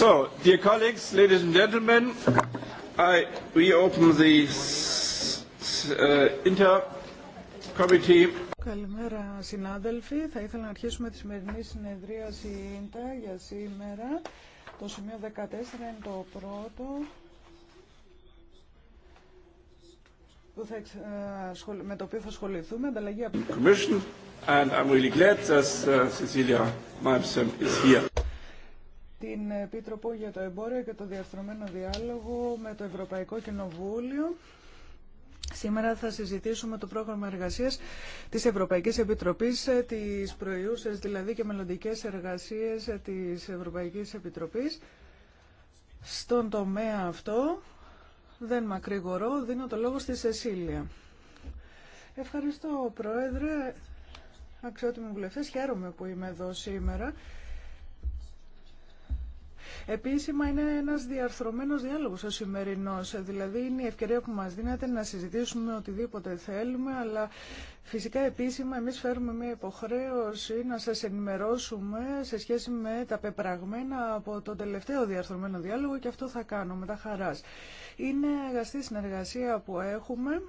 So, dear colleagues, ladies and gentlemen, I reopen the uh, inter-committee. Καλημέρα συνάδελφοι. Θα ήθελα να αρχίσουμε τη σημερινή συνεδρίαση ΙΝΤΑ για σήμερα. Το σημείο 14 είναι το πρώτο που θα, με το οποίο θα ασχοληθούμε. Ανταλλαγή από... Commission and I'm really glad that uh, Cecilia Malmström is here την Επίτροπο για το Εμπόριο και το Διαστρωμένο Διάλογο με το Ευρωπαϊκό Κοινοβούλιο. Σήμερα θα συζητήσουμε το πρόγραμμα εργασίας της Ευρωπαϊκής Επιτροπής, ε, τις προϊούσες δηλαδή και μελλοντικές εργασίες ε, της Ευρωπαϊκής Επιτροπής. Στον τομέα αυτό, δεν μακρηγορώ, δίνω το λόγο στη Σεσίλια. Ευχαριστώ, Πρόεδρε. Αξιότιμοι βουλευτές, χαίρομαι που είμαι εδώ σήμερα. Επίσημα είναι ένας διαρθρωμένος διάλογος ο σημερινό. δηλαδή είναι η ευκαιρία που μα δίνεται να συζητήσουμε οτιδήποτε θέλουμε, αλλά φυσικά επίσημα εμείς φέρουμε μια υποχρέωση να σας ενημερώσουμε σε σχέση με τα πεπραγμένα από τον τελευταίο διαρθρωμένο διάλογο και αυτό θα κάνουμε τα χαράς. Είναι αγαστή συνεργασία που έχουμε.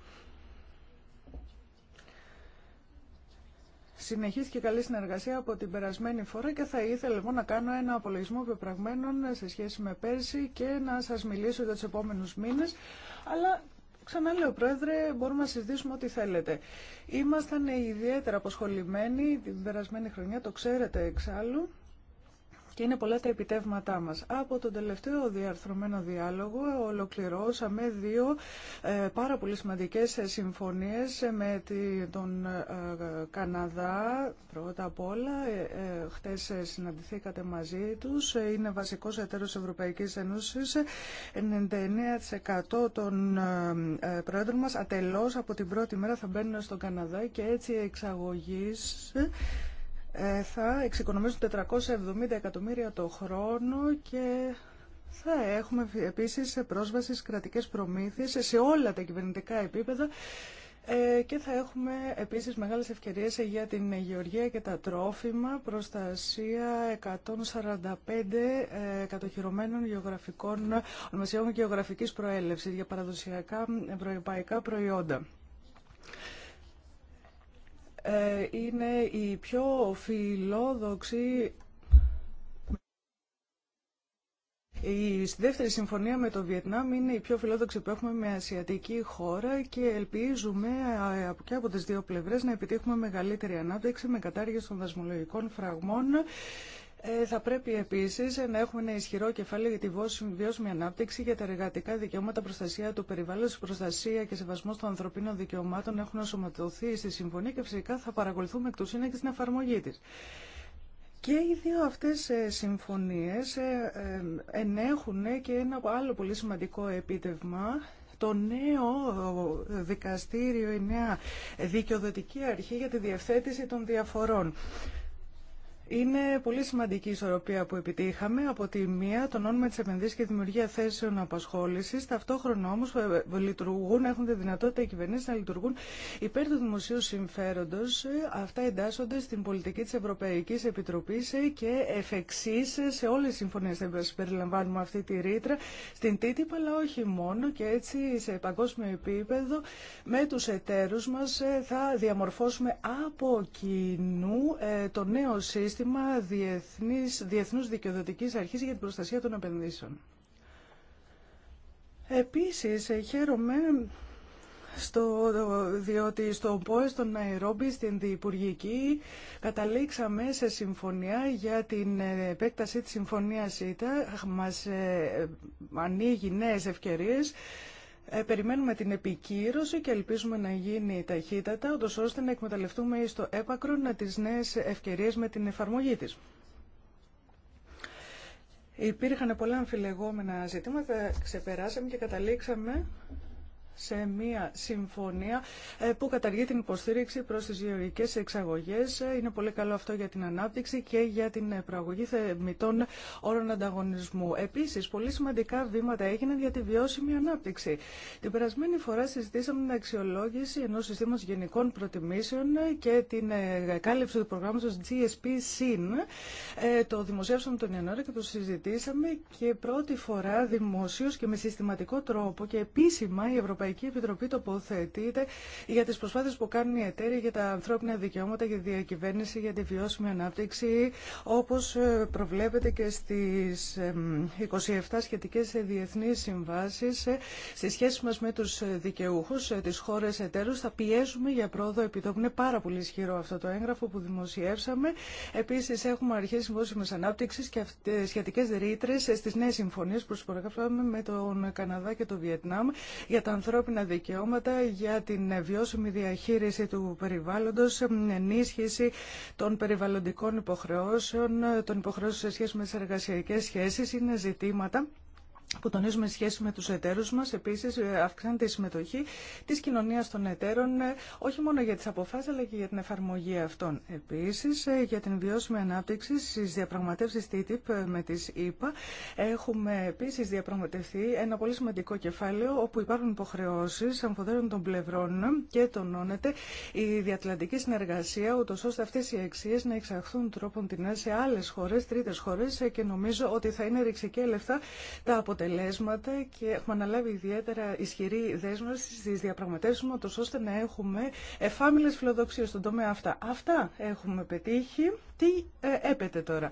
και καλή συνεργασία από την περασμένη φορά και θα ήθελα λοιπόν να κάνω ένα απολογισμό πεπραγμένων σε σχέση με πέρσι και να σας μιλήσω για τους επόμενους μήνες. Αλλά ξανά Ξαναλέω, Πρόεδρε, μπορούμε να συζητήσουμε ό,τι θέλετε. Ήμασταν ιδιαίτερα αποσχολημένοι την περασμένη χρονιά, το ξέρετε εξάλλου και είναι πολλά τα επιτεύγματά μας. Από τον τελευταίο διαρθρωμένο διάλογο ολοκληρώσαμε δύο ε, πάρα πολύ σημαντικές συμφωνίες με τον ε, Καναδά. Πρώτα απ' όλα, ε, χτες συναντηθήκατε μαζί τους. Είναι βασικός εταίρος Ευρωπαϊκής Ένωσης. 99% των πρόεδρων μας ατελώς από την πρώτη μέρα θα μπαίνουν στον Καναδά και έτσι εξαγωγής ε, θα εξοικονομήσουν 470 εκατομμύρια το χρόνο και θα έχουμε επίσης πρόσβαση στις κρατικές προμήθειες σε όλα τα κυβερνητικά επίπεδα ε, και θα έχουμε επίσης μεγάλες ευκαιρίες για την γεωργία και τα τρόφιμα, προστασία 145 ε, κατοχυρωμένων γεωγραφικών ονομασιών γεωγραφικής προέλευσης για παραδοσιακά ευρωπαϊκά προϊόντα. Ε, είναι η πιο φιλόδοξη η δεύτερη συμφωνία με το Βιετνάμ είναι η πιο φιλόδοξη που έχουμε με ασιατική χώρα και ελπίζουμε και από τις δύο πλευρές να επιτύχουμε μεγαλύτερη ανάπτυξη με κατάργηση των δασμολογικών φραγμών ε, θα πρέπει επίση να έχουμε ένα ισχυρό κεφάλαιο για τη βιώσιμη ανάπτυξη, για τα εργατικά δικαιώματα, προστασία του περιβάλλοντος, προστασία και σεβασμό των ανθρωπίνων δικαιωμάτων έχουν ασωματωθεί στη συμφωνία και φυσικά θα παρακολουθούμε εκ του σύνα και στην εφαρμογή τη. Και οι δύο αυτές ε, συμφωνίες ε, ενέχουν και ένα άλλο πολύ σημαντικό επίτευγμα το νέο δικαστήριο, η νέα δικαιοδοτική αρχή για τη διευθέτηση των διαφορών. Είναι πολύ σημαντική η ισορροπία που επιτύχαμε. Από τη μία, τονώνουμε τι επενδύσει και δημιουργία θέσεων απασχόληση. Ταυτόχρονα όμω ε, ε, λειτουργούν, έχουν τη δυνατότητα οι κυβερνήσει να λειτουργούν υπέρ του δημοσίου συμφέροντο. Ε, αυτά εντάσσονται στην πολιτική τη Ευρωπαϊκή Επιτροπή και εφ' εξή σε όλε τι συμφωνίε που περιλαμβάνουμε αυτή τη ρήτρα στην τίτυπα αλλά όχι μόνο και έτσι σε παγκόσμιο επίπεδο με του εταίρου μα θα διαμορφώσουμε από κοινού το νέο σύστημα σύστημα διεθνής, διεθνούς δικαιοδοτικής αρχής για την προστασία των επενδύσεων. Επίσης, χαίρομαι στο, διότι στο ΠΟΕ, στον Ναϊρόμπι, στην Διυπουργική, καταλήξαμε σε συμφωνία για την επέκταση της συμφωνίας ΙΤΑ. Μας ε, ανοίγει νέες ευκαιρίες ε, περιμένουμε την επικύρωση και ελπίζουμε να γίνει ταχύτατα, ούτως ώστε να εκμεταλλευτούμε στο να τις νέες ευκαιρίες με την εφαρμογή της. Υπήρχαν πολλά αμφιλεγόμενα ζητήματα, ξεπεράσαμε και καταλήξαμε σε μια συμφωνία ε, που καταργεί την υποστήριξη προς τις γεωργικές εξαγωγές. Ε, είναι πολύ καλό αυτό για την ανάπτυξη και για την ε, προαγωγή θεμητών όρων ανταγωνισμού. Επίσης, πολύ σημαντικά βήματα έγιναν για τη βιώσιμη ανάπτυξη. Την περασμένη φορά συζητήσαμε την αξιολόγηση ενός συστήματος γενικών προτιμήσεων και την κάλυψη του προγράμματος GSP-SYN. Το δημοσίευσαμε τον Ιανουάριο και το συζητήσαμε και πρώτη φορά δημοσίως και με συστηματικό τρόπο και επίσημα η Ευρωπαϊκή Ευρωπαϊκή Επιτροπή τοποθετείται για τι προσπάθειε που κάνουν οι εταίροι για τα ανθρώπινα δικαιώματα, για τη διακυβέρνηση, για τη βιώσιμη ανάπτυξη, όπω ε, προβλέπεται και στι 27 σχετικέ διεθνεί συμβάσει ε, Στι σχέσει μα με του δικαιούχου, ε, τι χώρε εταίρου, θα πιέζουμε για πρόοδο επιτόπου. Είναι πάρα πολύ ισχυρό αυτό το έγγραφο που δημοσιεύσαμε. Επίση, έχουμε αρχές συμβόσιμες ανάπτυξη και σχετικέ ρήτρε στι νέε συμφωνίε που με τον Καναδά και το Βιετνάμ για τα ανθρώπινα ανθρώπινα δικαιώματα, για την βιώσιμη διαχείριση του περιβάλλοντος, ενίσχυση των περιβαλλοντικών υποχρεώσεων, των υποχρεώσεων σε σχέση με τι εργασιακές σχέσεις, είναι ζητήματα που τονίζουμε σχέση με τους εταίρους μας. Επίσης ε, αυξάνεται η συμμετοχή της κοινωνίας των εταίρων ε, όχι μόνο για τις αποφάσεις αλλά και για την εφαρμογή αυτών. Επίσης ε, για την βιώσιμη ανάπτυξη στις διαπραγματεύσεις TTIP με τις ΗΠΑ έχουμε επίσης διαπραγματευτεί ένα πολύ σημαντικό κεφάλαιο όπου υπάρχουν υποχρεώσεις αμφοδέρων των πλευρών και τονώνεται η διατλαντική συνεργασία ούτω ώστε αυτές οι αξίες να εξαχθούν τρόπον την σε άλλες χώρες, τρίτες χώρες και νομίζω ότι θα είναι ρηξικέλευτα τα αποτελέσματα και έχουμε αναλάβει ιδιαίτερα ισχυρή δέσμευση στι διαπραγματεύσει μα, ώστε να έχουμε εφάμιλε φιλοδοξίε στον τομέα αυτά. Αυτά έχουμε πετύχει. Τι ε, έπεται τώρα.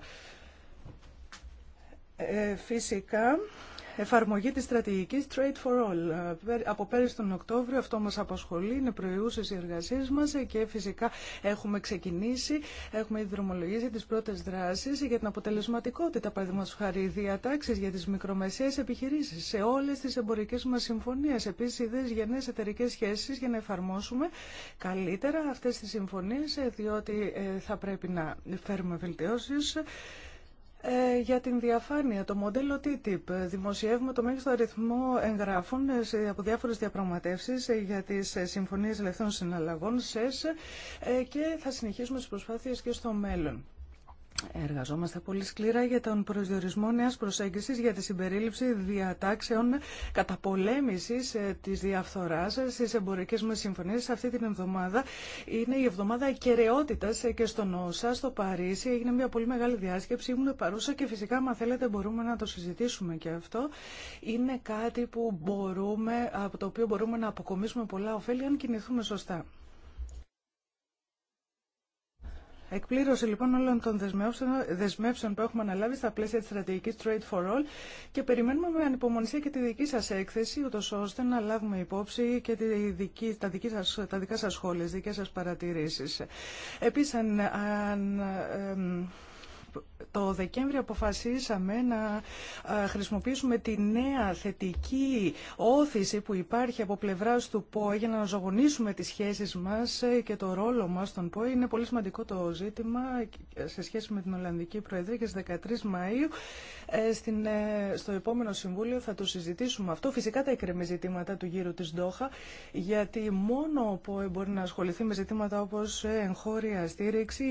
Ε, φυσικά εφαρμογή της στρατηγικής Trade for All. Ε, από πέρυσι τον Οκτώβριο αυτό μας απασχολεί, είναι προϊούσες οι εργασίες μας ε, και φυσικά έχουμε ξεκινήσει, έχουμε δρομολογήσει τις πρώτες δράσεις για την αποτελεσματικότητα, παραδείγματος χάρη διατάξεις για τις μικρομεσαίες επιχειρήσεις σε όλες τις εμπορικές μας συμφωνίες. Επίσης, ιδέες νέες εταιρικές σχέσεις για να εφαρμόσουμε καλύτερα αυτές τις συμφωνίες, ε, διότι θα πρέπει να φέρουμε βελτιώσεις ε, για την διαφάνεια, το μοντέλο TTIP. Δημοσιεύουμε το μέγιστο αριθμό εγγράφων από διάφορε διαπραγματεύσει ε, για τι ε, συμφωνίε ελευθερών συναλλαγών, ΣΕΣ, και θα συνεχίσουμε τι προσπάθειε και στο μέλλον. Εργαζόμαστε πολύ σκληρά για τον προσδιορισμό νέα προσέγγιση για τη συμπερίληψη διατάξεων καταπολέμηση ε, τη διαφθορά στι εμπορικέ μα συμφωνίε. Αυτή την εβδομάδα είναι η εβδομάδα κεραιότητα ε, και στον ΩΣΑ, στο Παρίσι. Έγινε μια πολύ μεγάλη διάσκεψη. Ήμουν παρούσα και φυσικά, αν θέλετε, μπορούμε να το συζητήσουμε και αυτό. Είναι κάτι που μπορούμε, από το οποίο μπορούμε να αποκομίσουμε πολλά ωφέλη αν κινηθούμε σωστά. Εκπλήρωση λοιπόν όλων των δεσμεύσεων που έχουμε αναλάβει στα πλαίσια της στρατηγικής Trade for All και περιμένουμε με ανυπομονησία και τη δική σας έκθεση, ούτως ώστε να λάβουμε υπόψη και τη δική, τα, δική σας, τα δικά σας σχόλια, τις δικές σας παρατηρήσεις. Επίσης, αν, το Δεκέμβριο αποφασίσαμε να χρησιμοποιήσουμε τη νέα θετική όθηση που υπάρχει από πλευρά του ΠΟΕ για να αναζωογονήσουμε τις σχέσεις μας και το ρόλο μας στον ΠΟΕ. Είναι πολύ σημαντικό το ζήτημα σε σχέση με την Ολλανδική Προεδρία και στις 13 Μαΐου ε, ε, στο επόμενο Συμβούλιο θα το συζητήσουμε αυτό. Φυσικά τα εκκρεμή ζητήματα του γύρου της Ντόχα γιατί μόνο ο ΠΟΕ μπορεί να ασχοληθεί με ζητήματα όπως ε, εγχώρια στήριξη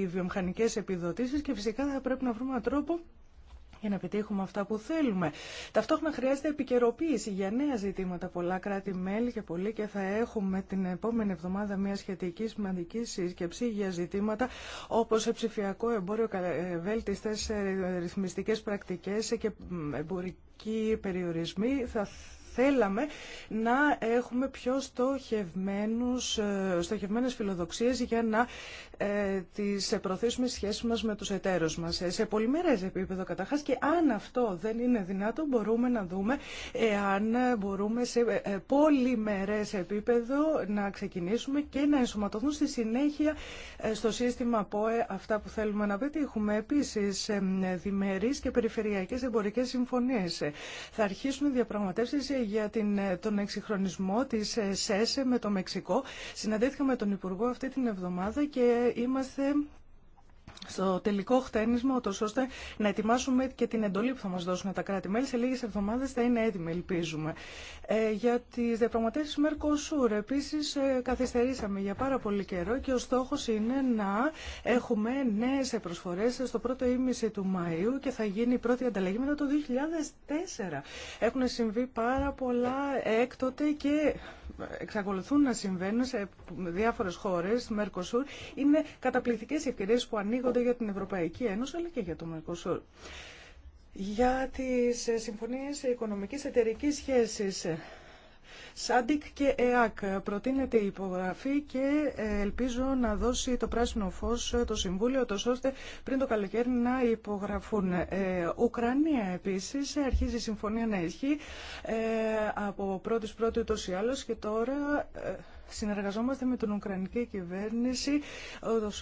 ή βιομηχανικές επιδοτήσεις φυσικά θα πρέπει να βρούμε έναν τρόπο για να πετύχουμε αυτά που θέλουμε. Ταυτόχρονα χρειάζεται επικαιροποίηση για νέα ζητήματα. Πολλά κράτη-μέλη και πολύ και θα έχουμε την επόμενη εβδομάδα μια σχετική σημαντική σύσκεψη για ζητήματα όπω ψηφιακό εμπόριο, ε, βέλτιστε ρυθμιστικέ πρακτικέ και εμπορικοί περιορισμοί. Θα θέλαμε να έχουμε πιο στοχευμένους, ε, στοχευμένες φιλοδοξίες για να ε, τις προωθήσουμε σχέσεις μας με τους εταίρους μας. Ε, σε πολυμερές επίπεδο καταρχάς και αν αυτό δεν είναι δυνατό μπορούμε να δούμε εάν μπορούμε σε ε, πολυμερές επίπεδο να ξεκινήσουμε και να ενσωματωθούν στη συνέχεια στο σύστημα ΠΟΕ αυτά που θέλουμε να πετύχουμε. Επίσης, διμερείς και περιφερειακές εμπορικές συμφωνίες. Θα αρχίσουν διαπραγματεύσεις για την, τον εξυγχρονισμό της ε, ΣΕΣΕ με το Μεξικό. Συναντήθηκα με τον Υπουργό αυτή την εβδομάδα και είμαστε στο τελικό χτένισμα, ώστε να ετοιμάσουμε και την εντολή που θα μας δώσουν τα κράτη-μέλη. Σε λίγες εβδομάδες θα είναι έτοιμη, ελπίζουμε. Ε, για τις διαπραγματεύσεις Mercosur επίσης ε, καθυστερήσαμε για πάρα πολύ καιρό και ο στόχος είναι να έχουμε νέες προσφορές στο πρώτο ήμιση του Μαΐου και θα γίνει η πρώτη ανταλλαγή μετά το 2004. Έχουν συμβεί πάρα πολλά έκτοτε και εξακολουθούν να συμβαίνουν σε διάφορες χώρες, Mercosur Είναι καταπληκτικές ευκαιρίες που ανοίγουν έρχονται για την Ευρωπαϊκή Ένωση αλλά και για το Μερκοσούρ. Για τις ε, συμφωνίες οικονομικής εταιρική σχέσης, ε, ΣΑΝΤΙΚ και ΕΑΚ ε, προτείνεται η υπογραφή και ελπίζω να δώσει το πράσινο φως το Συμβούλιο τόσο ώστε πριν το καλοκαίρι να υπογραφούν. Ουκρανία επίσης αρχίζει η συμφωνία να ισχύει από πρώτης πρώτη ούτως ή άλλως και τώρα Συνεργαζόμαστε με την Ουκρανική κυβέρνηση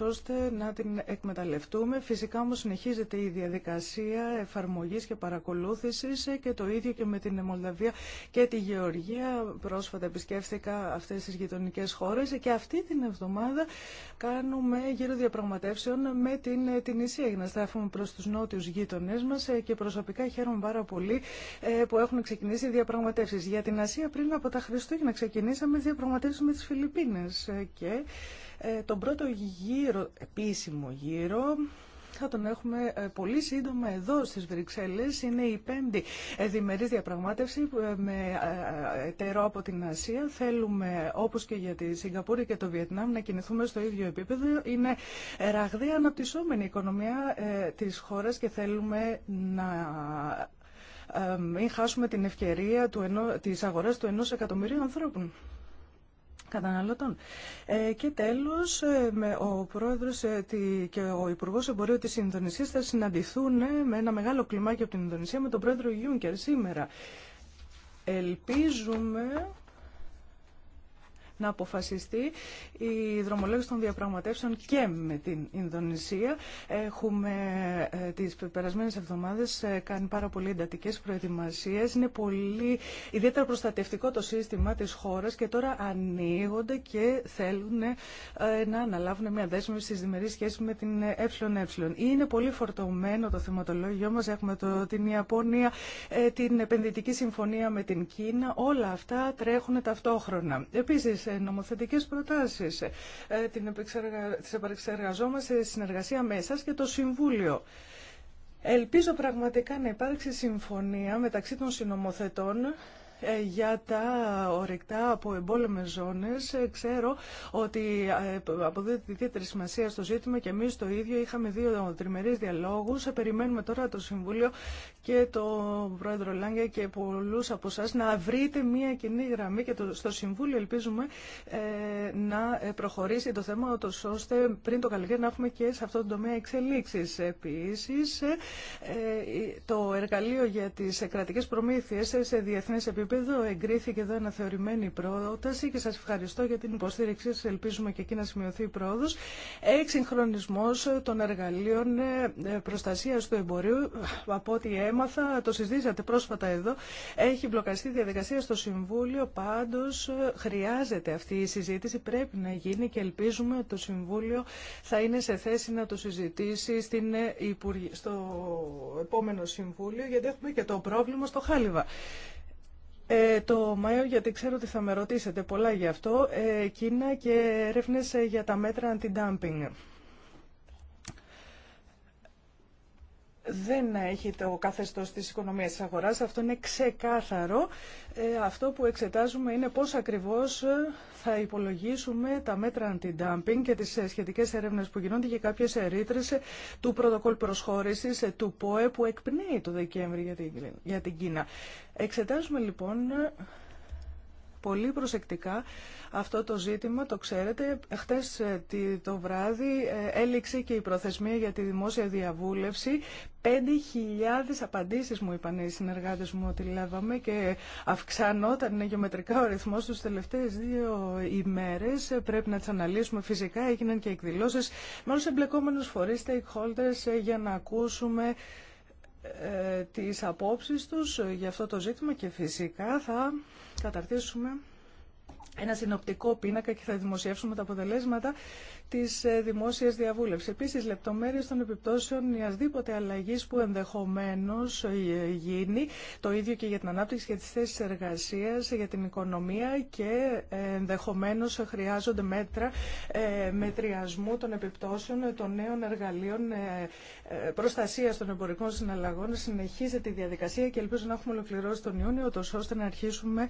ώστε να την εκμεταλλευτούμε. Φυσικά όμως συνεχίζεται η διαδικασία εφαρμογής και παρακολούθησης και το ίδιο και με την Μολδαβία και τη Γεωργία. Πρόσφατα επισκέφθηκα αυτές τις γειτονικές χώρες και αυτή την εβδομάδα κάνουμε γύρω διαπραγματεύσεων με την, την Ισία για να στραφούμε προς τους νότιους γείτονές μας και προσωπικά χαίρομαι πάρα πολύ ε, που έχουν ξεκινήσει οι διαπραγματεύσεις. Για την Ασία πριν από τα Χριστούγεννα ξεκινήσαμε διαπραγματεύσεις με τις Φιλιππίνες και ε, τον πρώτο γύρο, επίσημο γύρο, θα τον έχουμε ε, πολύ σύντομα εδώ στις Βρυξέλλες. Είναι η πέμπτη διμερής διαπραγμάτευση ε, με εταιρό από την Ασία. Θέλουμε, όπως και για τη Σιγκαπούρη και το Βιετνάμ, να κινηθούμε στο ίδιο επίπεδο. Είναι ραγδαία αναπτυσσόμενη η οικονομία της χώρας και θέλουμε να μην χάσουμε την ευκαιρία του, της αγοράς του ενός εκατομμυρίου ανθρώπων καταναλωτών. Ε, και τέλος, ε, με ο Πρόεδρος ε, και ο Υπουργός Εμπορίου της Ινδονησίας θα συναντηθούν με ένα μεγάλο κλιμάκι από την Ινδονησία με τον Πρόεδρο Γιούνκερ σήμερα. Ελπίζουμε να αποφασιστεί η δρομολόγηση των διαπραγματεύσεων και με την Ινδονησία. Έχουμε ε, τι περασμένε εβδομάδε ε, κάνει πάρα πολύ εντατικέ προετοιμασίε, Είναι πολύ ιδιαίτερα προστατευτικό το σύστημα τη χώρα και τώρα ανοίγονται και θέλουν ε, να αναλάβουν μια δέσμευση στις διμερείς σχέσεις με την ΕΕ. Είναι πολύ φορτωμένο το θεματολόγιο μα Έχουμε το, την Ιαπωνία, την επενδυτική συμφωνία με την Κίνα. Όλα αυτά τρέχουν ταυτόχρονα. Επίσης, νομοθετικές προτάσεις. Ε, την επεξεργα... επεξεργαζόμαστε σε συνεργασία με και το Συμβούλιο. Ελπίζω πραγματικά να υπάρξει συμφωνία μεταξύ των συνομοθετών ε, για τα ορυκτά από εμπόλεμες ζώνες. Ε, ξέρω ότι ε, αποδίδεται ιδιαίτερη σημασία στο ζήτημα και εμείς το ίδιο είχαμε δύο τριμερείς διαλόγους. Περιμένουμε τώρα το Συμβούλιο και το Πρόεδρο Λάγκια και πολλούς από εσά να βρείτε μία κοινή γραμμή και στο Συμβούλιο ελπίζουμε να προχωρήσει το θέμα ώστε πριν το καλοκαίρι να έχουμε και σε αυτό το τομέα εξελίξεις. Επίσης, το εργαλείο για τις κρατικέ προμήθειες σε διεθνές επίπεδο επίπεδο εγκρίθηκε εδώ αναθεωρημένη πρόταση και σας ευχαριστώ για την υποστήριξή σας. Ελπίζουμε και εκεί να σημειωθεί η πρόοδος. Εξυγχρονισμός των εργαλείων ε, προστασίας του εμπορίου, από ό,τι έμαθα, το συζήτησατε πρόσφατα εδώ, έχει μπλοκαστεί διαδικασία στο Συμβούλιο, πάντως ε, χρειάζεται αυτή η συζήτηση, πρέπει να γίνει και ελπίζουμε ότι το Συμβούλιο θα είναι σε θέση να το συζητήσει στην ε, στο επόμενο Συμβούλιο, γιατί έχουμε και το πρόβλημα στο Χάλιβα. Ε, το Μάιο, γιατί ξέρω ότι θα με ρωτήσετε πολλά γι' αυτό, ε, Κίνα και έρευνε ε, για τα μέτρα αντι-dumping. δεν έχει το καθεστώς της οικονομίας της αγοράς. Αυτό είναι ξεκάθαρο. Ε, αυτό που εξετάζουμε είναι πώς ακριβώς ε, θα υπολογίσουμε τα μετρα αντι anti-dumping και τις ε, σχετικές έρευνες που γινόνται για κάποιες ερήτρες του πρωτοκόλ προσχώρησης του ΠΟΕ που εκπνέει το Δεκέμβρη για την Κίνα. Εξετάζουμε λοιπόν πολύ προσεκτικά αυτό το ζήτημα, το ξέρετε. Χτες ε, το βράδυ ε, έληξε και η προθεσμία για τη δημόσια διαβούλευση. 5.000 απαντήσεις μου είπαν οι συνεργάτε μου ότι λάβαμε και αυξανόταν γεωμετρικά ο ρυθμός τους τελευταίες δύο ημέρες. Πρέπει να τι αναλύσουμε φυσικά. Έγιναν και εκδηλώσεις με του εμπλεκόμενου φορεί stakeholders, ε, για να ακούσουμε ε, τις απόψεις τους για αυτό το ζήτημα και φυσικά θα καταρτήσουμε ένα συνοπτικό πίνακα και θα δημοσιεύσουμε τα αποτελέσματα Τη ε, δημόσια διαβούλευση. Επίση, λεπτομέρειε των επιπτώσεων μιασδήποτε αλλαγή που ενδεχομένω ε, γίνει, το ίδιο και για την ανάπτυξη και τι θέσει εργασία για την οικονομία και ε, ενδεχομένω χρειάζονται μέτρα μετριασμού των επιπτώσεων των νέων εργαλείων προστασία των εμπορικών συναλλαγών. Συνεχίζεται η διαδικασία και ελπίζω να έχουμε ολοκληρώσει τον Ιούνιο, ώστε να αρχίσουμε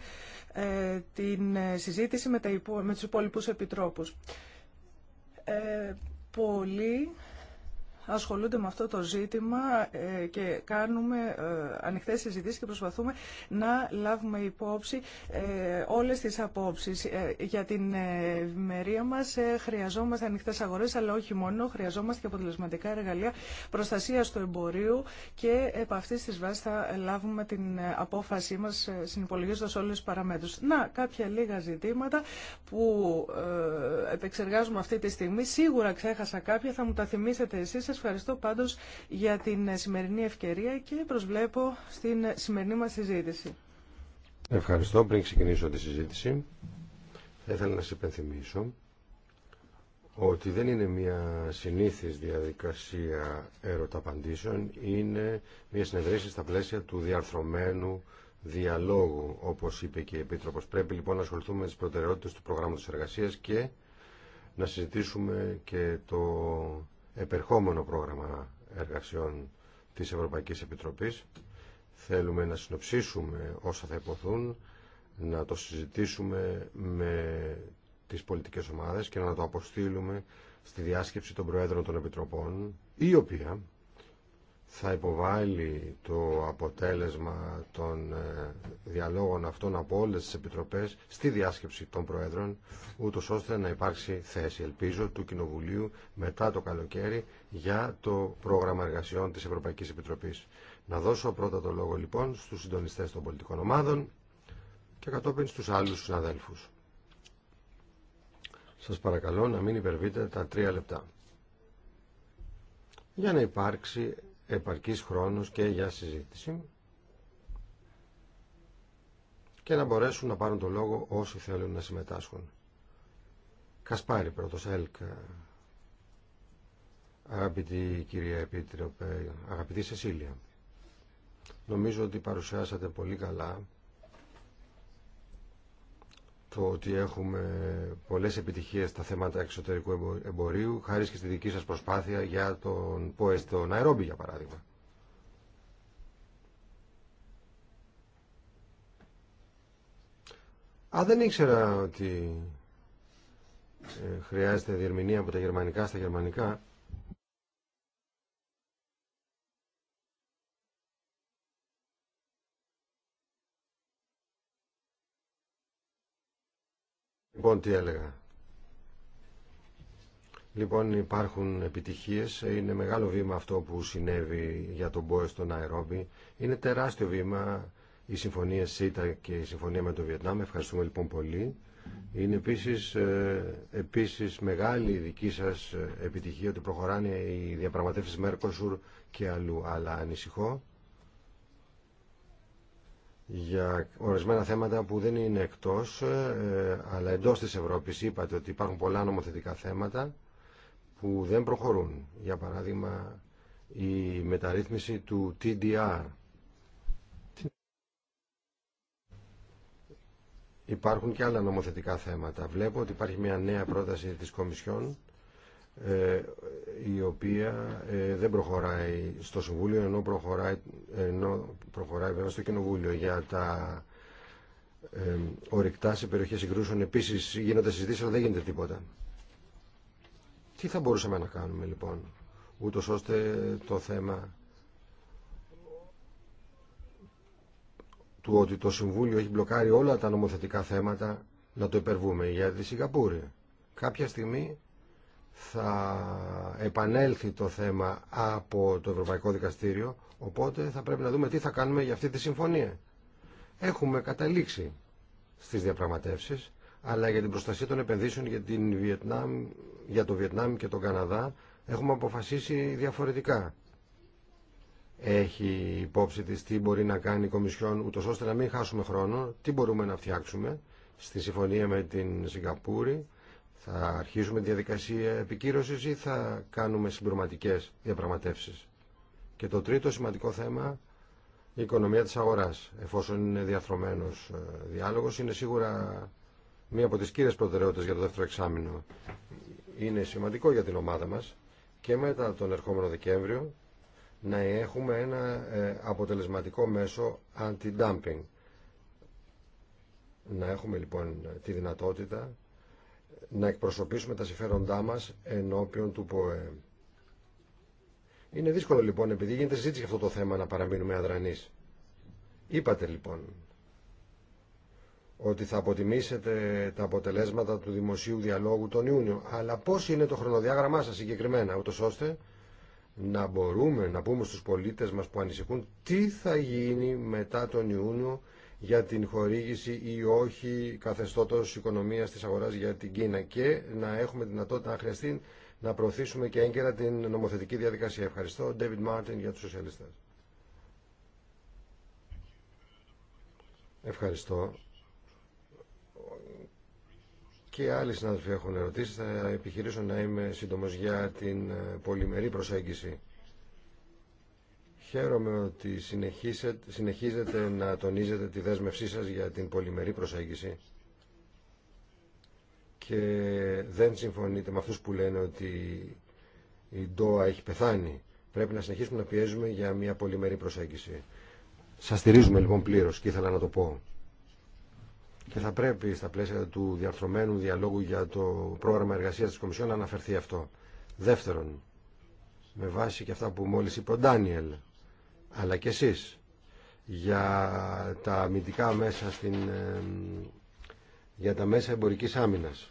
την συζήτηση με, του υπόλοιπου επιτρόπου. Ε, πολύ ασχολούνται με αυτό το ζήτημα ε, και κάνουμε ε, ανοιχτές συζητήσεις και προσπαθούμε να λάβουμε υπόψη ε, όλες τις απόψεις. Για την ευημερία μας χρειαζόμαστε ανοιχτές αγορές, αλλά όχι μόνο, χρειαζόμαστε και αποτελεσματικά εργαλεία προστασίας του εμπορίου και επ' αυτή της βάσης θα λάβουμε την απόφασή μας συνυπολογίζοντας όλες τις παραμέτρους. Να, κάποια λίγα ζητήματα που επεξεργάζουμε αυτή τη στιγμή. Σίγουρα ξέχασα κάποια, θα μου τα θυμίσετε εσείς ευχαριστώ πάντως για την σημερινή ευκαιρία και προσβλέπω στην σημερινή μας συζήτηση. Ευχαριστώ. Πριν ξεκινήσω τη συζήτηση, θα ήθελα να σας υπενθυμίσω ότι δεν είναι μια συνήθις διαδικασία ερωταπαντήσεων, είναι μια συνεδρίαση στα πλαίσια του διαρθρωμένου διαλόγου, όπως είπε και η Επίτροπος. Πρέπει λοιπόν να ασχοληθούμε με τις προτεραιότητες του προγράμματος εργασίας και να συζητήσουμε και το επερχόμενο πρόγραμμα εργασιών της Ευρωπαϊκής Επιτροπής. Θέλουμε να συνοψίσουμε όσα θα υποθούν, να το συζητήσουμε με τις πολιτικές ομάδες και να το αποστείλουμε στη διάσκεψη των Προέδρων των Επιτροπών, η οποία θα υποβάλει το αποτέλεσμα των ε, διαλόγων αυτών από όλες τις επιτροπές στη διάσκεψη των Προέδρων, ούτως ώστε να υπάρξει θέση, ελπίζω, του Κοινοβουλίου μετά το καλοκαίρι για το πρόγραμμα εργασιών της Ευρωπαϊκής Επιτροπής. Να δώσω πρώτα το λόγο λοιπόν στους συντονιστές των πολιτικών ομάδων και κατόπιν στους άλλους συναδέλφους. Σας παρακαλώ να μην υπερβείτε τα τρία λεπτά για να υπάρξει επαρκής χρόνος και για συζήτηση και να μπορέσουν να πάρουν το λόγο όσοι θέλουν να συμμετάσχουν. Κασπάρι πρώτος, ΕΛΚ. Αγαπητή κυρία Επίτροπε, αγαπητή Σεσίλια, νομίζω ότι παρουσιάσατε πολύ καλά το ότι έχουμε πολλές επιτυχίες στα θέματα εξωτερικού εμπορίου, χάρη και στη δική σας προσπάθεια για τον ΠΟΕΣ, τον Ναϊρόμπι, για παράδειγμα. Αν δεν ήξερα ότι ε, χρειάζεται διερμηνία από τα γερμανικά στα γερμανικά. Λοιπόν, τι έλεγα. Λοιπόν, υπάρχουν επιτυχίες. Είναι μεγάλο βήμα αυτό που συνέβη για τον ΠΟΕ στο Ναϊρόμπι. Είναι τεράστιο βήμα η συμφωνία ΣΥΤΑ και η συμφωνία με το Βιετνάμ. Ευχαριστούμε λοιπόν πολύ. Είναι επίσης, ε, επίσης μεγάλη η δική σας ε, επιτυχία ότι προχωράνε οι διαπραγματεύσεις Μέρκοσουρ και αλλού. Αλλά ανησυχώ για ορισμένα θέματα που δεν είναι εκτός ε, αλλά εντός της Ευρώπης είπατε ότι υπάρχουν πολλά νομοθετικά θέματα που δεν προχωρούν για παράδειγμα η μεταρρύθμιση του TDR υπάρχουν και άλλα νομοθετικά θέματα βλέπω ότι υπάρχει μια νέα πρόταση της Κομισιόν ε, η οποία ε, δεν προχωράει στο Συμβούλιο ενώ προχωράει, ενώ προχωράει βέβαια στο Κοινοβούλιο για τα ε, ορυκτά σε περιοχές συγκρούσεων επίσης γίνονται συζητήσεις αλλά δεν γίνεται τίποτα. Τι θα μπορούσαμε να κάνουμε λοιπόν ούτως ώστε το θέμα του ότι το Συμβούλιο έχει μπλοκάρει όλα τα νομοθετικά θέματα να το υπερβούμε για τη Σιγκαπούρη. Κάποια στιγμή θα επανέλθει το θέμα από το Ευρωπαϊκό Δικαστήριο, οπότε θα πρέπει να δούμε τι θα κάνουμε για αυτή τη συμφωνία. Έχουμε καταλήξει στις διαπραγματεύσεις, αλλά για την προστασία των επενδύσεων για, την Βιετνάμ, για το Βιετνάμ και τον Καναδά έχουμε αποφασίσει διαφορετικά. Έχει υπόψη της τι μπορεί να κάνει η Κομισιόν, ούτως ώστε να μην χάσουμε χρόνο, τι μπορούμε να φτιάξουμε στη συμφωνία με την Σιγκαπούρη, θα αρχίσουμε τη διαδικασία επικύρωσης ή θα κάνουμε συμπροματικές διαπραγματεύσεις. Και το τρίτο σημαντικό θέμα, η οικονομία της αγοράς. Εφόσον είναι διαθρωμένος ε, διάλογος, είναι σίγουρα μία από τις κύριες προτεραιότητες για το δεύτερο εξάμεινο. Είναι σημαντικό για την ομάδα μας και μετά τον ερχόμενο Δεκέμβριο να έχουμε ένα ε, αποτελεσματικό μέσο anti-dumping. Να έχουμε λοιπόν τη δυνατότητα να εκπροσωπήσουμε τα συμφέροντά μας ενώπιον του ΠΟΕ. Είναι δύσκολο λοιπόν, επειδή γίνεται συζήτηση για αυτό το θέμα, να παραμείνουμε αδρανείς. Είπατε λοιπόν ότι θα αποτιμήσετε τα αποτελέσματα του δημοσίου διαλόγου τον Ιούνιο. Αλλά πώς είναι το χρονοδιάγραμμά σας συγκεκριμένα, ούτως ώστε να μπορούμε να πούμε στους πολίτες μας που ανησυχούν τι θα γίνει μετά τον Ιούνιο για την χορήγηση ή όχι καθεστώτος οικονομίας της αγοράς για την Κίνα και να έχουμε δυνατότητα να χρειαστεί να προωθήσουμε και έγκαιρα την νομοθετική διαδικασία. Ευχαριστώ. David Martin για τους σοσιαλιστές. Ευχαριστώ. Και άλλοι συνάδελφοι έχουν ερωτήσει, Θα επιχειρήσω να είμαι σύντομος για την ε, πολυμερή προσέγγιση Χαίρομαι ότι συνεχίζετε, να τονίζετε τη δέσμευσή σας για την πολυμερή προσέγγιση και δεν συμφωνείτε με αυτούς που λένε ότι η ΝΤΟΑ έχει πεθάνει. Πρέπει να συνεχίσουμε να πιέζουμε για μια πολυμερή προσέγγιση. Σας στηρίζουμε λοιπόν πλήρως και ήθελα να το πω. Και θα πρέπει στα πλαίσια του διαρθρωμένου διαλόγου για το πρόγραμμα εργασίας της Κομισιόν να αναφερθεί αυτό. Δεύτερον, με βάση και αυτά που μόλις είπε ο Ντάνιελ, αλλά και εσείς για τα αμυντικά μέσα στην, για τα μέσα εμπορικής άμυνας.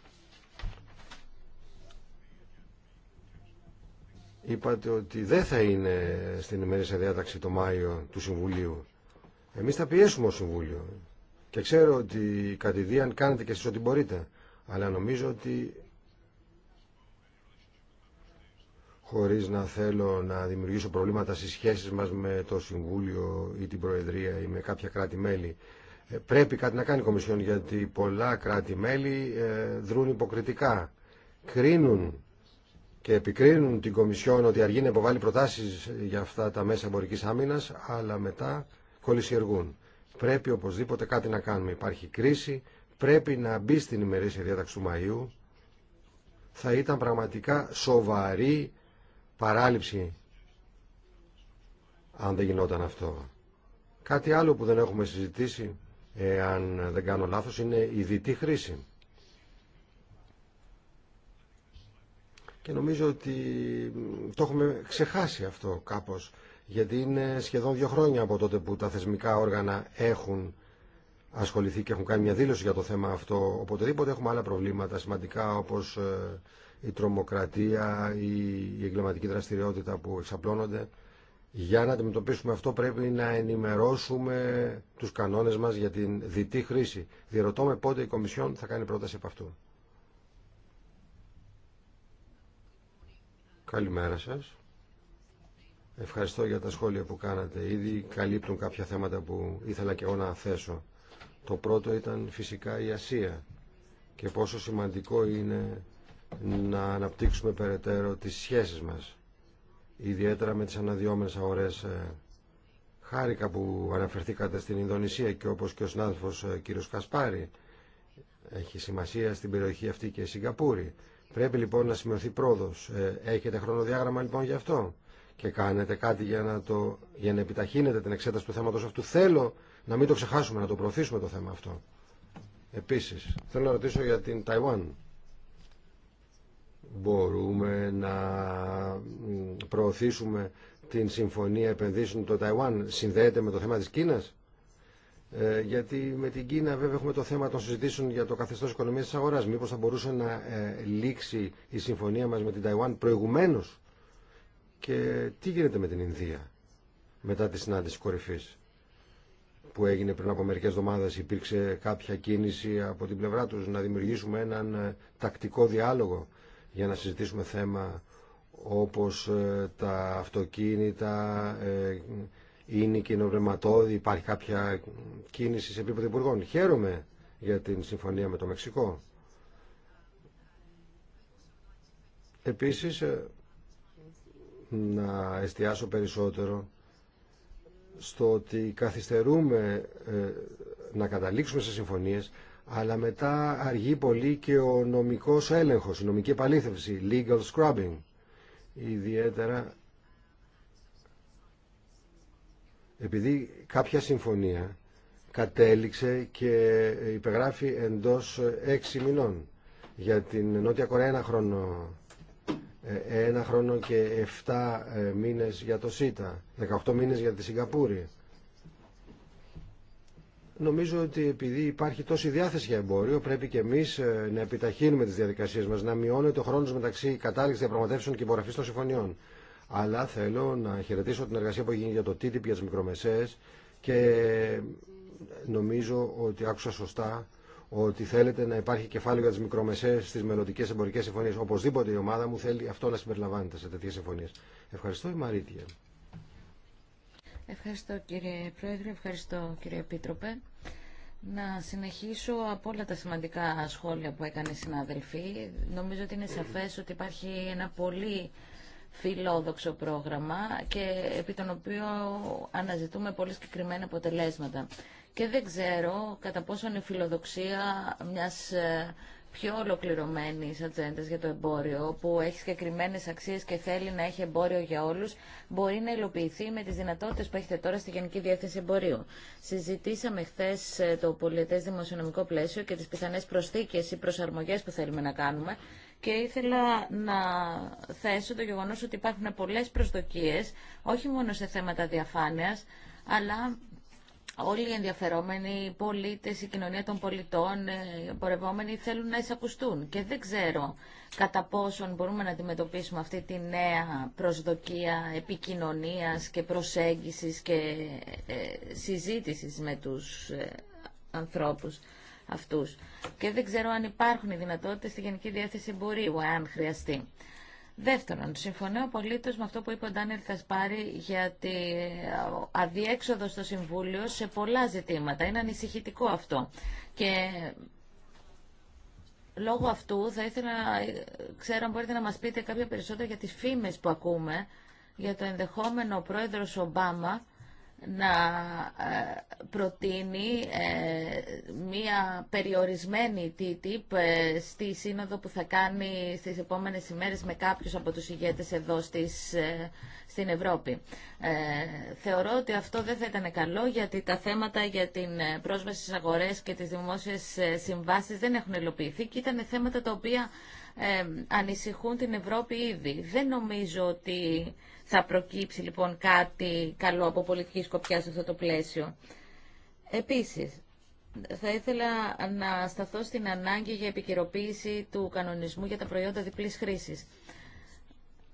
Είπατε ότι δεν θα είναι στην ημερήσια διάταξη το Μάιο του Συμβουλίου. Εμείς θα πιέσουμε ως Συμβούλιο. Και ξέρω ότι κατηδίαν κάνετε και εσείς ό,τι μπορείτε. Αλλά νομίζω ότι χωρίς να θέλω να δημιουργήσω προβλήματα στις σχέσεις μας με το Συμβούλιο ή την Προεδρία ή με κάποια κράτη-μέλη. Ε, πρέπει κάτι να κάνει η Κομισιόν γιατί πολλά κράτη-μέλη ε, δρούν υποκριτικά. Κρίνουν και επικρίνουν την Κομισιόν ότι αργεί να υποβάλει προτάσεις για αυτά τα μέσα εμπορική άμυνα, αλλά μετά κολυσιεργούν. Πρέπει οπωσδήποτε κάτι να κάνουμε. Υπάρχει κολλησιεργουν πρεπει οπωσδηποτε κατι να πρέπει να μπει στην ημερήσια διάταξη του Μαΐου. Θα ήταν πραγματικά σοβαρή παράληψη αν δεν γινόταν αυτό. Κάτι άλλο που δεν έχουμε συζητήσει, αν δεν κάνω λάθος, είναι η δυτή χρήση. Και νομίζω ότι το έχουμε ξεχάσει αυτό κάπως, γιατί είναι σχεδόν δύο χρόνια από τότε που τα θεσμικά όργανα έχουν ασχοληθεί και έχουν κάνει μια δήλωση για το θέμα αυτό. Οποτεδήποτε έχουμε άλλα προβλήματα σημαντικά όπως ε, η τρομοκρατία, η εγκληματική δραστηριότητα που εξαπλώνονται. Για να αντιμετωπίσουμε αυτό πρέπει να ενημερώσουμε τους κανόνες μας για την διτή χρήση. Διερωτώ με πότε η Κομισιόν θα κάνει πρόταση από αυτού. Καλημέρα σας. Ευχαριστώ για τα σχόλια που κάνατε. Ήδη καλύπτουν κάποια θέματα που ήθελα και εγώ να θέσω. Το πρώτο ήταν φυσικά η Ασία και πόσο σημαντικό είναι να αναπτύξουμε περαιτέρω τις σχέσεις μας, ιδιαίτερα με τις αναδυόμενες αγορές. Ε, χάρηκα που αναφερθήκατε στην Ινδονησία και όπως και ο συνάδελφος ε, κύριος Κασπάρη έχει σημασία στην περιοχή αυτή και η Σιγκαπούρη. Πρέπει λοιπόν να σημειωθεί πρόοδος. Ε, έχετε χρονοδιάγραμμα λοιπόν γι' αυτό και κάνετε κάτι για να, το, για να επιταχύνετε την εξέταση του θέματος αυτού. Θέλω να μην το ξεχάσουμε, να το προωθήσουμε το θέμα αυτό. Επίσης, θέλω να ρωτήσω για την Ταϊβάν μπορούμε να προωθήσουμε την συμφωνία επενδύσεων του Ταϊουάν συνδέεται με το θέμα της Κίνας ε, γιατί με την Κίνα βέβαια έχουμε το θέμα των συζητήσεων για το καθεστώς οικονομίας της αγοράς μήπως θα μπορούσε να ε, λήξει η συμφωνία μας με την Ταϊουάν προηγουμένως και τι γίνεται με την Ινδία μετά τη συνάντηση κορυφής που έγινε πριν από μερικές εβδομάδες υπήρξε κάποια κίνηση από την πλευρά τους να δημιουργήσουμε έναν ε, τακτικό διάλογο για να συζητήσουμε θέμα όπως ε, τα αυτοκίνητα, ε, είναι κοινοβρεματόδη, υπάρχει κάποια κίνηση σε επίπεδο υπουργών. Χαίρομαι για την συμφωνία με το Μεξικό. Επίσης, ε, να εστιάσω περισσότερο στο ότι καθυστερούμε να καταλήξουμε σε συμφωνίες αλλά μετά αργεί πολύ και ο νομικός έλεγχος, η νομική επαλήθευση, legal scrubbing, ιδιαίτερα επειδή κάποια συμφωνία κατέληξε και υπεγράφει εντός έξι μηνών. Για την Νότια Κορέα ένα χρόνο, ε, ένα χρόνο και 7 ε, μήνες για το ΣΥΤΑ, 18 μήνες για τη Σιγκαπούρη. Νομίζω ότι επειδή υπάρχει τόση διάθεση για εμπόριο, πρέπει και εμεί ε, να επιταχύνουμε τι διαδικασίε μα, να μειώνεται ο χρόνο μεταξύ κατάληξη διαπραγματεύσεων και υπογραφή των συμφωνιών. Αλλά θέλω να χαιρετήσω την εργασία που γίνει για το TTIP, για τι μικρομεσαίε και νομίζω ότι άκουσα σωστά ότι θέλετε να υπάρχει κεφάλαιο για τι μικρομεσαίε στι μελλοντικέ εμπορικέ συμφωνίε. Οπωσδήποτε η ομάδα μου θέλει αυτό να συμπεριλαμβάνεται σε τέτοιε συμφωνίε. Ευχαριστώ, η Μαρίτια. Ευχαριστώ κύριε Πρόεδρε, ευχαριστώ κύριε Επίτροπε. Να συνεχίσω από όλα τα σημαντικά σχόλια που έκανε η συνάδελφη. Νομίζω ότι είναι σαφές ότι υπάρχει ένα πολύ φιλόδοξο πρόγραμμα και επί τον οποίο αναζητούμε πολύ συγκεκριμένα αποτελέσματα. Και δεν ξέρω κατά πόσο είναι φιλοδοξία μιας ε, πιο ολοκληρωμένη ατζέντα για το εμπόριο, που έχει συγκεκριμένε αξίε και θέλει να έχει εμπόριο για όλου, μπορεί να υλοποιηθεί με τι δυνατότητε που έχετε τώρα στη Γενική Διεύθυνση Εμπορίου. Συζητήσαμε χθε ε, το πολιτέ δημοσιονομικό πλαίσιο και τι πιθανέ προσθήκε ή προσαρμογέ που θέλουμε να κάνουμε και ήθελα να θέσω το γεγονό ότι υπάρχουν πολλέ προσδοκίε, όχι μόνο σε θέματα διαφάνεια, αλλά όλοι οι ενδιαφερόμενοι, οι πολίτες, η κοινωνία των πολιτών, ε, οι πορευόμενοι θέλουν να εισακουστούν. Και δεν ξέρω κατά πόσον μπορούμε να αντιμετωπίσουμε αυτή τη νέα προσδοκία επικοινωνίας και προσέγγισης και ε, συζήτησης με τους ε, ανθρώπους αυτούς. Και δεν ξέρω αν υπάρχουν οι δυνατότητες στη Γενική Διεύθυνση Εμπορίου, αν χρειαστεί. Δεύτερον, συμφωνώ απολύτω με αυτό που είπε ο Ντάνιελ Κασπάρη για τη αδιέξοδο στο Συμβούλιο σε πολλά ζητήματα. Είναι ανησυχητικό αυτό. Και λόγω αυτού θα ήθελα να ξέρω αν μπορείτε να μας πείτε κάποια περισσότερα για τις φήμες που ακούμε για το ενδεχόμενο πρόεδρος Ομπάμα να ε, προτείνει ε, μία περιορισμένη TTIP ε, στη σύνοδο που θα κάνει στις επόμενες ημέρες με κάποιους από τους ηγέτες εδώ στην Ευρώπη. Θεωρώ ότι αυτό δεν θα ήταν καλό γιατί τα θέματα για την πρόσβαση στις αγορές και τις δημόσιες συμβάσεις δεν έχουν ελοποιηθεί και ήταν θέματα τα οποία ανησυχούν την Ευρώπη ήδη. Δεν νομίζω ότι θα προκύψει λοιπόν κάτι καλό από πολιτική σκοπιά σε αυτό το πλαίσιο. Επίσης, θα ήθελα να σταθώ στην ανάγκη για επικαιροποίηση του κανονισμού για τα προϊόντα διπλής χρήσης.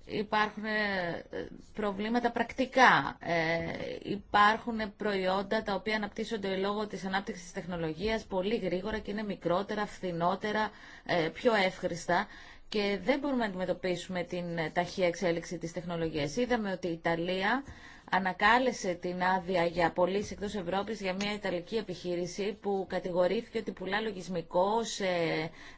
Υπάρχουν ε, προβλήματα πρακτικά. Ε, υπάρχουν προϊόντα τα οποία αναπτύσσονται λόγω της ανάπτυξης της τεχνολογίας πολύ γρήγορα και είναι μικρότερα, φθηνότερα, ε, πιο εύχριστα και δεν μπορούμε να αντιμετωπίσουμε την ε, ταχεία εξέλιξη της τεχνολογίας. Είδαμε ότι η Ιταλία ανακάλεσε την άδεια για πωλήσει εκτός Ευρώπης για μια Ιταλική επιχείρηση που κατηγορήθηκε ότι πουλά λογισμικό σε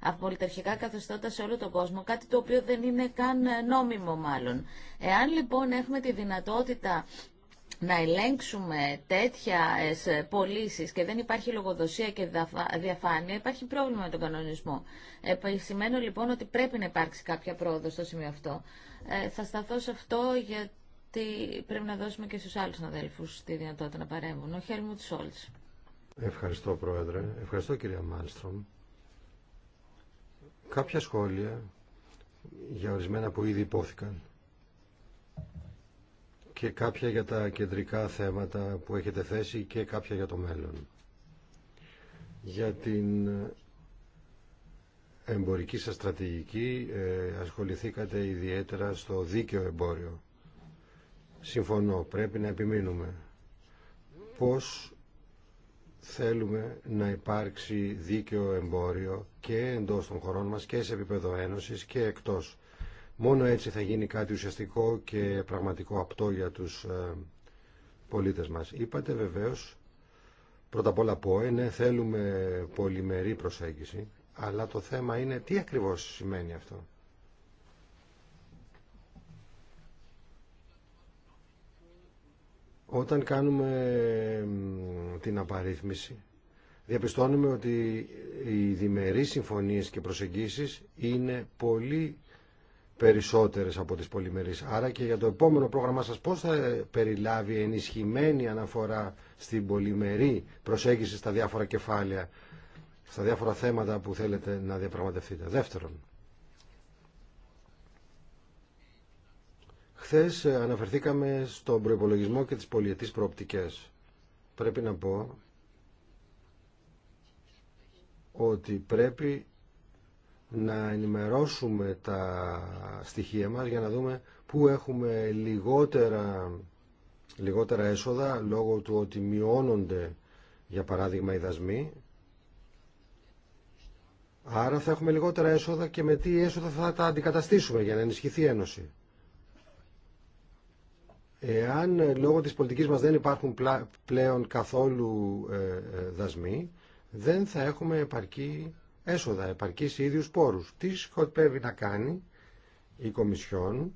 απολυτερχικά καθεστώτα σε όλο τον κόσμο, κάτι το οποίο δεν είναι καν ε, νόμιμο μάλλον. Εάν λοιπόν έχουμε τη δυνατότητα να ελέγξουμε τέτοια πωλήσει και δεν υπάρχει λογοδοσία και διαφάνεια, υπάρχει πρόβλημα με τον κανονισμό. Επισημαίνω λοιπόν ότι πρέπει να υπάρξει κάποια πρόοδο στο σημείο αυτό. Ε, θα σταθώ σε αυτό γιατί πρέπει να δώσουμε και στους άλλους αδέλφους τη δυνατότητα να παρέμβουν. Ο Χέλμουντ Σόλτ. Ευχαριστώ Πρόεδρε. Ευχαριστώ κυρία Μάλστρομ. Κάποια σχόλια για ορισμένα που ήδη υπόθηκαν και κάποια για τα κεντρικά θέματα που έχετε θέσει και κάποια για το μέλλον. Για την εμπορική σας στρατηγική ε, ασχοληθήκατε ιδιαίτερα στο δίκαιο εμπόριο. Συμφωνώ, πρέπει να επιμείνουμε. Πώς θέλουμε να υπάρξει δίκαιο εμπόριο και εντός των χωρών μας και σε επίπεδο ένωσης και εκτός Μόνο έτσι θα γίνει κάτι ουσιαστικό και πραγματικό απτό για τους ε, πολίτες μας. Είπατε βεβαίως, πρώτα απ' όλα πω, ε, ναι, θέλουμε πολυμερή προσέγγιση, αλλά το θέμα είναι τι ακριβώς σημαίνει αυτό. Όταν κάνουμε την απαρίθμηση, διαπιστώνουμε ότι οι διμερείς συμφωνίες και προσεγγίσεις είναι πολύ περισσότερες από τις πολυμερείς. Άρα και για το επόμενο πρόγραμμα σας πώς θα περιλάβει ενισχυμένη αναφορά στην πολυμερή προσέγγιση στα διάφορα κεφάλαια, στα διάφορα θέματα που θέλετε να διαπραγματευτείτε. Δεύτερον, χθες αναφερθήκαμε στον προϋπολογισμό και τις πολιετής προοπτικές. Πρέπει να πω ότι πρέπει να ενημερώσουμε τα στοιχεία μας για να δούμε πού έχουμε λιγότερα, λιγότερα έσοδα λόγω του ότι μειώνονται για παράδειγμα οι δασμοί άρα θα έχουμε λιγότερα έσοδα και με τι έσοδα θα τα αντικαταστήσουμε για να ενισχυθεί η Ένωση. Εάν λόγω της πολιτικής μας δεν υπάρχουν πλέον καθόλου ε, ε, δασμοί δεν θα έχουμε επαρκή έσοδα, επαρκείς ίδιους πορου Τι σκοπεύει να κάνει η Κομισιόν,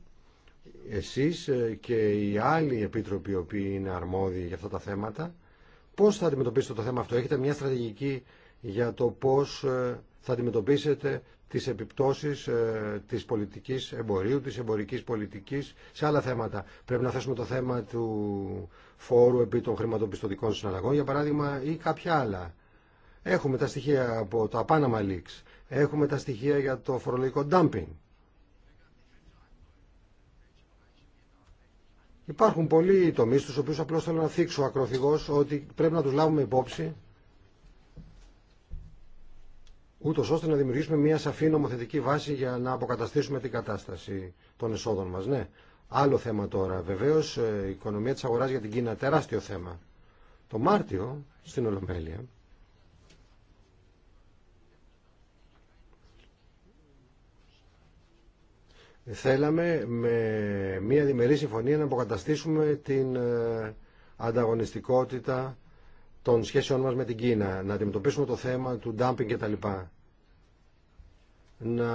εσει ε, και οι άλλοι επίτροποι οι οποίοι είναι αρμόδιοι για αυτά τα θέματα, πώ θα αντιμετωπίσετε το θέμα αυτό. Έχετε μια στρατηγική για το πώ ε, θα αντιμετωπίσετε τις επιπτώσεις ε, τη πολιτική εμπορίου, τη εμπορική πολιτική σε άλλα θέματα. Πρέπει να θέσουμε το θέμα του φόρου επί των χρηματοπιστωτικών συναλλαγών, για παράδειγμα, ή κάποια άλλα. Έχουμε τα στοιχεία από το Panama Leaks. Έχουμε τα στοιχεία για το φορολογικό dumping. Υπάρχουν πολλοί τομεί του οποίου απλώ θέλω να θίξω ακροφυγός, ότι πρέπει να τους λάβουμε υπόψη ούτως ώστε να δημιουργήσουμε μια σαφή νομοθετική βάση για να αποκαταστήσουμε την κατάσταση των εσόδων μας. Ναι, άλλο θέμα τώρα. Βεβαίως ε, η οικονομία της αγοράς για την Κίνα τεράστιο θέμα. Το Μάρτιο στην Ολομέλεια θέλαμε με μια διμερή συμφωνία να αποκαταστήσουμε την ε, ανταγωνιστικότητα των σχέσεων μας με την Κίνα, να αντιμετωπίσουμε το θέμα του ντάμπινγκ κτλ. Να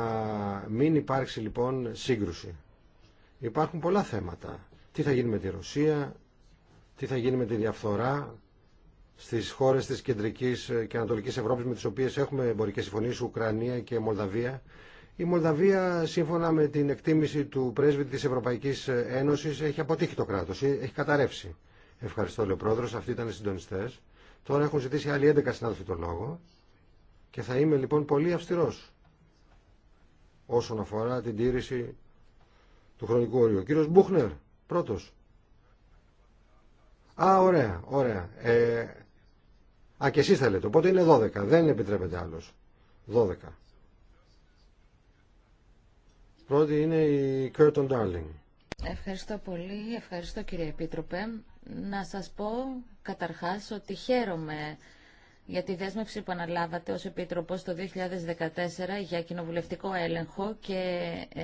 μην υπάρξει λοιπόν σύγκρουση. Υπάρχουν πολλά θέματα. Τι θα γίνει με τη Ρωσία, τι θα γίνει με τη διαφθορά στις χώρες της κεντρικής και ανατολικής Ευρώπης με τις οποίες έχουμε εμπορικές συμφωνίες, Ουκρανία και Μολδαβία. Η Μολδαβία, σύμφωνα με την εκτίμηση του πρέσβη της Ευρωπαϊκής Ένωσης, έχει αποτύχει το κράτος, έχει καταρρεύσει. Ευχαριστώ, λέει ο Αυτοί ήταν οι συντονιστές. Τώρα έχουν ζητήσει άλλοι 11 συνάδελφοι το λόγο και θα είμαι λοιπόν πολύ αυστηρός όσον αφορά την τήρηση του χρονικού όριου. Κύριο κύριος Μπούχνερ, πρώτος. Α, ωραία, ωραία. Ε, α, και εσείς θέλετε. Οπότε είναι 12. Δεν επιτρέπεται άλλος. 12. Πρώτη είναι η Darling. Ευχαριστώ πολύ, ευχαριστώ κύριε Επίτροπε. Να σας πω καταρχάς ότι χαίρομαι για τη δέσμευση που αναλάβατε ως Επίτροπος το 2014 για κοινοβουλευτικό έλεγχο και ε,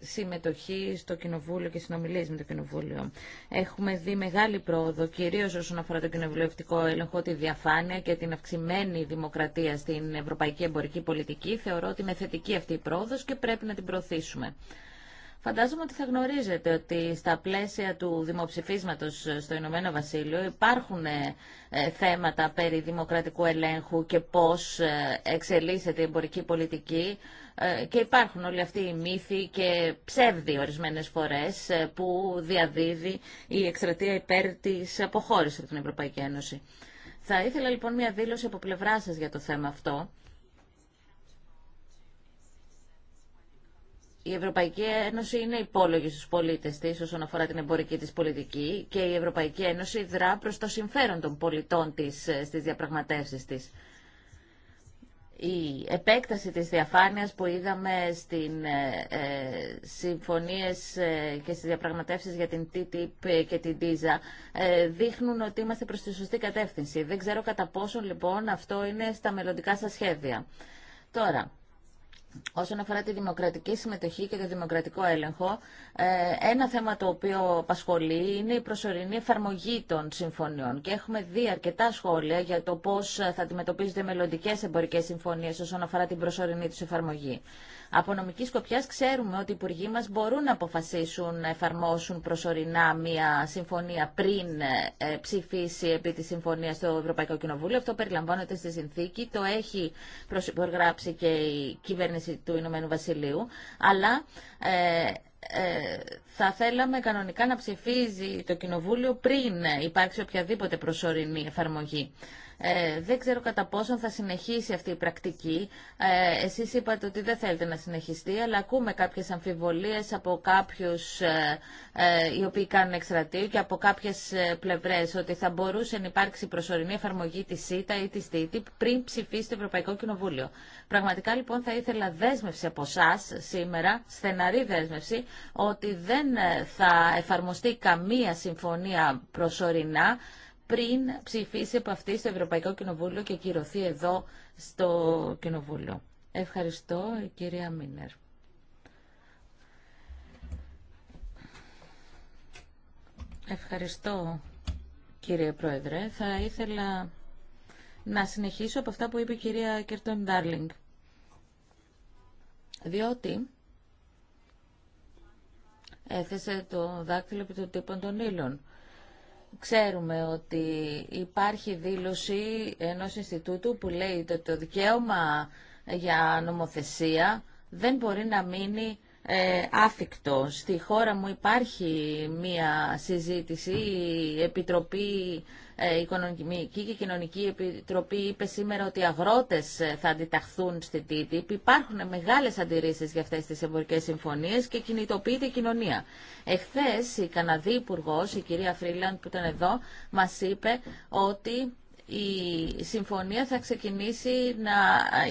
συμμετοχή στο Κοινοβούλιο και συνομιλίες με το Κοινοβούλιο. Έχουμε δει μεγάλη πρόοδο, κυρίως όσον αφορά το κοινοβουλευτικό έλεγχο, τη διαφάνεια και την αυξημένη δημοκρατία στην ευρωπαϊκή εμπορική πολιτική. Θεωρώ ότι είναι θετική αυτή η πρόοδος και πρέπει να την προωθήσουμε. Φαντάζομαι ότι θα γνωρίζετε ότι στα πλαίσια του δημοψηφίσματος στο Ηνωμένο Βασίλειο υπάρχουν ε, ε, θέματα περί δημοκρατικού ελέγχου και πώς ε, εξελίσσεται η εμπορική πολιτική και υπάρχουν όλοι αυτοί οι μύθοι και ψεύδοι ορισμένες φορές που διαδίδει η εκστρατεία υπέρ της αποχώρησης από την Ευρωπαϊκή Ένωση. Θα ήθελα λοιπόν μια δήλωση από πλευρά σας για το θέμα αυτό η Ευρωπαϊκή Ένωση είναι υπόλογη στους πολίτες της όσον αφορά την εμπορική της πολιτική και η Ευρωπαϊκή Ένωση δρά προς το συμφέρον των πολιτών της ε, στις διαπραγματεύσεις της. Η επέκταση της διαφάνειας που είδαμε στι ε, ε, συμφωνίες ε, και στις διαπραγματεύσεις για την TTIP και την TISA δείχνουν ότι είμαστε προς τη σωστή κατεύθυνση. Δεν ξέρω κατά πόσο λοιπόν αυτό είναι στα μελλοντικά σας σχέδια. Τώρα, Όσον αφορά τη δημοκρατική συμμετοχή και το δημοκρατικό έλεγχο, ε, ένα θέμα το οποίο απασχολεί είναι η προσωρινή εφαρμογή των συμφωνιών. Και έχουμε δει αρκετά σχόλια για το πώ θα αντιμετωπίζονται μελλοντικέ εμπορικέ συμφωνίε όσον αφορά την προσωρινή του εφαρμογή. Από νομική σκοπιά ξέρουμε ότι οι υπουργοί μα μπορούν να αποφασίσουν να εφαρμόσουν προσωρινά μία συμφωνία πριν ε, ε, ψηφίσει επί τη συμφωνία στο Ευρωπαϊκό Κοινοβούλιο. Αυτό περιλαμβάνεται στη συνθήκη. Το έχει προσυπογράψει και η κυβέρνηση του Ηνωμένου Βασιλείου. Αλλά ε, ε, θα θέλαμε κανονικά να ψηφίζει το Κοινοβούλιο πριν υπάρξει οποιαδήποτε προσωρινή εφαρμογή. Ε, δεν ξέρω κατά πόσον θα συνεχίσει αυτή η πρακτική. Ε, εσείς είπατε ότι δεν θέλετε να συνεχιστεί, αλλά ακούμε κάποιες αμφιβολίες από κάποιους ε, ε οι οποίοι κάνουν εκστρατείο και από κάποιες ε, πλευρές ότι θα μπορούσε να υπάρξει προσωρινή εφαρμογή της ΣΥΤΑ ή της ΤΙΤΙΠ πριν ψηφίσει το Ευρωπαϊκό Κοινοβούλιο. Πραγματικά λοιπόν θα ήθελα δέσμευση από εσά σήμερα, στεναρή δέσμευση, ότι δεν ε, θα εφαρμοστεί καμία συμφωνία προσωρινά πριν ψηφίσει από αυτή στο Ευρωπαϊκό Κοινοβούλιο και κυρωθεί εδώ στο Κοινοβούλιο. Ευχαριστώ, κυρία Μίνερ. Ευχαριστώ, κύριε Πρόεδρε. Θα ήθελα να συνεχίσω από αυτά που είπε η κυρία Κερτον Ντάρλινγκ. Διότι έθεσε το δάκτυλο επί των τύπων των ήλων. Ξέρουμε ότι υπάρχει δήλωση ενός Ινστιτούτου που λέει ότι το δικαίωμα για νομοθεσία δεν μπορεί να μείνει ε, Στη χώρα μου υπάρχει μία συζήτηση. Η Επιτροπή ε, Οικονομική και Κοινωνική Επιτροπή είπε σήμερα ότι οι αγρότες ε, θα αντιταχθούν στη TTIP. Υπάρχουν μεγάλες αντιρρήσεις για αυτές τις εμπορικές συμφωνίες και κινητοποιείται η κοινωνία. Εχθές η Καναδή Υπουργός, η κυρία Φρίλαντ που ήταν εδώ, μας είπε ότι η συμφωνία θα ξεκινήσει να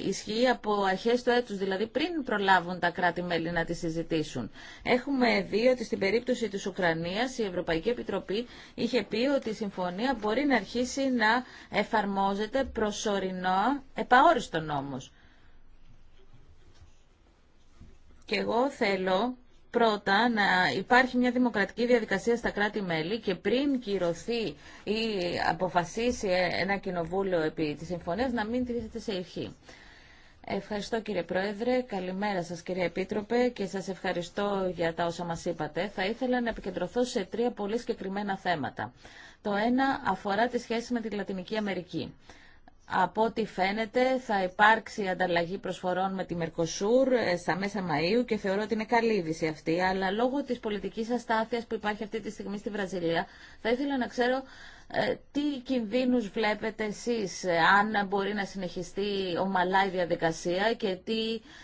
ισχύει από αρχές του έτους, δηλαδή πριν προλάβουν τα κράτη-μέλη να τη συζητήσουν. Έχουμε δει ότι στην περίπτωση της Ουκρανίας η Ευρωπαϊκή Επιτροπή είχε πει ότι η συμφωνία μπορεί να αρχίσει να εφαρμόζεται προσωρινά επαόριστον νόμος. Και εγώ θέλω πρώτα να υπάρχει μια δημοκρατική διαδικασία στα κράτη-μέλη και πριν κυρωθεί ή αποφασίσει ένα κοινοβούλιο επί της συμφωνίας να μην τίθεται σε ηχή. Ευχαριστώ κύριε Πρόεδρε, καλημέρα σας κύριε Επίτροπε και σας ευχαριστώ για τα όσα μας είπατε. Θα ήθελα να επικεντρωθώ σε τρία πολύ συγκεκριμένα θέματα. Το ένα αφορά τη σχέση με τη Λατινική Αμερική από ό,τι φαίνεται θα υπάρξει ανταλλαγή προσφορών με τη Μερκοσούρ ε, στα μέσα Μαΐου και θεωρώ ότι είναι καλή είδηση αυτή, αλλά λόγω της πολιτικής αστάθειας που υπάρχει αυτή τη στιγμή στη Βραζιλία θα ήθελα να ξέρω ε, τι κινδύνου βλέπετε εσείς ε, αν μπορεί να συνεχιστεί ομαλά η διαδικασία και τι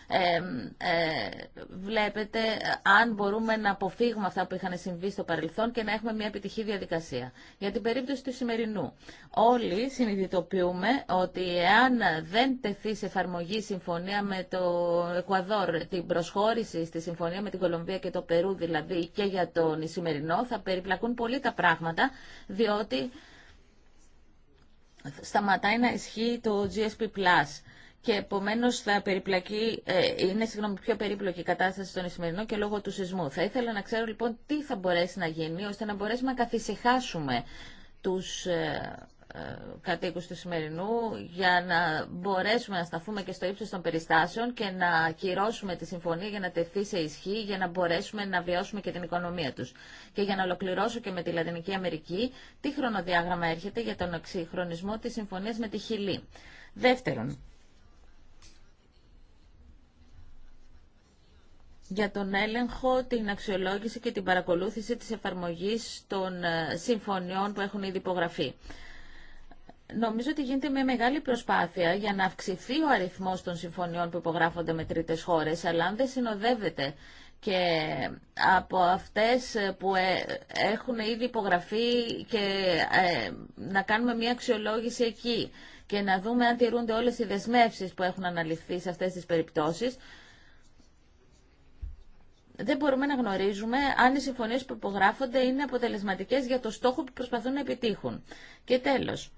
ε, ε, βλέπετε ε, αν μπορούμε να αποφύγουμε αυτά που είχαν συμβεί στο παρελθόν και να έχουμε μια επιτυχή διαδικασία. Για την περίπτωση του σημερινού. Όλοι συνειδητοποιούμε ότι εάν δεν τεθεί σε εφαρμογή συμφωνία με το Εκουαδόρ, την προσχώρηση στη συμφωνία με την Κολομβία και το Περού δηλαδή και για τον Ισημερινό, θα περιπλακούν πολύ τα πράγματα διότι σταματάει να ισχύει το GSP+. Plus Και επομένως θα περιπλακεί, ε, είναι συγγνώμη, πιο περίπλοκη η κατάσταση στον Ισημερινό και λόγω του σεισμού. Θα ήθελα να ξέρω λοιπόν τι θα μπορέσει να γίνει ώστε να μπορέσουμε να καθησυχάσουμε τους ε, κατοίκους του σημερινού για να μπορέσουμε να σταθούμε και στο ύψος των περιστάσεων και να κυρώσουμε τη συμφωνία για να τεθεί σε ισχύ για να μπορέσουμε να βιώσουμε και την οικονομία τους. Και για να ολοκληρώσω και με τη Λατινική Αμερική, τι χρονοδιάγραμμα έρχεται για τον εξυγχρονισμό της συμφωνίας με τη Χιλή. Δεύτερον, για τον έλεγχο, την αξιολόγηση και την παρακολούθηση της εφαρμογής των ε, συμφωνιών που έχουν ήδη υπογραφεί. Νομίζω ότι γίνεται μια μεγάλη προσπάθεια για να αυξηθεί ο αριθμός των συμφωνιών που υπογράφονται με τρίτες χώρες, αλλά αν δεν συνοδεύεται και από αυτές που ε, έχουν ήδη υπογραφεί και ε, να κάνουμε μια αξιολόγηση εκεί και να δούμε αν τηρούνται όλες οι δεσμεύσεις που έχουν αναλυθεί σε αυτές τις περιπτώσεις, δεν μπορούμε να γνωρίζουμε αν οι συμφωνίες που υπογράφονται είναι αποτελεσματικές για το στόχο που προσπαθούν να επιτύχουν. Και τέλος,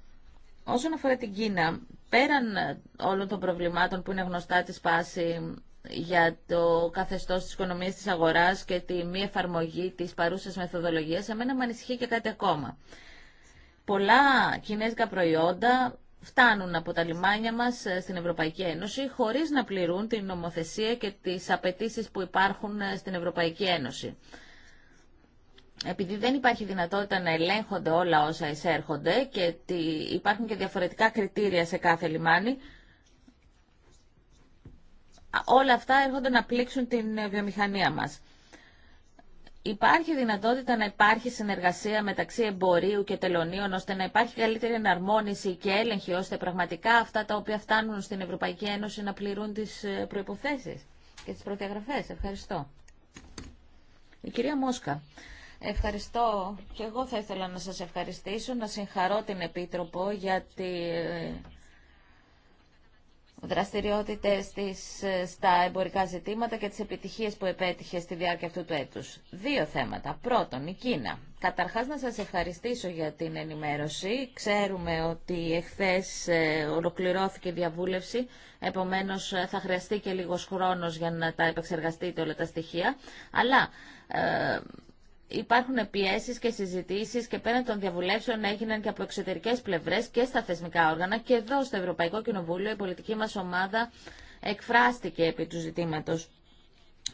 Όσον αφορά την Κίνα, πέραν ε, όλων των προβλημάτων που είναι γνωστά της πάση για το καθεστώς της οικονομίας της αγοράς και τη μη εφαρμογή της παρούσας μεθοδολογίας, εμένα με ανησυχεί και κάτι ακόμα. Πολλά κινέζικα προϊόντα φτάνουν από τα λιμάνια μας ε, στην Ευρωπαϊκή Ένωση χωρίς να πληρούν την νομοθεσία και τις απαιτήσει που υπάρχουν ε, στην Ευρωπαϊκή Ένωση επειδή δεν υπάρχει δυνατότητα να ελέγχονται όλα όσα εισέρχονται και υπάρχουν και διαφορετικά κριτήρια σε κάθε λιμάνι, όλα αυτά έρχονται να πλήξουν την ε, βιομηχανία μας. Υπάρχει δυνατότητα να υπάρχει συνεργασία μεταξύ εμπορίου και τελωνίων, ώστε να υπάρχει καλύτερη εναρμόνιση και έλεγχη, ώστε πραγματικά αυτά τα οποία φτάνουν στην Ευρωπαϊκή Ένωση να πληρούν τις ε, προϋποθέσεις και τις προδιαγραφές. Ευχαριστώ. Η κυρία Μόσκα. Ευχαριστώ και εγώ θα ήθελα να σας ευχαριστήσω, να συγχαρώ την Επίτροπο για τη ε, δραστηριότητες της ε, στα εμπορικά ζητήματα και τις επιτυχίες που επέτυχε στη διάρκεια αυτού του έτους. Δύο θέματα. Πρώτον, η Κίνα. Καταρχάς να σας ευχαριστήσω για την ενημέρωση. Ξέρουμε ότι εχθές ε, ολοκληρώθηκε η διαβούλευση, επομένως θα χρειαστεί και λίγος χρόνος για να τα επεξεργαστείτε όλα τα στοιχεία. Αλλά υπάρχουν πιέσεις και συζητήσεις και πέραν των διαβουλεύσεων έγιναν και από εξωτερικές πλευρές και στα θεσμικά όργανα και εδώ στο Ευρωπαϊκό Κοινοβούλιο η πολιτική μας ομάδα εκφράστηκε επί του ζητήματος.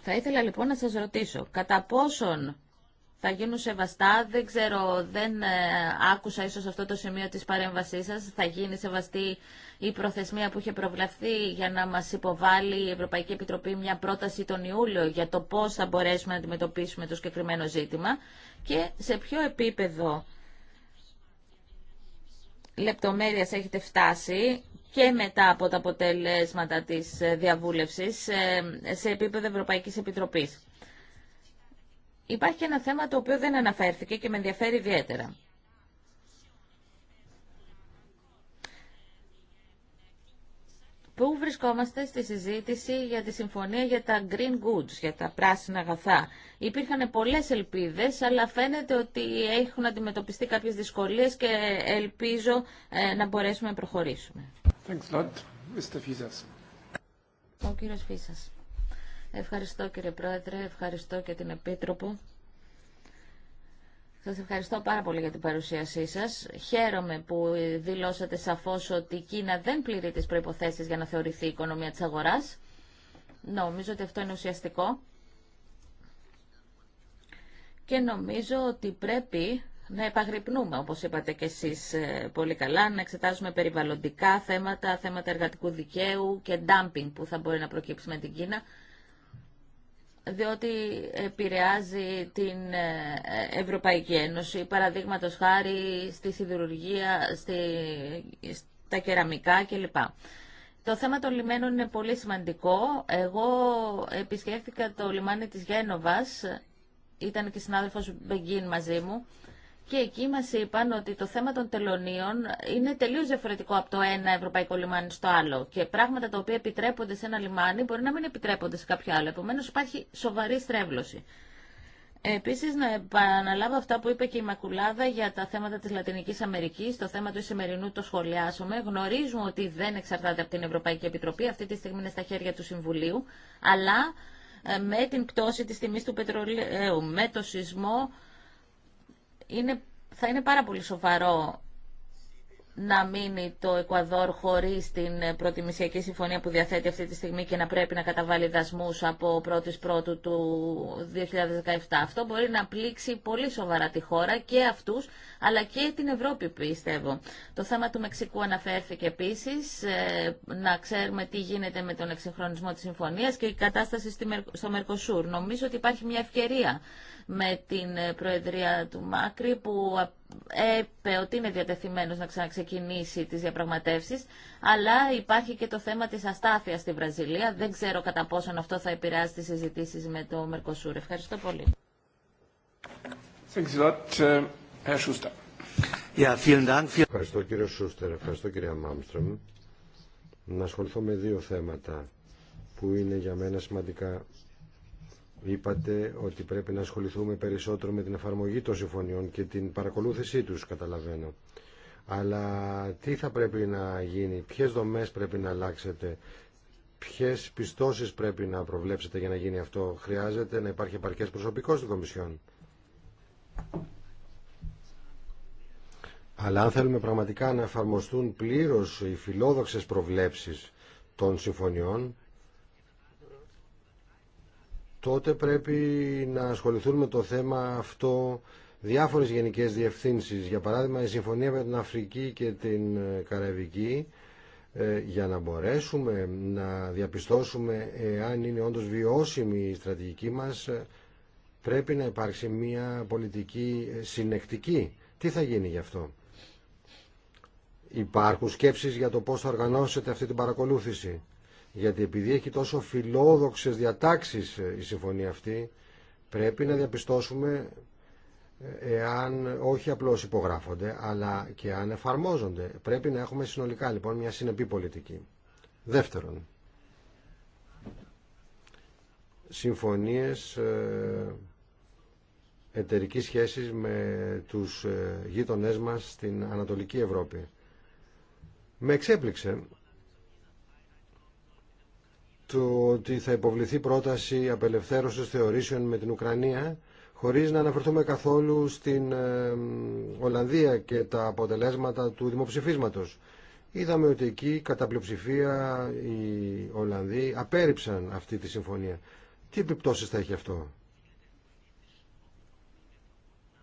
Θα ήθελα λοιπόν να σας ρωτήσω κατά πόσον θα γίνουν σεβαστά. Δεν ξέρω, δεν ε, άκουσα ίσως αυτό το σημείο της παρέμβασής σας. Θα γίνει σεβαστή η προθεσμία που είχε προβλεφθεί για να μας υποβάλει η Ευρωπαϊκή Επιτροπή μια πρόταση τον Ιούλιο για το πώς θα μπορέσουμε να αντιμετωπίσουμε το συγκεκριμένο ζήτημα και σε ποιο επίπεδο λεπτομέρειας έχετε φτάσει και μετά από τα αποτελέσματα της ε, διαβούλευσης ε, σε επίπεδο Ευρωπαϊκής Επιτροπής. Υπάρχει ένα θέμα το οποίο δεν αναφέρθηκε και με ενδιαφέρει ιδιαίτερα. Πού βρισκόμαστε στη συζήτηση για τη συμφωνία για τα green goods, για τα πράσινα αγαθά. Υπήρχαν πολλές ελπίδες, αλλά φαίνεται ότι έχουν αντιμετωπιστεί κάποιες δυσκολίες και ελπίζω ε, να μπορέσουμε να προχωρήσουμε. Ο κύριος Φίσας. Ευχαριστώ κύριε Πρόεδρε, ευχαριστώ και την Επίτροπο. Σας ευχαριστώ πάρα πολύ για την παρουσίασή σας. Χαίρομαι που δηλώσατε σαφώς ότι η Κίνα δεν πληρεί τις προϋποθέσεις για να θεωρηθεί η οικονομία της αγοράς. Νομίζω ότι αυτό είναι ουσιαστικό. Και νομίζω ότι πρέπει να επαγρυπνούμε, όπως είπατε και εσείς ε, πολύ καλά, να εξετάζουμε περιβαλλοντικά θέματα, θέματα εργατικού δικαίου και dumping που θα μπορεί να προκύψει με την Κίνα διότι επηρεάζει την ε, Ευρωπαϊκή Ένωση, παραδείγματος χάρη στη σιδηρουργία, στη, στα κεραμικά κλπ. Το θέμα των λιμένων είναι πολύ σημαντικό. Εγώ επισκέφτηκα το λιμάνι της Γένοβας, ήταν και συνάδελφος Μπεγκίν μαζί μου, και εκεί μα είπαν ότι το θέμα των τελωνίων είναι τελείω διαφορετικό από το ένα ευρωπαϊκό λιμάνι στο άλλο και πράγματα τα οποία επιτρέπονται σε ένα λιμάνι μπορεί να μην επιτρέπονται σε κάποιο άλλο. επομένω υπάρχει σοβαρή στρέβλωση. Επίση, να επαναλάβω αυτά που είπε και η Μακουλάδα για τα θέματα τη Λατινική Αμερική, το θέμα του σημερινού το σχολιάσουμε. Γνωρίζουμε ότι δεν εξαρτάται από την Ευρωπαϊκή Επιτροπή, αυτή τη στιγμή είναι στα χέρια του Συμβουλίου, αλλά ε, με την πτώση τη τιμή του πετρολαίου, με το σεισμό, είναι, θα είναι πάρα πολύ σοβαρό να μείνει το Εκουαδόρ χωρίς την προτιμησιακή συμφωνία που διαθέτει αυτή τη στιγμή και να πρέπει να καταβάλει δασμούς από 1η πρώτου του 2017. Αυτό μπορεί να πλήξει πολύ σοβαρά τη χώρα και αυτούς, αλλά και την Ευρώπη πιστεύω. Το θέμα του Μεξικού αναφέρθηκε επίσης, ε, να ξέρουμε τι γίνεται με τον εξυγχρονισμό της συμφωνίας και η κατάσταση στο Μερκοσούρ. Νομίζω ότι υπάρχει μια ευκαιρία με την ε, Προεδρία του Μάκρη που είπε ότι είναι διατεθειμένος να ξαναξεκινήσει τις διαπραγματεύσεις, αλλά υπάρχει και το θέμα της αστάθειας στη Βραζιλία. Δεν ξέρω κατά πόσον αυτό θα επηρεάσει τις συζητήσεις με το Μερκοσούρ. Ευχαριστώ πολύ. Ε, ευχαριστώ κύριε Σούστερ, ευχαριστώ κύριε Μάμστρομ. Να ασχοληθώ με δύο θέματα που είναι για μένα σημαντικά Είπατε ότι πρέπει να ασχοληθούμε περισσότερο με την εφαρμογή των συμφωνιών και την παρακολούθησή τους, καταλαβαίνω. Αλλά τι θα πρέπει να γίνει, ποιες δομές πρέπει να αλλάξετε, ποιες πιστώσεις πρέπει να προβλέψετε για να γίνει αυτό. Χρειάζεται να υπάρχει επαρκές προσωπικό στην Κομισιόν. Αλλά αν θέλουμε πραγματικά να εφαρμοστούν πλήρως οι φιλόδοξες προβλέψεις των συμφωνιών, τότε πρέπει να ασχοληθούν με το θέμα αυτό διάφορες γενικές διευθύνσεις. Για παράδειγμα, η συμφωνία με την Αφρική και την Καραβική ε, για να μπορέσουμε να διαπιστώσουμε αν είναι όντως βιώσιμη η στρατηγική μας ε, πρέπει να υπάρξει μια πολιτική ε, συνεκτική. Τι θα γίνει γι' αυτό. Υπάρχουν σκέψεις για το πώς θα οργανώσετε αυτή την παρακολούθηση γιατί επειδή έχει τόσο φιλόδοξες διατάξεις ε, η συμφωνία αυτή, πρέπει να διαπιστώσουμε ε, εάν όχι απλώς υπογράφονται, αλλά και αν εφαρμόζονται. Πρέπει να έχουμε συνολικά λοιπόν μια συνεπή πολιτική. Δεύτερον, συμφωνίες ε, εταιρικής σχέσης με τους γείτονές μας στην Ανατολική Ευρώπη. Με εξέπληξε το ότι θα υποβληθεί πρόταση απελευθέρωσης θεωρήσεων με την Ουκρανία χωρίς να αναφερθούμε καθόλου στην ε, Ολλανδία και τα αποτελέσματα του δημοψηφίσματος. Είδαμε ότι εκεί κατά πλειοψηφία οι Ολλανδοί απέρριψαν αυτή τη συμφωνία. Τι επιπτώσεις θα έχει αυτό.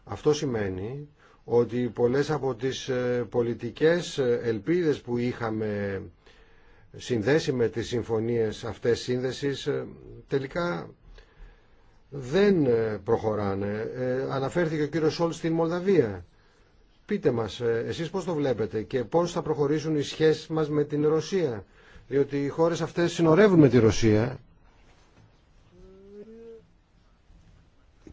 Αυτό σημαίνει ότι πολλές από τις ε, πολιτικές ε, ελπίδες που είχαμε συνδέσει με τις συμφωνίες αυτές σύνδεσης ε, τελικά δεν ε, προχωράνε. Ε, αναφέρθηκε ο κύριος Σόλτ στην Μολδαβία. Πείτε μας εσείς πώς το βλέπετε και πώς θα προχωρήσουν οι σχέσεις μας με την Ρωσία. Διότι οι χώρες αυτές συνορεύουν με τη Ρωσία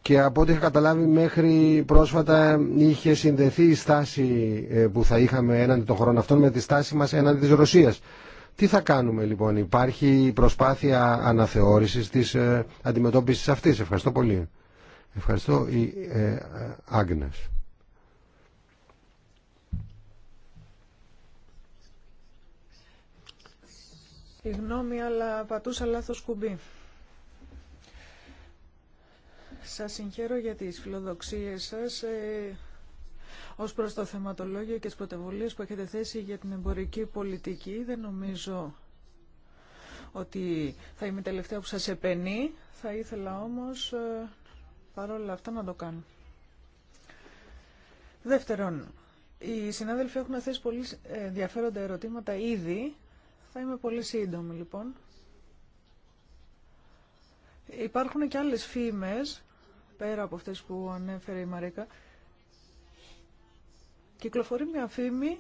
και από ό,τι είχα καταλάβει μέχρι πρόσφατα είχε συνδεθεί η στάση που θα είχαμε έναντι των χωρών αυτών με τη στάση μας έναντι της Ρωσίας. Τι θα κάνουμε λοιπόν, υπάρχει προσπάθεια αναθεώρησης της ε, αντιμετώπισης αυτής. Ευχαριστώ πολύ. Ευχαριστώ η ε, Άγνες. Συγγνώμη, αλλά πατούσα λάθος κουμπί. Σας συγχαίρω για τις φιλοδοξίες σας. Ε, Ω προ το θεματολόγιο και τι πρωτοβουλίε που έχετε θέσει για την εμπορική πολιτική, δεν νομίζω ότι θα είμαι η τελευταία που σα επενεί. Θα ήθελα όμως ε, παρόλα αυτά να το κάνω. Δεύτερον, οι συνάδελφοι έχουν θέσει πολύ ε, ενδιαφέροντα ερωτήματα ήδη. Θα είμαι πολύ σύντομη λοιπόν. Υπάρχουν και άλλες φήμες, πέρα από αυτές που ανέφερε η Μαρίκα, Κυκλοφορεί μια φήμη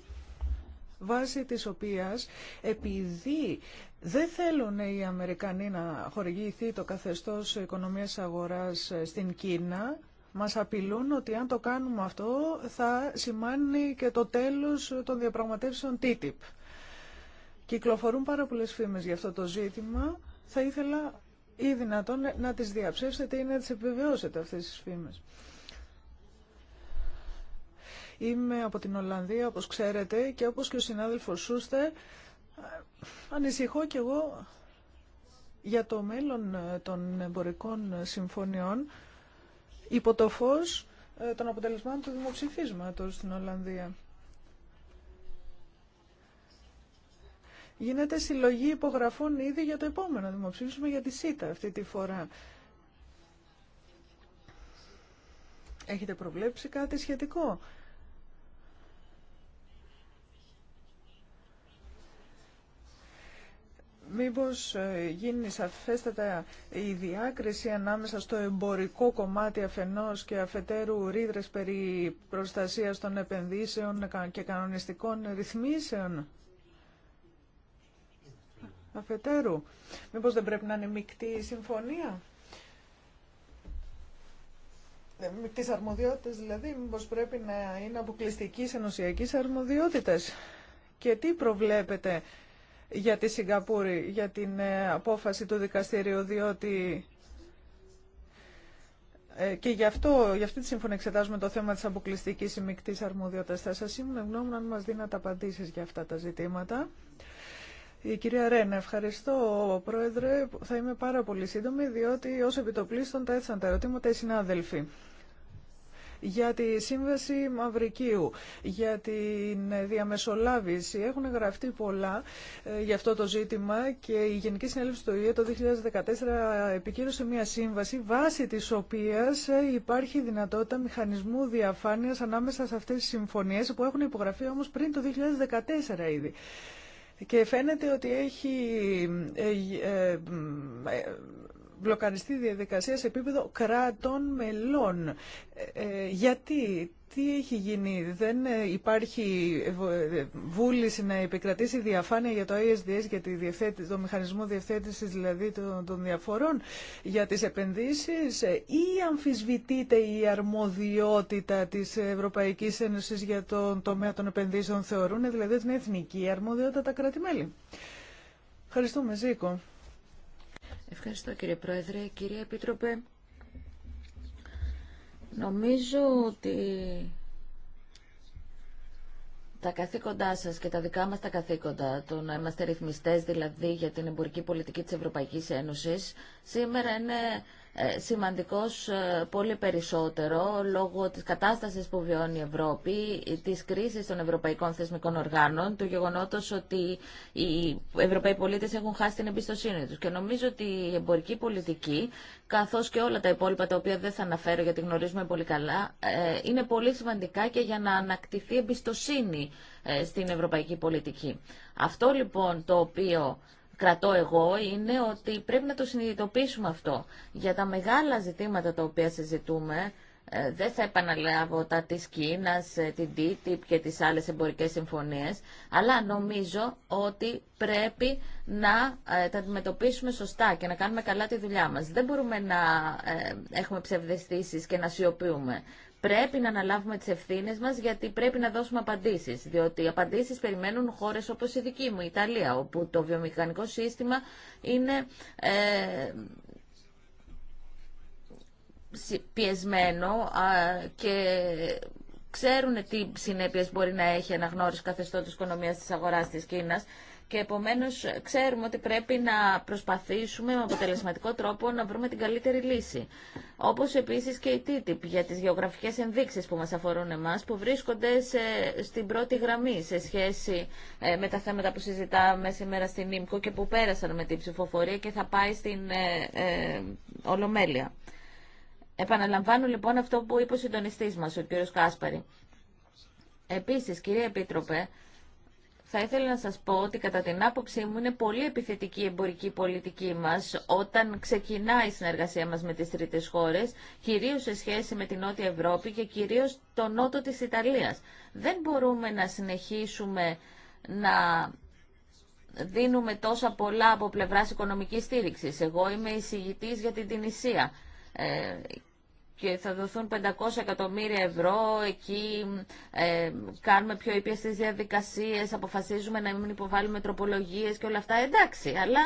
βάσει της οποίας επειδή δεν θέλουν οι Αμερικανοί να χορηγηθεί το καθεστώς οικονομίας αγοράς ε, στην Κίνα, μας απειλούν ότι αν το κάνουμε αυτό θα σημάνει και το τέλος των διαπραγματεύσεων TTIP. Κυκλοφορούν πάρα πολλές φήμες για αυτό το ζήτημα. Θα ήθελα ή δυνατόν να τις διαψεύσετε ή να τις επιβεβαιώσετε αυτές τις φήμες. Είμαι από την Ολλανδία, όπως ξέρετε, και όπως και ο συνάδελφος Σούστερ, ανησυχώ κι εγώ για το μέλλον ε, των εμπορικών συμφωνιών υπό το φως ε, των αποτελεσμάτων του δημοψηφίσματος στην Ολλανδία. Γίνεται συλλογή υπογραφών ήδη για το επόμενο δημοψήφισμα για τη ΣΥΤΑ αυτή τη φορά. Έχετε προβλέψει κάτι σχετικό. μήπως ε, γίνει σαφέστατα η διάκριση ανάμεσα στο εμπορικό κομμάτι αφενός και αφετέρου ρίδρες περί προστασίας των επενδύσεων και κανονιστικών ρυθμίσεων. Αφετέρου, μήπως δεν πρέπει να είναι μεικτή η συμφωνία. Ε, μεικτής αρμοδιότητας δηλαδή, μήπως πρέπει να είναι αποκλειστική ενωσιακής αρμοδιότητας. Και τι προβλέπετε για τη Σιγκαπούρη, για την ε, απόφαση του δικαστηρίου, διότι ε, και γι' αυτό, γι' αυτή τη σύμφωνα εξετάζουμε το θέμα της αποκλειστικής ημεικτή αρμοδιότητας. Θα σας ήμουν ευγνώμων αν μας δίνατε απαντήσεις για αυτά τα ζητήματα. Η κυρία Ρένα, ευχαριστώ πρόεδρε. Θα είμαι πάρα πολύ σύντομη, διότι ως επιτοπλίστων τα έτσαν τα ερωτήματα οι συνάδελφοι για τη Σύμβαση Μαυρικίου, για την διαμεσολάβηση. Έχουν γραφτεί πολλά ε, για αυτό το ζήτημα και η Γενική Συνέλευση του ΙΕ το 2014 επικύρωσε μια σύμβαση βάσει της οποίας ε, υπάρχει δυνατότητα μηχανισμού διαφάνειας ανάμεσα σε αυτές τις συμφωνίες που έχουν υπογραφεί όμως πριν το 2014 ήδη. Και φαίνεται ότι έχει ε, μπλοκαριστεί διαδικασία σε επίπεδο κρατών μελών. Ε, ε, γιατί, τι έχει γίνει, δεν ε, υπάρχει βούληση να επικρατήσει διαφάνεια για το ISDS, για τη το μηχανισμό διευθέτησης δηλαδή των, των διαφορών για τις επενδύσεις ή αμφισβητείται η αρμοδιότητα της Ευρωπαϊκής Ένωσης για τον τομέα των επενδύσεων θεωρούν, δηλαδή την εθνική αρμοδιότητα τα κράτη-μέλη. Ευχαριστούμε Ζήκο. Ευχαριστώ κύριε Πρόεδρε. Κύριε Επίτροπε, νομίζω ότι τα καθήκοντά σας και τα δικά μας τα καθήκοντα, το να είμαστε ρυθμιστές δηλαδή για την εμπορική πολιτική της Ευρωπαϊκής Ένωσης, σήμερα είναι ε, σημαντικός ε, πολύ περισσότερο λόγω της κατάστασης που βιώνει η Ευρώπη, της κρίσης των ευρωπαϊκών θεσμικών οργάνων, του γεγονότος ότι οι ευρωπαίοι πολίτες έχουν χάσει την εμπιστοσύνη τους. Και νομίζω ότι η εμπορική πολιτική, καθώς και όλα τα υπόλοιπα τα οποία δεν θα αναφέρω γιατί γνωρίζουμε πολύ καλά, ε, είναι πολύ σημαντικά και για να ανακτηθεί εμπιστοσύνη στην ευρωπαϊκή πολιτική. Αυτό λοιπόν το οποίο κρατώ εγώ είναι ότι πρέπει να το συνειδητοποιήσουμε αυτό. Για τα μεγάλα ζητήματα τα οποία συζητούμε, ε, δεν θα επαναλάβω τα της Κίνας, ε, την TTIP και τις άλλες εμπορικές συμφωνίες, αλλά νομίζω ότι πρέπει να ε, τα αντιμετωπίσουμε σωστά και να κάνουμε καλά τη δουλειά μας. Δεν μπορούμε να έχουμε ψευδεστήσεις και να σιωπιούμε. Πρέπει να αναλάβουμε τις ευθύνες μας γιατί πρέπει να δώσουμε απαντήσεις, διότι οι απαντήσεις περιμένουν χώρες όπως η δική μου, η Ιταλία, όπου το βιομηχανικό σύστημα είναι ε, πιεσμένο και ξέρουν τι συνέπειες μπορεί να έχει αναγνώριση καθεστώτος οικονομίας της αγοράς της Κίνας και επομένω, ε, ξέρουμε ότι πρέπει να προσπαθήσουμε με αποτελεσματικό τρόπο να βρούμε την καλύτερη λύση. Όπως επίσης και η TTIP για τι γεωγραφικές ενδείξεις που μας αφορούν εμά που βρίσκονται σε, στην πρώτη γραμμή σε σχέση ε, με τα θέματα που συζητάμε σήμερα στην ΙΜΚΟ και που πέρασαν με την ψηφοφορία και θα πάει στην ε, Ολομέλεια. Επαναλαμβάνω λοιπόν αυτό που είπε ο συντονιστή μα, ο κύριος Κάσπαρη. Επίση, κύριε Επίτροπε, θα ήθελα να σας πω ότι κατά την άποψή μου είναι πολύ επιθετική η εμπορική πολιτική μας όταν ξεκινάει η συνεργασία μας με τις τρίτες χώρες, κυρίως σε σχέση με την Νότια Ευρώπη και κυρίως το νότο της Ιταλίας. Δεν μπορούμε να συνεχίσουμε να δίνουμε τόσα πολλά από πλευράς οικονομικής στήριξης. Εγώ είμαι εισηγητής για την Τινησία ε, και θα δοθούν 500 εκατομμύρια ευρώ, εκεί ε, κάνουμε πιο ήπιες τις διαδικασίες, αποφασίζουμε να μην υποβάλουμε τροπολογίες και όλα αυτά, εντάξει, αλλά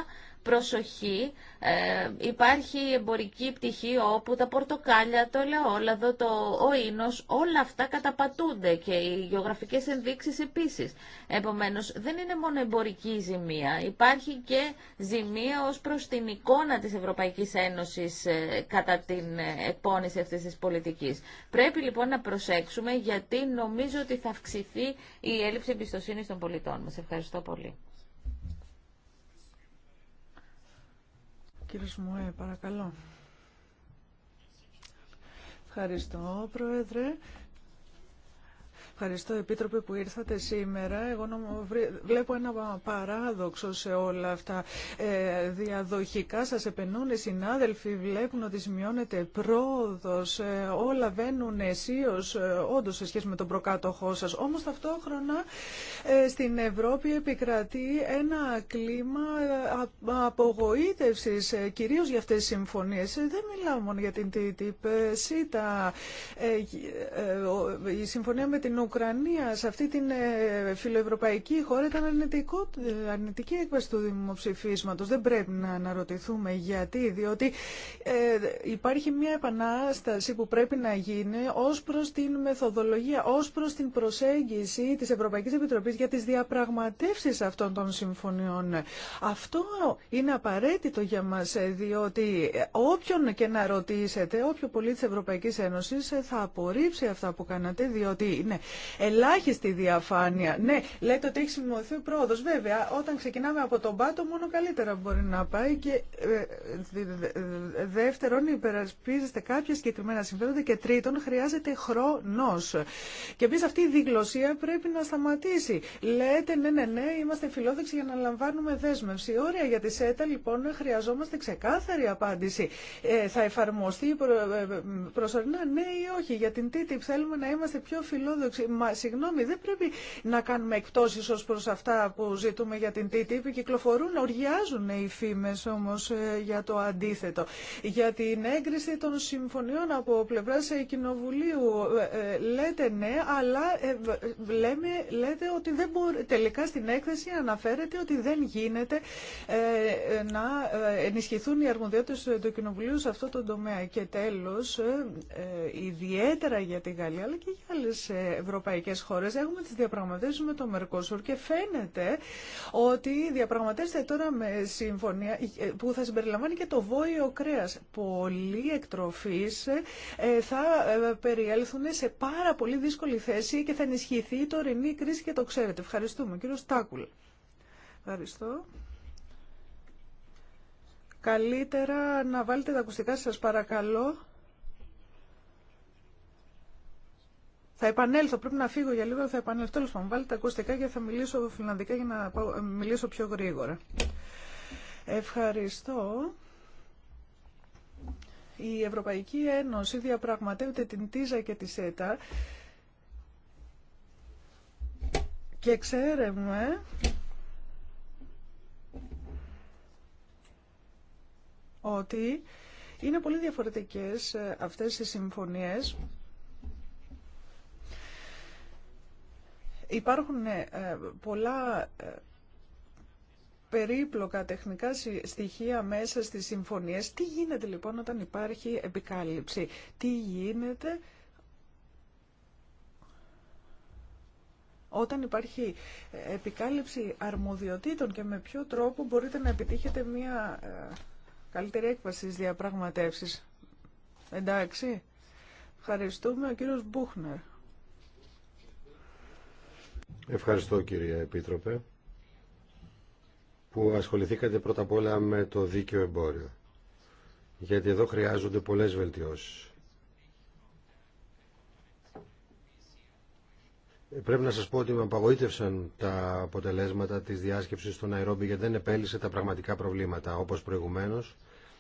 προσοχή, ε, υπάρχει εμπορική πτυχή όπου τα πορτοκάλια, το ελαιόλαδο, το ο όλα αυτά καταπατούνται και οι γεωγραφικές ενδείξεις επίσης. Επομένως, δεν είναι μόνο εμπορική ζημία, υπάρχει και ζημία ως προς την εικόνα της Ευρωπαϊκής Ένωσης ε, κατά την ε, εκπόνηση αυτής της πολιτικής. Πρέπει λοιπόν να προσέξουμε γιατί νομίζω ότι θα αυξηθεί η έλλειψη εμπιστοσύνη των πολιτών μας. Ευχαριστώ πολύ. Κύριε Σμουέ, παρακαλώ. Ευχαριστώ, Πρόεδρε. Ευχαριστώ, Επίτροπε, που ήρθατε σήμερα. Εγώ βλέπω ένα παράδοξο σε όλα αυτά. Ε, διαδοχικά σας επενούν οι συνάδελφοι, βλέπουν ότι σημειώνεται πρόοδος, ε, όλα βαίνουν αισίως, ε, όντως σε σχέση με τον προκάτοχό σας. Όμως ταυτόχρονα ε, στην Ευρώπη επικρατεί ένα κλίμα ε, απογοήτευσης, ε, κυρίως για αυτές τις συμφωνίες. δεν μιλάω μόνο για την TTIP, η συμφωνία με την Ουκρανία, σε αυτή την ε, φιλοευρωπαϊκή χώρα ήταν αρνητικό, αρνητική έκβαση του δημοψηφίσματος. Δεν πρέπει να αναρωτηθούμε γιατί, διότι ε, υπάρχει μια επανάσταση που πρέπει να γίνει ως προς την μεθοδολογία, ως προ την προσέγγιση της Ευρωπαϊκής Επιτροπής για τις διαπραγματεύσεις αυτών των συμφωνιών. Αυτό είναι απαραίτητο για μας, ε, διότι όποιον και να ρωτήσετε, όποιο πολίτη της Ευρωπαϊκής Ένωσης θα απορρίψει αυτά που κάνατε, διότι είναι Ελάχιστη διαφάνεια. Ναι, λέτε ότι έχει σημειωθεί πρόοδο. Βέβαια, όταν ξεκινάμε από τον πάτο, μόνο καλύτερα μπορεί να πάει. Και ε, δεύτερον, υπερασπίζεστε κάποια συγκεκριμένα συμφέροντα. Και τρίτον, χρειάζεται χρόνο. Και επίση αυτή η διγλωσία πρέπει να σταματήσει. Λέτε, ναι, ναι, ναι, είμαστε φιλόδοξοι για να λαμβάνουμε δέσμευση. Όρια για τη ΣΕΤΑ, λοιπόν, χρειαζόμαστε ξεκάθαρη απάντηση. Ε, θα εφαρμοστεί προ, ε, προσωρινά ναι ή όχι. Για την ΤΤΙΠ θέλουμε να είμαστε πιο φιλόδοξοι. Μα, συγγνώμη, δεν πρέπει να κάνουμε εκπτώσει ω προ αυτά που ζητούμε για την TTIP. Κυκλοφορούν, οργιάζουν οι φήμε όμως ε, για το αντίθετο. Για την έγκριση των συμφωνιών από πλευρά ε, Κοινοβουλίου ε, λέτε ναι, αλλά λέμε, λέτε ότι δεν τελικά στην έκθεση αναφέρεται ότι δεν γίνεται να ενισχυθούν οι αρμοδιότητε του Κοινοβουλίου σε αυτό το τομέα. Και τέλος, ιδιαίτερα για τη Γαλλία, αλλά και για άλλε ευρωπαϊκέ ευρωπαϊκές χώρες. Έχουμε τι διαπραγματεύσει με το Μερκόσουρ και φαίνεται ότι διαπραγματεύεται τώρα με συμφωνία ε, που θα συμπεριλαμβάνει και το βόηο Κρέα. Πολλοί εκτροφή ε, θα ε, περιέλθουν σε πάρα πολύ δύσκολη θέση και θα ενισχυθεί η τωρινή κρίση και το ξέρετε. Ευχαριστούμε. Κύριο Στάκουλ. Ευχαριστώ. Καλύτερα να βάλετε τα ακουστικά σας παρακαλώ. Θα επανέλθω, πρέπει να φύγω για λίγο, θα επανέλθω. Τέλο πάντων, βάλτε τα ακουστικά και θα μιλήσω φιλανδικά για να ε, μιλήσω πιο γρήγορα. Ευχαριστώ. Η Ευρωπαϊκή Ένωση διαπραγματεύεται την ΤΙΖΑ και τη ΣΕΤΑ και ξέρουμε ότι είναι πολύ διαφορετικές ε, αυτές οι συμφωνίες Υπάρχουν ε, ε, πολλά ε, περίπλοκα τεχνικά στοιχεία μέσα στις συμφωνίες. Τι γίνεται λοιπόν όταν υπάρχει επικάλυψη. Τι γίνεται όταν υπάρχει επικάλυψη αρμοδιοτήτων και με ποιο τρόπο μπορείτε να επιτύχετε μια καλύτερη έκβαση στις διαπραγματεύσεις. Εντάξει. Ευχαριστούμε ο κύριος Μπούχνερ. Ευχαριστώ κύριε Επίτροπε που ασχοληθήκατε πρώτα απ' όλα με το δίκαιο εμπόριο. Γιατί εδώ χρειάζονται πολλές βελτιώσεις. Ε, πρέπει να σας πω ότι με απαγοήτευσαν τα αποτελέσματα της διάσκεψης στο Ναϊρόμπι γιατί δεν επέλυσε τα πραγματικά προβλήματα. Όπως προηγουμένως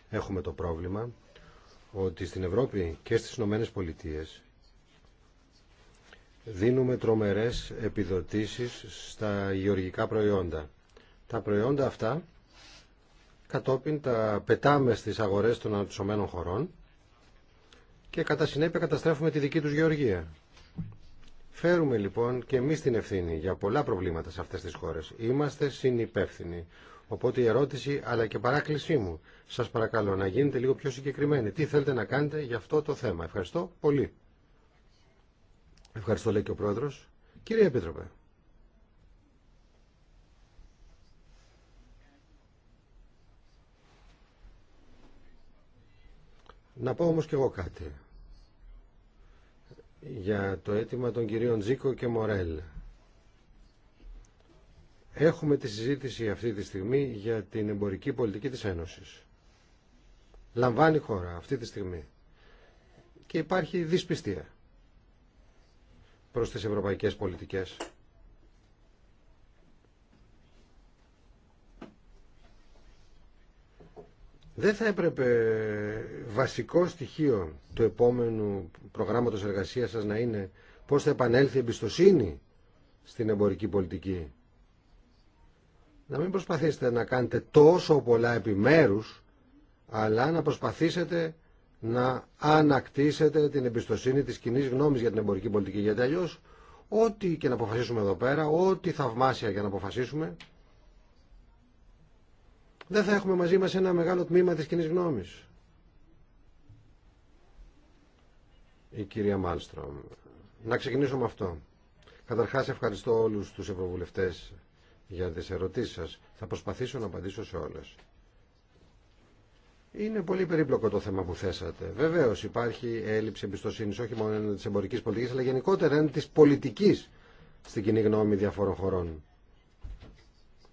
έχουμε το πρόβλημα ότι στην Ευρώπη και στις Ηνωμένες Πολιτείες δίνουμε τρομερές επιδοτήσεις στα γεωργικά προϊόντα. Τα προϊόντα αυτά κατόπιν τα πετάμε στις αγορές των αναπτυσσομένων χωρών και κατά συνέπεια καταστρέφουμε τη δική τους γεωργία. Φέρουμε λοιπόν και εμείς την ευθύνη για πολλά προβλήματα σε αυτές τις χώρες. Είμαστε συνυπεύθυνοι. Οπότε η ερώτηση αλλά και παράκλησή μου. Σας παρακαλώ να γίνετε λίγο πιο συγκεκριμένοι. Τι θέλετε να κάνετε για αυτό το θέμα. Ευχαριστώ πολύ. Ευχαριστώ λέει και ο Πρόεδρος. Κύριε Επίτροπε. Να πω όμως και εγώ κάτι για το αίτημα των κυρίων Τζίκο και Μορέλ. Έχουμε τη συζήτηση αυτή τη στιγμή για την εμπορική πολιτική της Ένωσης. Λαμβάνει χώρα αυτή τη στιγμή. Και υπάρχει δυσπιστία προς τις ευρωπαϊκές πολιτικές. Δεν θα έπρεπε βασικό στοιχείο του επόμενου προγράμματος εργασίας σας να είναι πώς θα επανέλθει η εμπιστοσύνη στην εμπορική πολιτική. Να μην προσπαθήσετε να κάνετε τόσο πολλά επιμέρους, αλλά να προσπαθήσετε να ανακτήσετε την εμπιστοσύνη της κοινή γνώμης για την εμπορική πολιτική. Γιατί αλλιώ, ό,τι και να αποφασίσουμε εδώ πέρα, ό,τι θαυμάσια και να αποφασίσουμε, δεν θα έχουμε μαζί μας ένα μεγάλο τμήμα της κοινή γνώμης. Η κυρία Μάλστρομ. Να ξεκινήσω με αυτό. Καταρχάς ευχαριστώ όλους τους ευρωβουλευτές για τις ερωτήσεις σας. Θα προσπαθήσω να απαντήσω σε όλες. Είναι πολύ περίπλοκο το θέμα που θέσατε. Βεβαίω υπάρχει έλλειψη εμπιστοσύνη όχι μόνο τη εμπορική πολιτική, αλλά γενικότερα έναντι τη πολιτική στην κοινή γνώμη διαφόρων χωρών.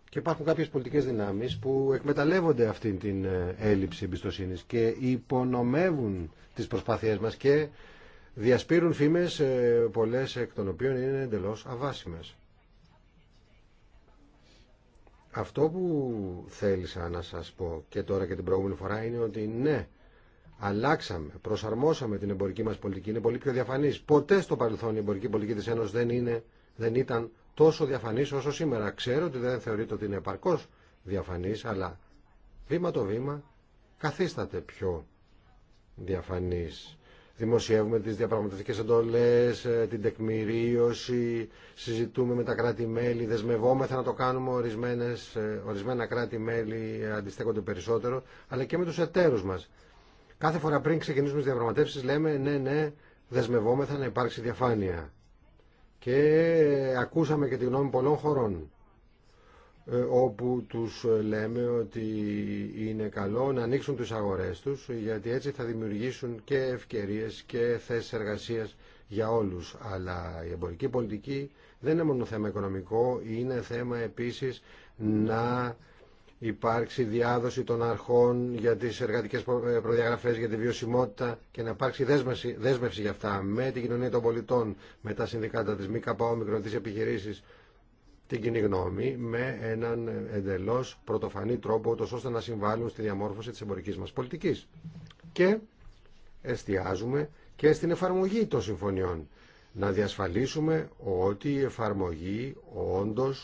Και υπάρχουν κάποιε πολιτικέ δυνάμει που εκμεταλλεύονται αυτή την ε, έλλειψη εμπιστοσύνη και υπονομεύουν τι προσπάθειέ μα και διασπείρουν φήμε, πολλέ εκ των οποίων είναι εντελώ αβάσιμε. Αυτό που θέλησα να σας πω και τώρα και την προηγούμενη φορά είναι ότι ναι, αλλάξαμε, προσαρμόσαμε την εμπορική μας πολιτική, είναι πολύ πιο διαφανής. Ποτέ στο παρελθόν η εμπορική πολιτική της Ένωσης δεν, είναι, δεν ήταν τόσο διαφανής όσο σήμερα. Ξέρω ότι δεν θεωρείται ότι είναι επαρκώς διαφανής, αλλά βήμα το βήμα καθίσταται πιο διαφανής δημοσιεύουμε τις διαπραγματευτικές εντολές, ε, την τεκμηρίωση, συζητούμε με τα κράτη-μέλη, δεσμευόμεθα να το κάνουμε, ορισμένες, ε, ορισμένα κράτη-μέλη αντιστέκονται περισσότερο, αλλά και με τους εταίρους μας. Κάθε φορά πριν ξεκινήσουμε τις διαπραγματεύσεις λέμε ναι, ναι, δεσμευόμεθα να υπάρξει διαφάνεια. Και ε, ακούσαμε και τη γνώμη πολλών χωρών. Ε, όπου τους ε, λέμε ότι είναι καλό να ανοίξουν τις αγορές τους γιατί έτσι θα δημιουργήσουν και ευκαιρίες και θέσεις εργασίας για όλους. Αλλά η εμπορική πολιτική δεν είναι μόνο θέμα οικονομικό, είναι θέμα επίσης να υπάρξει διάδοση των αρχών για τις εργατικές ε, προδιαγραφές, για τη βιωσιμότητα και να υπάρξει δέσμευση, δέσμευση για αυτά με την κοινωνία των πολιτών, με τα συνδικάτα της ΜΚΑΟ, τις επιχειρήσεις, την κοινή γνώμη με έναν εντελώ πρωτοφανή τρόπο ώστε να συμβάλλουν στη διαμόρφωση της εμπορικής μας πολιτικής. Και εστιάζουμε και στην εφαρμογή των συμφωνιών. Να διασφαλίσουμε ότι η εφαρμογή όντω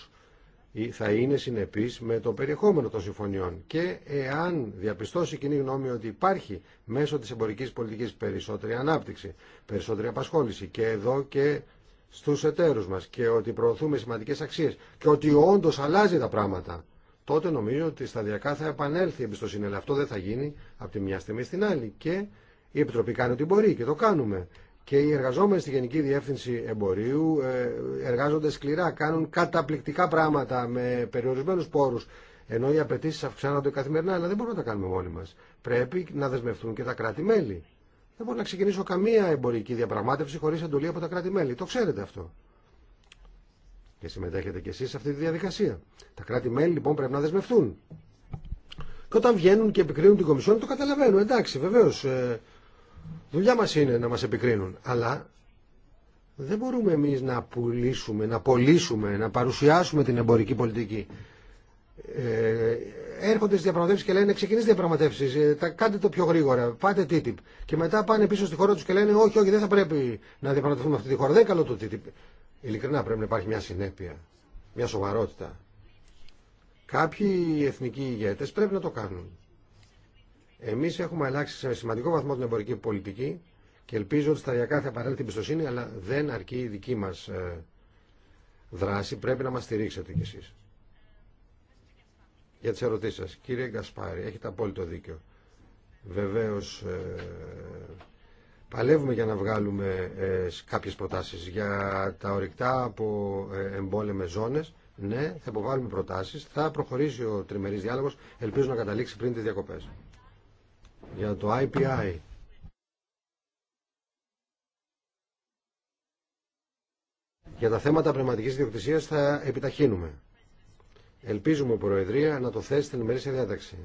θα είναι συνεπής με το περιεχόμενο των συμφωνιών και εάν διαπιστώσει η κοινή γνώμη ότι υπάρχει μέσω της εμπορικής πολιτικής περισσότερη ανάπτυξη, περισσότερη απασχόληση και εδώ και στους εταίρους μας και ότι προωθούμε σημαντικές αξίες και ότι όντως αλλάζει τα πράγματα, τότε νομίζω ότι σταδιακά θα επανέλθει η εμπιστοσύνη. Αλλά αυτό δεν θα γίνει από τη μια στιγμή στην άλλη. Και η Επιτροπή κάνει ό,τι μπορεί και το κάνουμε. Και οι εργαζόμενοι στη Γενική Διεύθυνση Εμπορίου ε, εργάζονται σκληρά, κάνουν καταπληκτικά πράγματα με περιορισμένου πόρου. Ενώ οι απαιτήσει αυξάνονται καθημερινά, αλλά δεν μπορούμε να τα κάνουμε μόνοι μα. Πρέπει να δεσμευτούν και τα κράτη-μέλη. Δεν μπορώ να ξεκινήσω καμία εμπορική διαπραγμάτευση χωρί εντολή από τα κράτη-μέλη. Το ξέρετε αυτό. Και συμμετέχετε κι εσεί σε αυτή τη διαδικασία. Τα κράτη-μέλη λοιπόν πρέπει να δεσμευτούν. Και όταν βγαίνουν και επικρίνουν την Κομισιόν, το καταλαβαίνω. Εντάξει, βεβαίω. Ε, δουλειά μα είναι να μα επικρίνουν. Αλλά δεν μπορούμε εμεί να πουλήσουμε, να πωλήσουμε, να παρουσιάσουμε την εμπορική πολιτική ε, έρχονται στι διαπραγματεύσει και λένε ξεκινήστε διαπραγματεύσει, ε, κάντε το πιο γρήγορα, πάτε TTIP. Και μετά πάνε πίσω στη χώρα του και λένε όχι, όχι, δεν θα πρέπει να διαπραγματευτούμε αυτή τη χώρα. Δεν καλό το TTIP. Ειλικρινά πρέπει να υπάρχει μια συνέπεια, μια σοβαρότητα. Κάποιοι εθνικοί ηγέτε πρέπει να το κάνουν. Εμεί έχουμε αλλάξει σε σημαντικό βαθμό την εμπορική πολιτική και ελπίζω ότι σταδιακά θα παρέλθει η εμπιστοσύνη, αλλά δεν αρκεί η δική μα ε, δράση. Πρέπει να μα στηρίξετε κι εσεί για τι ερωτήσεις σας. Κύριε Γκασπάρη, έχετε απόλυτο δίκιο. Βεβαίως, ε, παλεύουμε για να βγάλουμε ε, κάποιες προτάσεις. Για τα ορυκτά από ε, εμπόλεμε ζώνες, ναι, θα υποβάλουμε προτάσεις. Θα προχωρήσει ο τριμερής διάλογος. Ελπίζω να καταλήξει πριν τις διακοπές. Για το IPI. Για τα θέματα πνευματικής διοκτησίας θα επιταχύνουμε. Ελπίζουμε, Προεδρία, να το θέσει στην ημερήσια διάταξη.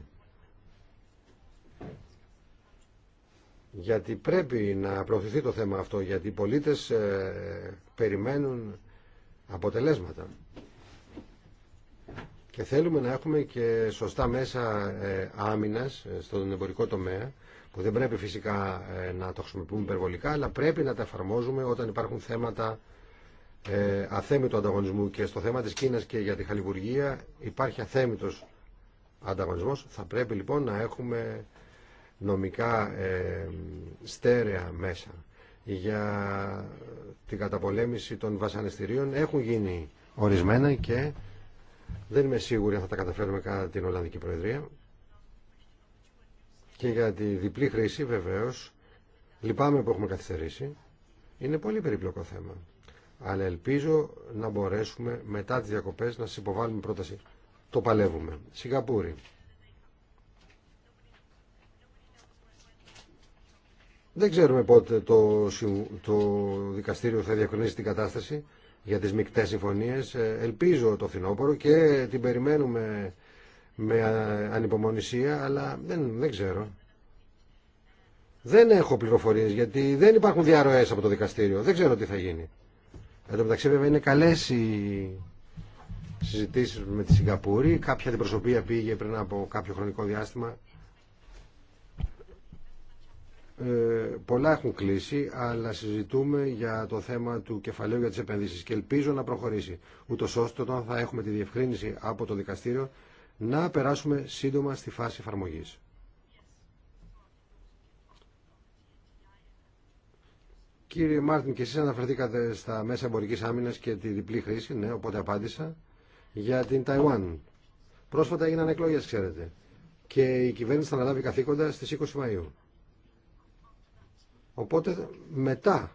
Γιατί πρέπει να προωθηθεί το θέμα αυτό, γιατί οι πολίτες ε, περιμένουν αποτελέσματα. Και θέλουμε να έχουμε και σωστά μέσα ε, άμυνας ε, στον εμπορικό τομέα, που δεν πρέπει φυσικά ε, να το χρησιμοποιούμε υπερβολικά, αλλά πρέπει να τα εφαρμόζουμε όταν υπάρχουν θέματα ε, αθέμητο ανταγωνισμού και στο θέμα της Κίνας και για τη χαλιβουργία υπάρχει αθέμητος ανταγωνισμός. Θα πρέπει λοιπόν να έχουμε νομικά ε, στέρεα μέσα για την καταπολέμηση των βασανιστήριων. Έχουν γίνει ορισμένα και δεν είμαι σίγουρη αν θα τα καταφέρουμε κατά την Ολλανδική Προεδρία. Και για τη διπλή χρήση βεβαίως λυπάμαι που έχουμε καθυστερήσει. Είναι πολύ περιπλοκό θέμα αλλά ελπίζω να μπορέσουμε μετά τις διακοπές να σας υποβάλουμε πρόταση. Το παλεύουμε. Σιγκαπούρη. Δεν ξέρουμε πότε το, το δικαστήριο θα διακρινίσει την κατάσταση για τις μικτές συμφωνίες. Ε, ελπίζω το φθινόπωρο και την περιμένουμε με ανυπομονησία, αλλά δεν, δεν ξέρω. Δεν έχω πληροφορίες γιατί δεν υπάρχουν διαρροές από το δικαστήριο. Δεν ξέρω τι θα γίνει. Εν τω μεταξύ βέβαια είναι καλές οι συζητήσεις με τη Σιγκαπούρη. Κάποια αντιπροσωπεία πήγε πριν από κάποιο χρονικό διάστημα. Ε, πολλά έχουν κλείσει, αλλά συζητούμε για το θέμα του κεφαλαίου για τις επενδύσεις και ελπίζω να προχωρήσει. Ούτω ώστε όταν θα έχουμε τη διευκρίνηση από το δικαστήριο να περάσουμε σύντομα στη φάση εφαρμογής. Κύριε Μάρτιν, και εσείς αναφερθήκατε στα μέσα εμπορικής άμυνας και τη διπλή χρήση, ναι, οπότε απάντησα, για την Ταϊουάν. Πρόσφατα έγιναν εκλογές, ξέρετε. Και η κυβέρνηση θα αναλάβει καθήκοντα στις 20 Μαΐου. Οπότε μετά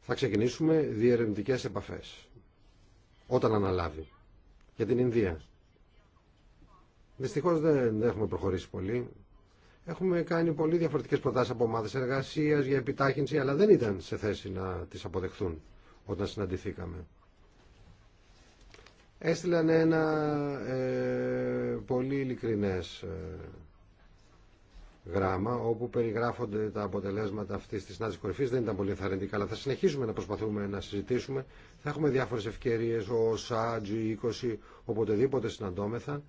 θα ξεκινήσουμε διερευνητικέ επαφές. Όταν αναλάβει. Για την Ινδία. Δυστυχώς δεν έχουμε προχωρήσει πολύ. Έχουμε κάνει πολύ διαφορετικές προτάσεις από ομάδες εργασίας για επιτάχυνση, αλλά δεν ήταν σε θέση να τις αποδεχθούν όταν συναντηθήκαμε. Έστειλαν ένα ε, πολύ ειλικρινές ε, γράμμα όπου περιγράφονται τα αποτελέσματα αυτής της συνάντησης κορυφής. Δεν ήταν πολύ ενθαρρυντικά, αλλά θα συνεχίσουμε να προσπαθούμε να συζητήσουμε. Θα έχουμε διάφορες ευκαιρίες, ο ΣΑ, 20 οποτεδήποτε συναντώμεθα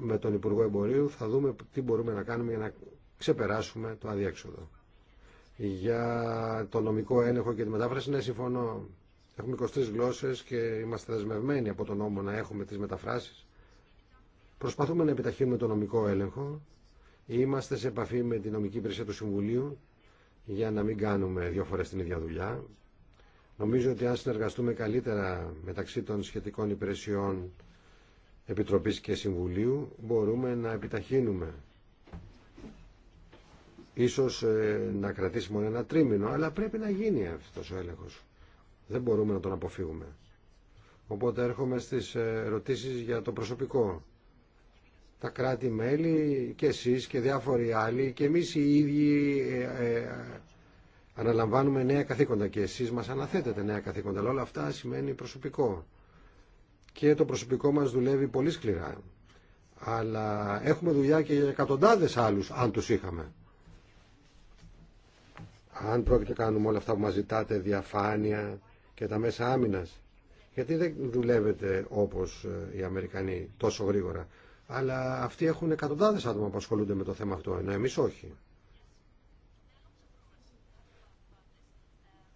με τον Υπουργό Εμπορίου θα δούμε τι μπορούμε να κάνουμε για να ξεπεράσουμε το αδιέξοδο. Για το νομικό έλεγχο και τη μετάφραση, ναι, συμφωνώ. Έχουμε 23 γλώσσες και είμαστε δεσμευμένοι από τον νόμο να έχουμε τις μεταφράσεις. Προσπαθούμε να επιταχύνουμε το νομικό έλεγχο. Είμαστε σε επαφή με την νομική υπηρεσία του Συμβουλίου για να μην κάνουμε δύο φορέ την ίδια δουλειά. Νομίζω ότι αν συνεργαστούμε καλύτερα μεταξύ των σχετικών υπηρεσιών Επιτροπής και Συμβουλίου μπορούμε να επιταχύνουμε. Ίσως ε, να κρατήσει μόνο ένα τρίμηνο, αλλά πρέπει να γίνει αυτός ο έλεγχος. Δεν μπορούμε να τον αποφύγουμε. Οπότε έρχομαι στις ε, ερωτήσεις για το προσωπικό. Τα κράτη-μέλη και εσείς και διάφοροι άλλοι και εμείς οι ίδιοι ε, αναλαμβάνουμε νέα καθήκοντα και εσείς μας αναθέτετε νέα καθήκοντα. Αλλά όλα αυτά σημαίνει προσωπικό και το προσωπικό μας δουλεύει πολύ σκληρά. Αλλά έχουμε δουλειά και για εκατοντάδες άλλους, αν τους είχαμε. Αν πρόκειται να κάνουμε όλα αυτά που μας ζητάτε, διαφάνεια και τα μέσα άμυνας. Γιατί δεν δουλεύετε όπως ε, οι Αμερικανοί τόσο γρήγορα. Αλλά αυτοί έχουν εκατοντάδες άτομα που ασχολούνται με το θέμα αυτό, ενώ εμείς όχι.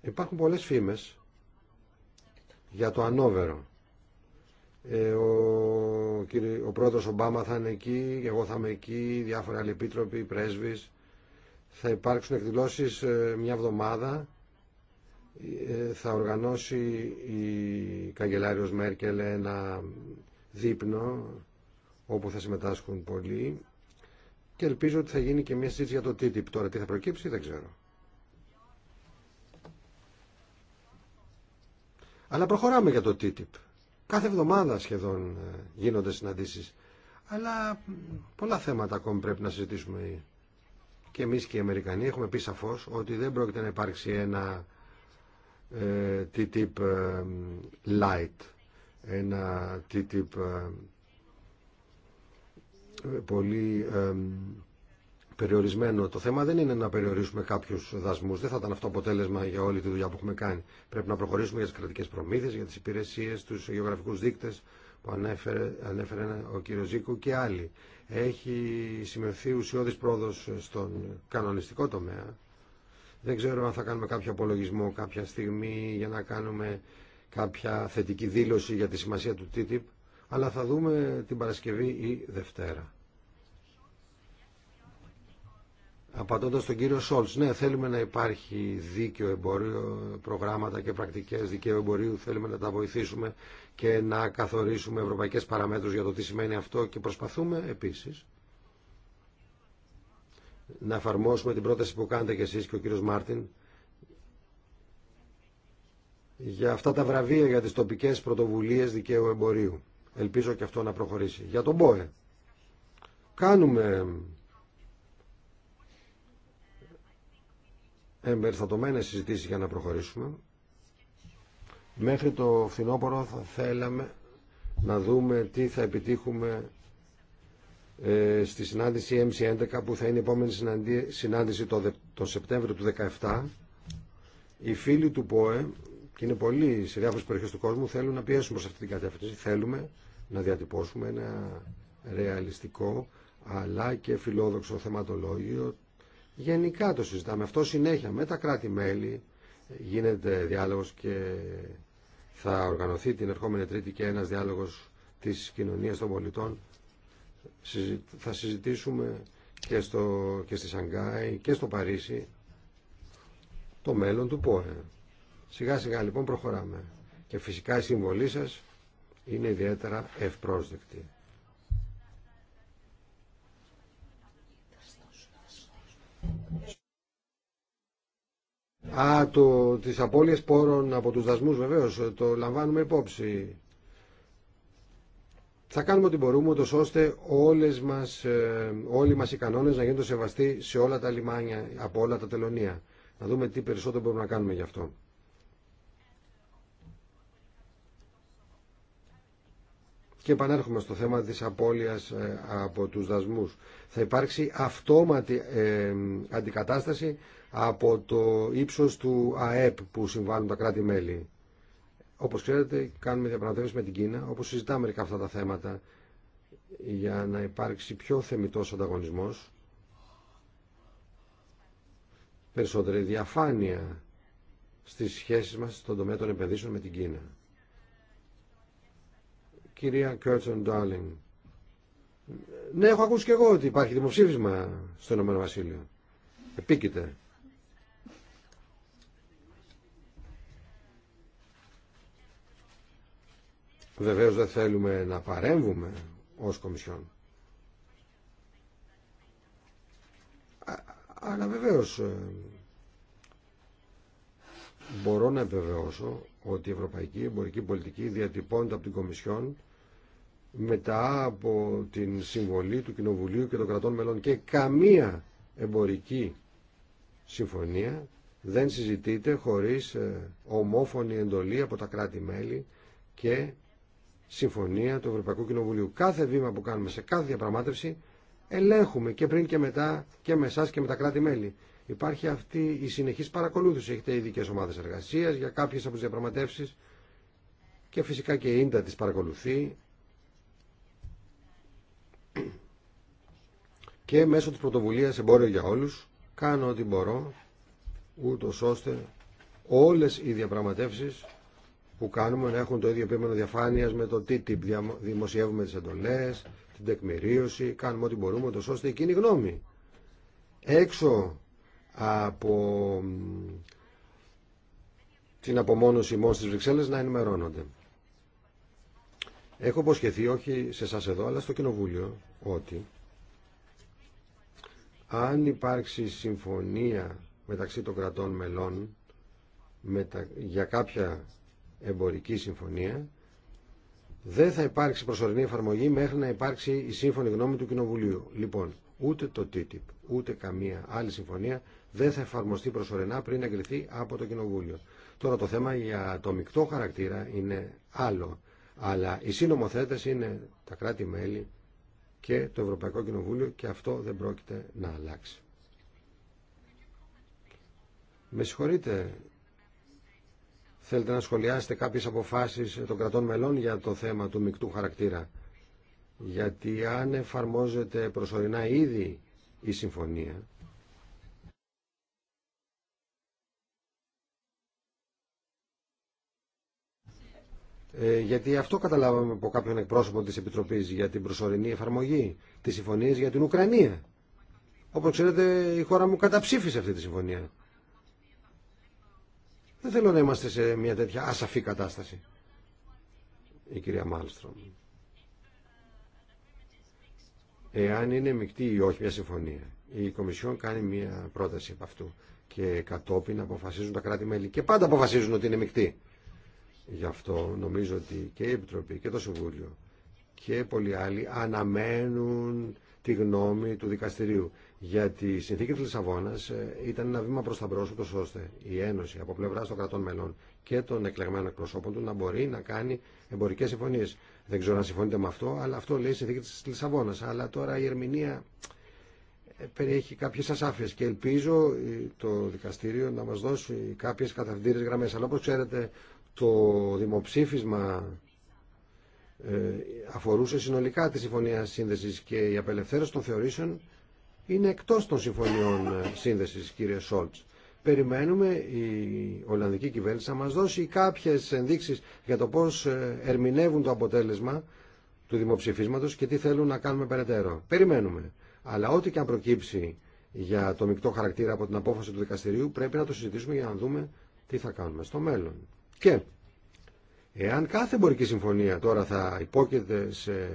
Υπάρχουν πολλές φήμες για το ανώβερο. Ε, ο, κύριε, ο πρόεδρος Ομπάμα θα είναι εκεί, εγώ θα είμαι εκεί, διάφορα άλλοι επίτροποι, πρέσβεις. Θα υπάρξουν εκδηλώσεις ε, μια εβδομάδα. Ε, θα οργανώσει η καγκελάριος Μέρκελ ένα δείπνο όπου θα συμμετάσχουν πολλοί. Και ελπίζω ότι θα γίνει και μια συζήτηση για το TTIP. Τώρα τι θα προκύψει δεν ξέρω. Αλλά προχωράμε για το TTIP. Κάθε εβδομάδα σχεδόν ε, γίνονται συναντήσεις. Αλλά πολλά θέματα ακόμη πρέπει να συζητήσουμε. Και εμείς και οι Αμερικανοί έχουμε πει σαφώ ότι δεν πρόκειται να υπάρξει ένα ε, TTIP ε, light, ένα TTIP πολύ περιορισμένο. Το θέμα δεν είναι να περιορίσουμε κάποιου δασμού. Δεν θα ήταν αυτό αποτέλεσμα για όλη τη δουλειά που έχουμε κάνει. Πρέπει να προχωρήσουμε για τι κρατικέ προμήθειε, για τι υπηρεσίε, του γεωγραφικού δείκτε που ανέφερε, ανέφερε ο κύριο Ζήκου και άλλοι. Έχει σημειωθεί ουσιώδη πρόοδο στον κανονιστικό τομέα. Δεν ξέρω αν θα κάνουμε κάποιο απολογισμό κάποια στιγμή για να κάνουμε κάποια θετική δήλωση για τη σημασία του TTIP, αλλά θα δούμε την Παρασκευή ή Δευτέρα. Απαντώντας τον κύριο Σόλτς, ναι, θέλουμε να υπάρχει δίκαιο εμπόριο, προγράμματα και πρακτικές δικαίου εμπορίου, θέλουμε να τα βοηθήσουμε και να καθορίσουμε ευρωπαϊκές παραμέτρους για το τι σημαίνει αυτό και προσπαθούμε επίσης να εφαρμόσουμε την πρόταση που κάνετε και εσείς και ο κύριος Μάρτιν για αυτά τα βραβεία για τις τοπικές πρωτοβουλίες δικαίου εμπορίου. Ελπίζω και αυτό να προχωρήσει. Για τον ΠΟΕ. Κάνουμε εμπεριστατωμένες συζητήσεις για να προχωρήσουμε. Μέχρι το φθινόπωρο θα θέλαμε να δούμε τι θα επιτύχουμε ε, στη συνάντηση MC11 που θα είναι η επόμενη συνάντηση τον Σεπτέμβριο του 2017. Οι φίλοι του ΠΟΕ, και είναι πολλοί σε διάφορες περιοχές του κόσμου, θέλουν να πιέσουν σε αυτή την κατεύθυνση. Θέλουμε να διατυπώσουμε ένα ρεαλιστικό αλλά και φιλόδοξο θεματολόγιο Γενικά το συζητάμε αυτό συνέχεια με τα κράτη-μέλη. Γίνεται διάλογος και θα οργανωθεί την ερχόμενη Τρίτη και ένας διάλογος της κοινωνίας των πολιτών. Θα συζητήσουμε και, στο, και στη Σανγκάη και στο Παρίσι το μέλλον του ΠΟΕ. Σιγά σιγά λοιπόν προχωράμε. Και φυσικά η συμβολή σας είναι ιδιαίτερα ευπρόσδεκτη. Α, το, τις απώλειες πόρων από τους δασμούς βεβαίως, το λαμβάνουμε υπόψη. Θα κάνουμε ό,τι μπορούμε, ούτως ώστε όλες μας, ε, όλοι μας οι κανόνες να γίνονται σεβαστοί σε όλα τα λιμάνια, από όλα τα τελωνία. Να δούμε τι περισσότερο μπορούμε να κάνουμε γι' αυτό. Και επανέρχομαι στο θέμα της απώλειας ε, από τους δασμούς. Θα υπάρξει αυτόματη ε, αντικατάσταση από το ύψος του ΑΕΠ που συμβάλλουν τα κράτη-μέλη. Όπως ξέρετε κάνουμε διαπραγματεύσεις με την Κίνα, όπως συζητάμε μερικά αυτά τα θέματα για να υπάρξει πιο θεμητός ανταγωνισμός, περισσότερη διαφάνεια στις σχέσεις μας στον τομέα των επενδύσεων με την Κίνα κυρία Κέρτσον Ντάλινγκ. Ναι, έχω ακούσει και εγώ ότι υπάρχει δημοψήφισμα στο Ηνωμένο Βασίλειο. Επίκειται. Βεβαίως δεν θέλουμε να παρέμβουμε ως Κομισιόν. Αλλά βεβαίως ε, μπορώ να επιβεβαιώσω ότι η ευρωπαϊκή εμπορική πολιτική διατυπώνεται από την Κομισιόν μετά από την συμβολή του Κοινοβουλίου και των κρατών μελών και καμία εμπορική συμφωνία δεν συζητείται χωρίς ε, ομόφωνη εντολή από τα κράτη-μέλη και συμφωνία του Ευρωπαϊκού Κοινοβουλίου. Κάθε βήμα που κάνουμε σε κάθε διαπραγμάτευση ελέγχουμε και πριν και μετά και με εσά και με τα κράτη-μέλη. Υπάρχει αυτή η συνεχής παρακολούθηση. Έχετε ειδικέ ομάδες εργασίας για κάποιες από τις διαπραγματεύσεις και φυσικά και η ίντα τις παρακολουθεί και μέσω της πρωτοβουλίας Εμπόριο για Όλους κάνω ό,τι μπορώ ούτω ώστε όλες οι διαπραγματεύσεις που κάνουμε να έχουν το ίδιο επίμενο διαφάνειας με το TTIP. Δημοσιεύουμε τις εντολές, την τεκμηρίωση, κάνουμε ό,τι μπορούμε ούτως ώστε η γνώμη έξω από την απομόνωση μόνος στις Βρυξέλλες να ενημερώνονται. Έχω υποσχεθεί όχι σε εσά εδώ αλλά στο Κοινοβούλιο ότι αν υπάρξει συμφωνία μεταξύ των κρατών μελών για κάποια εμπορική συμφωνία, δεν θα υπάρξει προσωρινή εφαρμογή μέχρι να υπάρξει η σύμφωνη γνώμη του Κοινοβουλίου. Λοιπόν, ούτε το TTIP, ούτε καμία άλλη συμφωνία δεν θα εφαρμοστεί προσωρινά πριν εγκριθεί από το Κοινοβούλιο. Τώρα το θέμα για το μεικτό χαρακτήρα είναι άλλο, αλλά οι συνομοθέτες είναι τα κράτη-μέλη και το Ευρωπαϊκό Κοινοβούλιο και αυτό δεν πρόκειται να αλλάξει. Με συγχωρείτε, θέλετε να σχολιάσετε κάποιες αποφάσεις των κρατών μελών για το θέμα του μεικτού χαρακτήρα. Γιατί αν εφαρμόζεται προσωρινά ήδη η συμφωνία, Ε, γιατί αυτό καταλάβαμε από κάποιον εκπρόσωπο της Επιτροπής για την προσωρινή εφαρμογή της συμφωνίας για την Ουκρανία. Όπως ξέρετε η χώρα μου καταψήφισε αυτή τη συμφωνία. Δεν θέλω να είμαστε σε μια τέτοια ασαφή κατάσταση. Η κυρία Μάλστρομ. Εάν είναι μεικτή ή όχι μια συμφωνία, η Κομισιόν κάνει μια πρόταση από αυτού και κατόπιν αποφασίζουν τα κράτη-μέλη και πάντα αποφασίζουν ότι είναι μεικτή. Γι' αυτό νομίζω ότι και η Επιτροπή και το Συμβούλιο και πολλοί άλλοι αναμένουν τη γνώμη του δικαστηρίου. Γιατί η συνθήκη τη Λισαβόνα ε, ήταν ένα βήμα προ τα μπρο, ούτω ώστε η Ένωση από πλευρά των κρατών μελών και των εκλεγμένων εκπροσώπων του να μπορεί να κάνει εμπορικέ συμφωνίε. Δεν ξέρω αν συμφωνείτε με αυτό, αλλά αυτό λέει η συνθήκη τη Λισαβόνα. Αλλά τώρα η ερμηνεία ε, περιέχει κάποιε ασάφειε και ελπίζω ε, το δικαστήριο να μα δώσει κάποιε καταυντήρε γραμμέ. Αλλά όπω ξέρετε, το δημοψήφισμα ε, αφορούσε συνολικά τη Συμφωνία Σύνδεσης και η απελευθέρωση των θεωρήσεων είναι εκτός των Συμφωνιών ε, Σύνδεσης, κύριε Σόλτς. Περιμένουμε η Ολλανδική κυβέρνηση να μας δώσει κάποιες ενδείξεις για το πώς ε, ερμηνεύουν το αποτέλεσμα του δημοψηφίσματος και τι θέλουν να κάνουμε περαιτέρω. Περιμένουμε. Αλλά ό,τι και αν προκύψει για το μεικτό χαρακτήρα από την απόφαση του δικαστηρίου πρέπει να το συζητήσουμε για να δούμε τι θα κάνουμε στο μέλλον. Και εάν κάθε εμπορική συμφωνία τώρα θα υπόκειται σε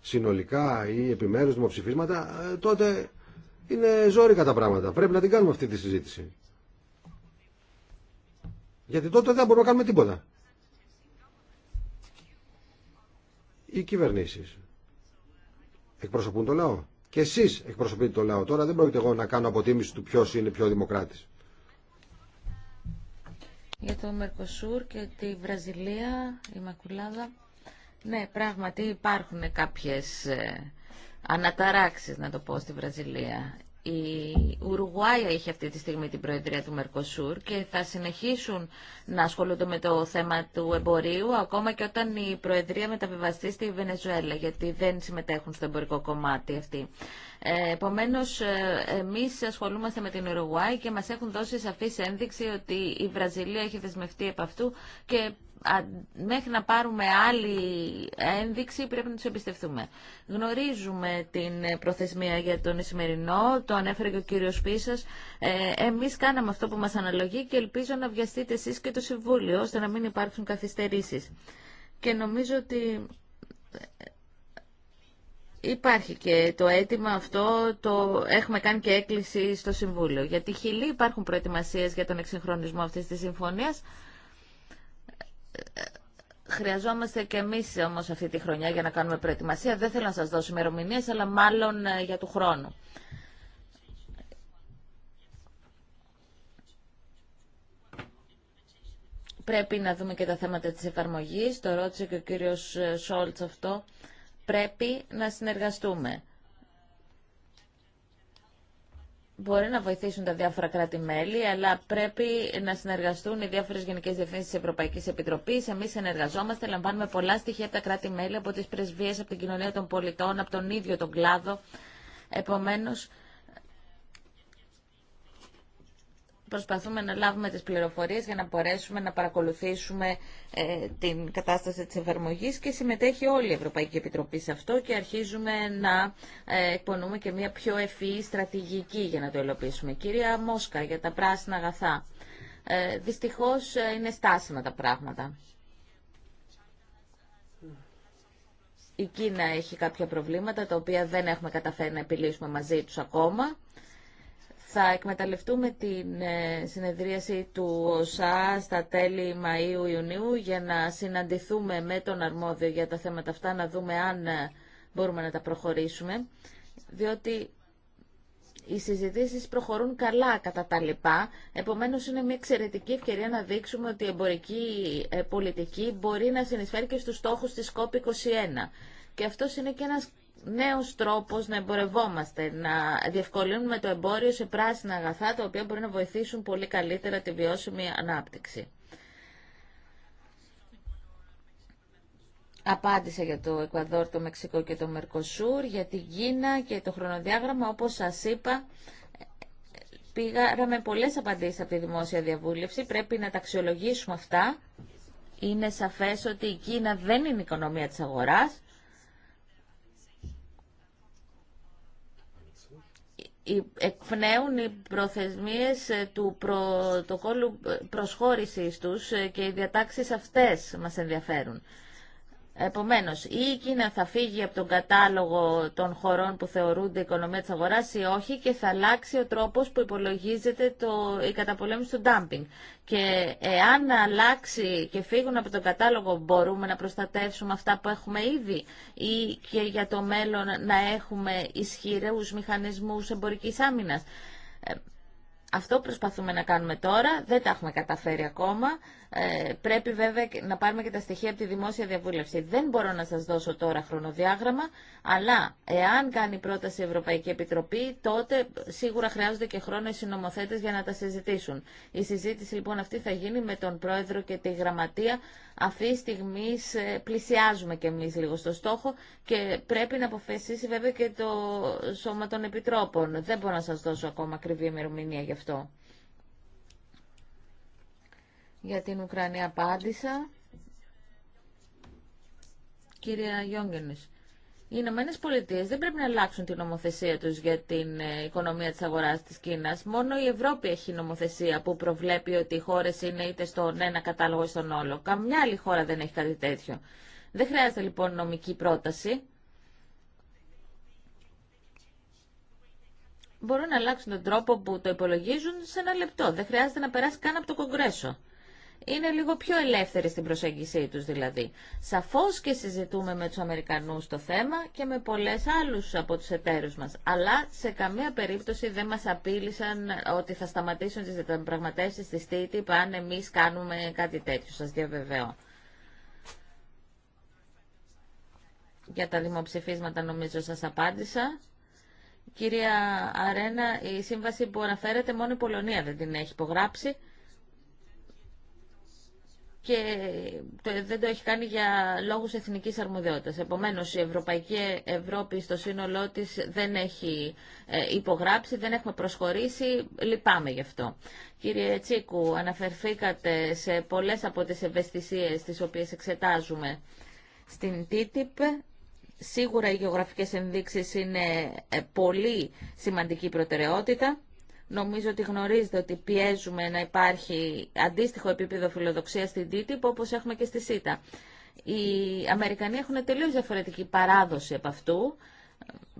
συνολικά ή επιμέρους δημοψηφίσματα, ε, τότε είναι ζόρικα τα πράγματα. Πρέπει να την κάνουμε αυτή τη συζήτηση. Γιατί τότε δεν μπορούμε να κάνουμε τίποτα. Οι κυβερνήσεις εκπροσωπούν το λαό. Και εσείς εκπροσωπείτε το λαό. Τώρα δεν πρόκειται εγώ να κάνω αποτίμηση του ποιος είναι πιο δημοκράτης. Για το Μερκοσούρ και τη Βραζιλία, η Μακουλάδα. Ναι, πράγματι υπάρχουν κάποιες ε, αναταράξεις, να το πω, στη Βραζιλία. Η Ουρουγουάια έχει αυτή τη στιγμή την Προεδρία του Μερκοσούρ και θα συνεχίσουν να ασχολούνται με το θέμα του εμπορίου ακόμα και όταν η Προεδρία μεταβιβαστεί στη Βενεζουέλα γιατί δεν συμμετέχουν στο εμπορικό κομμάτι αυτή. Ε, επομένως, ε, εμεί ασχολούμαστε με την Ουρουγουάη και μας έχουν δώσει σαφή ένδειξη ότι η Βραζιλία έχει δεσμευτεί επ' αυτού και μέχρι να πάρουμε άλλη ένδειξη πρέπει να του εμπιστευτούμε. Γνωρίζουμε την προθεσμία για τον Ισημερινό, το ανέφερε και ο κύριο Πίσα. Ε, εμείς κάναμε αυτό που μας αναλογεί και ελπίζω να βιαστείτε εσεί και το Συμβούλιο, ώστε να μην υπάρξουν καθυστερήσει. Και νομίζω ότι Υπάρχει και το αίτημα αυτό, το έχουμε κάνει και έκκληση στο Συμβούλιο. γιατί τη Χιλή υπάρχουν προετοιμασίες για τον εξυγχρονισμό αυτής της συμφωνίας. Χρειαζόμαστε και εμείς όμως αυτή τη χρονιά για να κάνουμε προετοιμασία. Δεν θέλω να σας δώσω ημερομηνίε, αλλά μάλλον ε, για του χρόνου. Πρέπει να δούμε και τα θέματα της εφαρμογής. Το ρώτησε και ο κύριος ε, Σόλτς αυτό πρέπει να συνεργαστούμε. Μπορεί να βοηθήσουν τα διάφορα κράτη-μέλη, αλλά πρέπει να συνεργαστούν οι διάφορε Γενικέ Διευθύνσει τη Ευρωπαϊκή Επιτροπή. Εμεί συνεργαζόμαστε, λαμβάνουμε πολλά στοιχεία από τα κράτη-μέλη, από τι πρεσβείε, από την κοινωνία των πολιτών, από τον ίδιο τον κλάδο. Επομένω, προσπαθούμε να λάβουμε τις πληροφορίες για να μπορέσουμε να παρακολουθήσουμε ε, την κατάσταση της εφαρμογής και συμμετέχει όλη η Ευρωπαϊκή Επιτροπή σε αυτό και αρχίζουμε να ε, εκπονούμε και μια πιο ευφυή στρατηγική για να το ελοπίσουμε. Κυρία Μόσκα, για τα πράσινα αγαθά. Ε, δυστυχώς ε, είναι στάσιμα τα πράγματα. Η Κίνα έχει κάποια προβλήματα τα οποία δεν έχουμε καταφέρει να επιλύσουμε μαζί τους ακόμα θα εκμεταλλευτούμε την ε, συνεδρίαση του ΟΣΑ στα τέλη Μαΐου-Ιουνίου για να συναντηθούμε με τον αρμόδιο για τα θέματα αυτά, να δούμε αν ε, μπορούμε να τα προχωρήσουμε, διότι οι συζητήσεις προχωρούν καλά κατά τα λοιπά, επομένως είναι μια εξαιρετική ευκαιρία να δείξουμε ότι η εμπορική ε, πολιτική μπορεί να συνεισφέρει και στους στόχους της COP21. Και αυτός είναι και ένας νέος τρόπος να εμπορευόμαστε, να διευκολύνουμε το εμπόριο σε πράσινα αγαθά, τα οποία μπορεί να βοηθήσουν πολύ καλύτερα τη βιώσιμη ανάπτυξη. Απάντησα για το Εκουαδόρ, το Μεξικό και το Μερκοσούρ, για την Κίνα και το χρονοδιάγραμμα, όπως σας είπα, πήγαμε πολλές απαντήσεις από τη δημόσια διαβούλευση, πρέπει να τα αξιολογήσουμε αυτά. Είναι σαφές ότι η Κίνα δεν είναι η οικονομία της αγοράς, εκπνέουν οι προθεσμίες ε, του πρωτοκόλου ε, προσχώρησης τους ε, και οι διατάξεις αυτές μας ενδιαφέρουν. Επομένως, ή η Κίνα θα φύγει από τον κατάλογο των χωρών που θεωρούνται οικονομία της αγοράς ή όχι και θα αλλάξει ο τρόπος που υπολογίζεται το, η καταπολέμηση του ντάμπινγκ. Και εάν αλλάξει και φύγουν από τον κατάλογο μπορούμε να προστατεύσουμε αυτά που έχουμε ήδη ή και για το μέλλον να έχουμε ισχυρούς μηχανισμούς εμπορικής άμυνας. Ε, αυτό προσπαθούμε να κάνουμε τώρα, δεν τα έχουμε καταφέρει ακόμα. Ε, πρέπει βέβαια να πάρουμε και τα στοιχεία από τη δημόσια διαβούλευση. Δεν μπορώ να σας δώσω τώρα χρονοδιάγραμμα, αλλά εάν κάνει πρόταση η Ευρωπαϊκή Επιτροπή, τότε σίγουρα χρειάζονται και χρόνο οι συνομοθέτες για να τα συζητήσουν. Η συζήτηση λοιπόν αυτή θα γίνει με τον Πρόεδρο και τη Γραμματεία. Αυτή τη στιγμή πλησιάζουμε και εμείς λίγο στο στόχο και πρέπει να αποφασίσει βέβαια και το Σώμα των Επιτρόπων. Δεν μπορώ να σας δώσω ακόμα ακριβή ημερομηνία γι' αυτό. Για την Ουκρανία απάντησα. Κυρία Γιόγκενης, οι Ηνωμένε Πολιτείε δεν πρέπει να αλλάξουν την νομοθεσία του για την ε, οικονομία τη αγορά τη Κίνα. Μόνο η Ευρώπη έχει νομοθεσία που προβλέπει ότι οι χώρε είναι είτε στον ένα κατάλογο ή στον όλο. Καμιά άλλη χώρα δεν έχει κάτι τέτοιο. Δεν χρειάζεται λοιπόν νομική πρόταση. Μπορούν να αλλάξουν τον τρόπο που το υπολογίζουν σε ένα λεπτό. Δεν χρειάζεται να περάσει καν από το Κογκρέσο είναι λίγο πιο ελεύθεροι στην προσέγγιση τους δηλαδή. Σαφώς και συζητούμε με τους Αμερικανούς το θέμα και με πολλές άλλους από τους εταίρους μας. Αλλά σε καμία περίπτωση δεν μας απείλησαν ότι θα σταματήσουν τις διαπραγματεύσει στη TTIP αν εμείς κάνουμε κάτι τέτοιο, σας διαβεβαιώ. Για τα δημοψηφίσματα νομίζω σας απάντησα. Κυρία Αρένα, η σύμβαση που αναφέρεται μόνο η Πολωνία δεν την έχει υπογράψει και δεν το έχει κάνει για λόγους εθνικής αρμοδιότητας. Επομένως, η Ευρωπαϊκή Ευρώπη στο σύνολό της δεν έχει ε, υπογράψει, δεν έχουμε προσχωρήσει, λυπάμαι γι' αυτό. Κύριε Τσίκου, αναφερθήκατε σε πολλές από τις ευαισθησίες τις οποίες εξετάζουμε στην TTIP. Σίγουρα οι γεωγραφικές ενδείξεις είναι ε, πολύ σημαντική προτεραιότητα. Νομίζω ότι γνωρίζετε ότι πιέζουμε να υπάρχει αντίστοιχο επίπεδο φιλοδοξία στην TTIP όπω έχουμε και στη ΣΥΤΑ. Οι Αμερικανοί έχουν τελείω διαφορετική παράδοση από αυτού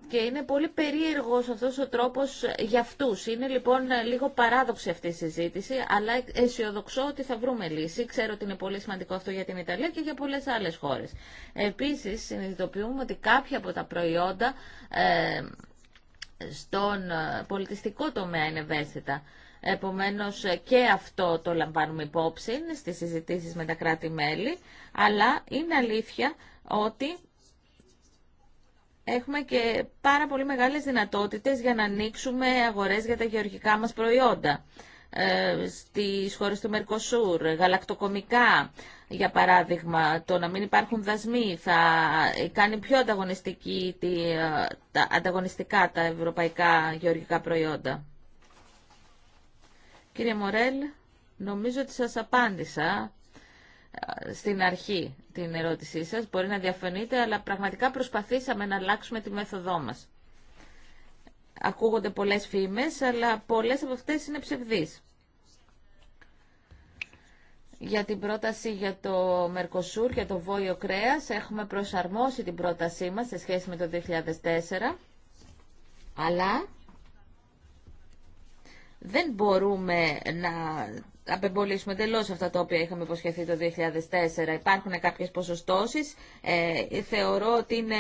και είναι πολύ περίεργο αυτό ο τρόπο για αυτού. Είναι λοιπόν λίγο παράδοξη αυτή η συζήτηση, αλλά αισιοδοξώ ότι θα βρούμε λύση. Ξέρω ότι είναι πολύ σημαντικό αυτό για την Ιταλία και για πολλέ άλλε χώρε. Επίση, συνειδητοποιούμε ότι κάποια από τα προϊόντα ε, στον ε, πολιτιστικό τομέα είναι ευαίσθητα. Επομένως ε, και αυτό το λαμβάνουμε υπόψη στις συζητήσεις με τα κράτη-μέλη, αλλά είναι αλήθεια ότι έχουμε και πάρα πολύ μεγάλες δυνατότητες για να ανοίξουμε αγορές για τα γεωργικά μας προϊόντα ε, στις χώρες του Μερκοσούρ, γαλακτοκομικά, για παράδειγμα, το να μην υπάρχουν δασμοί θα κάνει πιο ανταγωνιστική, τα, ανταγωνιστικά τα ευρωπαϊκά γεωργικά προϊόντα. Κύριε Μορέλ, νομίζω ότι σας απάντησα στην αρχή την ερώτησή σας. Μπορεί να διαφωνείτε, αλλά πραγματικά προσπαθήσαμε να αλλάξουμε τη μέθοδό μας. Ακούγονται πολλές φήμες, αλλά πολλές από αυτές είναι ψευδείς για την πρόταση για το Μερκοσούρ, για το Βόλιο Κρέα. Έχουμε προσαρμόσει την πρότασή μας σε σχέση με το 2004, αλλά δεν μπορούμε να απεμπολίσουμε εντελώ αυτά τα οποία είχαμε υποσχεθεί το 2004. Υπάρχουν κάποιες ποσοστώσεις, ε, θεωρώ ότι είναι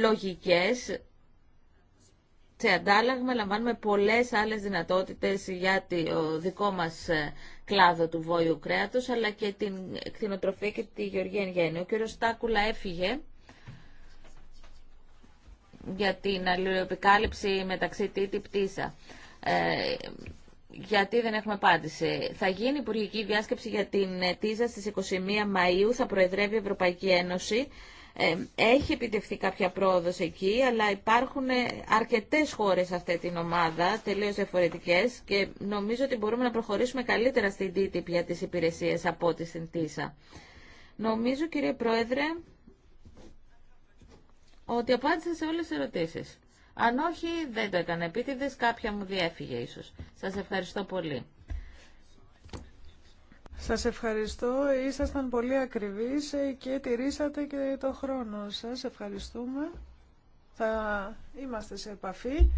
λογικές. Σε αντάλλαγμα λαμβάνουμε πολλές άλλες δυνατότητες για το δικό μας ε, κλάδο του Βόλιου Κρέατος, αλλά και την κτηνοτροφία και τη Γεωργία Γέννη. Ο κ. Στάκουλα έφυγε για την αλληλοεπικάλυψη μεταξύ τίτη πτήσα. Ε, γιατί δεν έχουμε απάντηση. Θα γίνει υπουργική διάσκεψη για την Τίζα στις 21 Μαΐου, θα προεδρεύει η Ευρωπαϊκή Ένωση. Ε, έχει επιτευχθεί κάποια πρόοδος εκεί, αλλά υπάρχουν ε, αρκετές χώρες αυτή την ομάδα, τελείως διαφορετικέ και νομίζω ότι μπορούμε να προχωρήσουμε καλύτερα στην TTIP για τις υπηρεσίες από ό,τι στην TISA. Νομίζω, κύριε Πρόεδρε, ότι απάντησα σε όλες τις ερωτήσεις. Αν όχι, δεν το έκανα επίτηδες, κάποια μου διέφυγε ίσως. Σας ευχαριστώ πολύ. Σας ευχαριστώ. Ήσασταν πολύ ακριβείς και τηρήσατε και το χρόνο σας. Ευχαριστούμε. Θα είμαστε σε επαφή.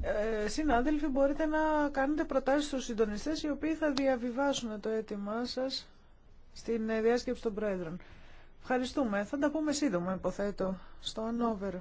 Ε, συνάδελφοι, μπορείτε να κάνετε προτάσεις στους συντονιστές οι οποίοι θα διαβιβάσουν το αίτημά σας στην διάσκεψη των Πρόεδρων. Ευχαριστούμε. Θα τα πούμε σύντομα, υποθέτω, στο Ανόβερο.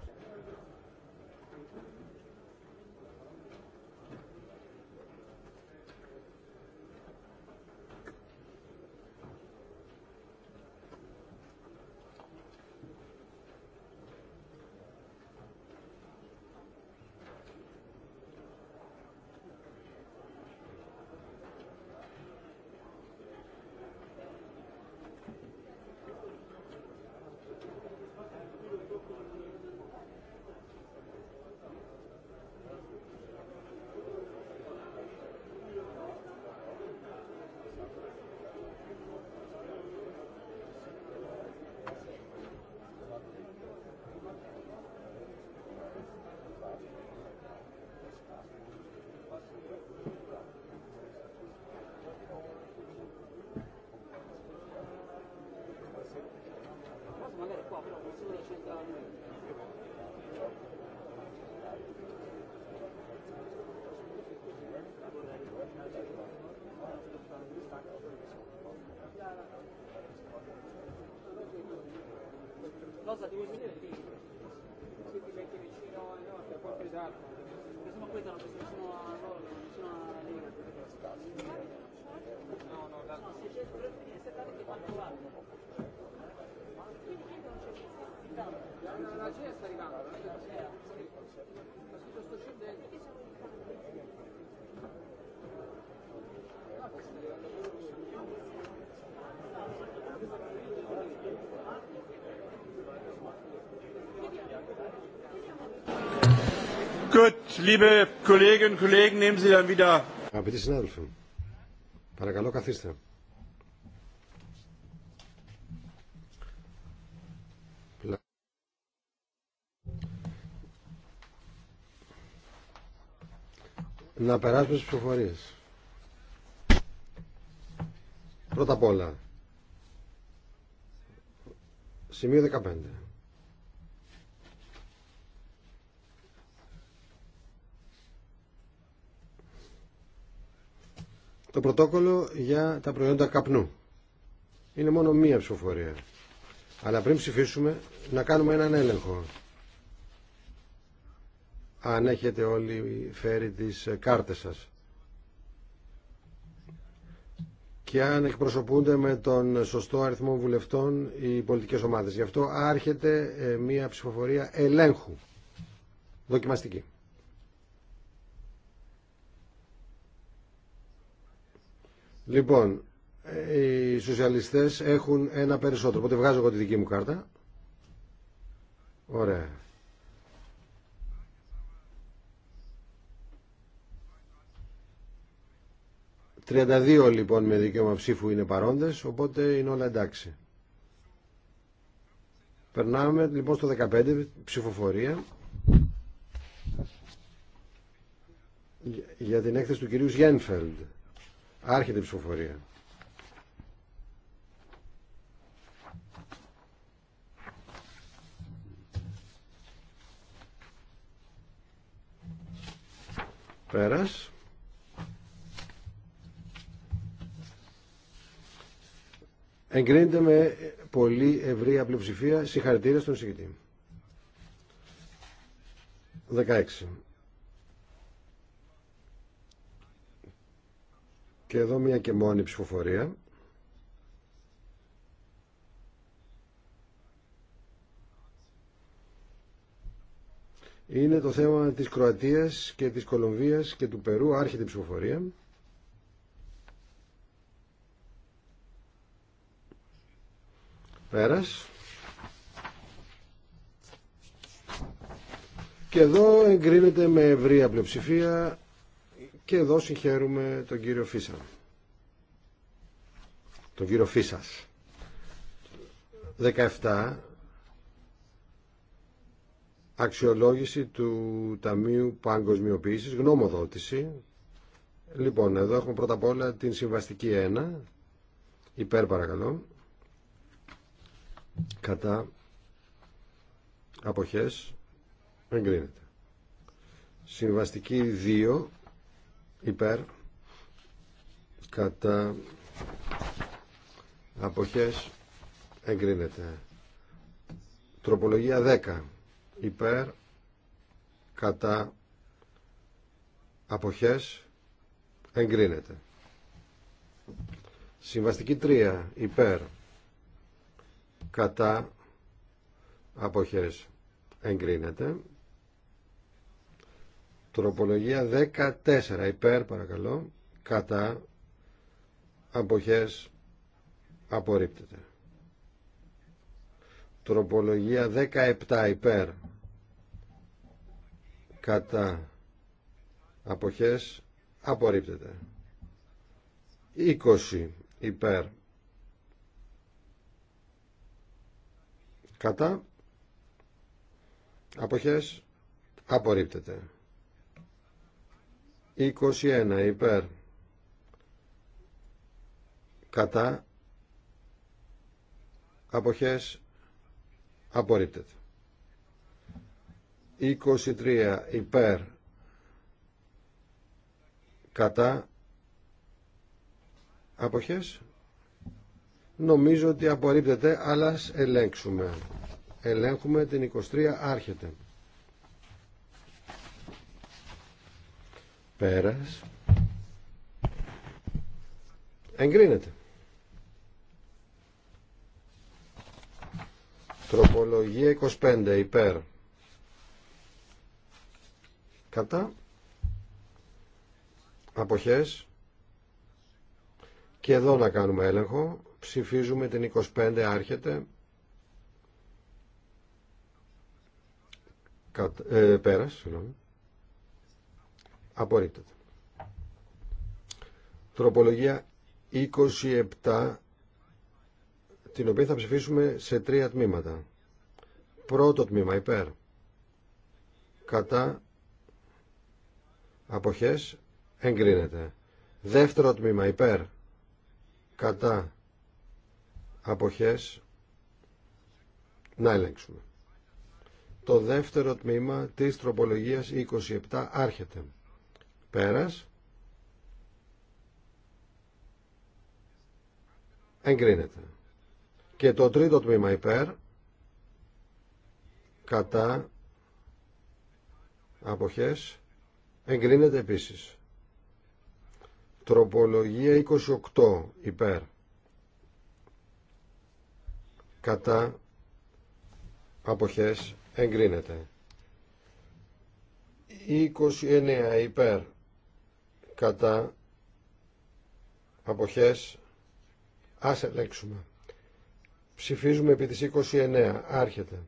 Αγαπητοί συνάδελφοι, παρακαλώ καθίστε. να περάσουμε στις ψηφοφορίες. Πρώτα απ' όλα, σημείο 15. Το πρωτόκολλο για τα προϊόντα καπνού. Είναι μόνο μία ψηφοφορία. Αλλά πριν ψηφίσουμε, να κάνουμε έναν έλεγχο αν έχετε όλοι φέρει τις ε, κάρτες σας και αν εκπροσωπούνται με τον σωστό αριθμό βουλευτών οι πολιτικές ομάδες. Γι' αυτό άρχεται ε, μια ψηφοφορία ελέγχου, δοκιμαστική. Λοιπόν, ε, οι σοσιαλιστές έχουν ένα περισσότερο, οπότε βγάζω εγώ τη δική μου κάρτα. Ωραία. 32 λοιπόν με δικαίωμα ψήφου είναι παρόντες, οπότε είναι όλα εντάξει. Περνάμε λοιπόν στο 15 ψηφοφορία για την έκθεση του κυρίου Γένφελντ. Άρχεται η ψηφοφορία. Πέρας. Εγκρίνεται με πολύ ευρία πλειοψηφία. Συγχαρητήρια στον εισηγητή. 16. Και εδώ μία και μόνη ψηφοφορία. Είναι το θέμα της Κροατίας και της Κολομβίας και του Περού. Άρχεται η ψηφοφορία. Πέρας. Και εδώ εγκρίνεται με ευρία πλειοψηφία και εδώ συγχαίρουμε τον κύριο Φίσα. Τον κύριο Φίσας. 17. Αξιολόγηση του Ταμείου Παγκοσμιοποίησης, γνωμοδότηση. Λοιπόν, εδώ έχουμε πρώτα απ' όλα την συμβαστική 1. Υπέρ παρακαλώ κατά αποχές εγκρίνεται. Συμβαστική 2 υπέρ κατά αποχές εγκρίνεται. Τροπολογία 10 υπέρ κατά αποχές εγκρίνεται. Συμβαστική 3 υπέρ κατά αποχές εγκρίνεται τροπολογία 14 υπέρ παρακαλώ κατά αποχές απορρίπτεται τροπολογία 17 υπέρ κατά αποχές απορρίπτεται 20 υπέρ Κατά. Αποχές. Απορρίπτεται. 21 υπέρ. Κατά. Αποχές. Απορρίπτεται. 23 υπέρ. Κατά. Αποχές. Νομίζω ότι απορρίπτεται, αλλά ας ελέγξουμε. Ελέγχουμε την 23, άρχεται. Πέρας. Εγκρίνεται. Τροπολογία 25, υπέρ. Κατά. Αποχές. Και εδώ να κάνουμε έλεγχο. Ψηφίζουμε την 25 άρχεται. Κατα... ε, πέρας, συγγνώμη. Απορρίπτεται. Τροπολογία 27, την οποία θα ψηφίσουμε σε τρία τμήματα. Πρώτο τμήμα υπέρ. Κατά αποχές εγκρίνεται. Δεύτερο τμήμα υπέρ. Κατά αποχές να ελέγξουμε. Το δεύτερο τμήμα της τροπολογίας 27 άρχεται. Πέρας. Εγκρίνεται. Και το τρίτο τμήμα υπέρ. Κατά. Αποχές. Εγκρίνεται επίσης. Τροπολογία 28 υπέρ κατά αποχές εγκρίνεται 29 υπέρ κατά αποχές ας ελέγξουμε ψηφίζουμε επί της 29 άρχεται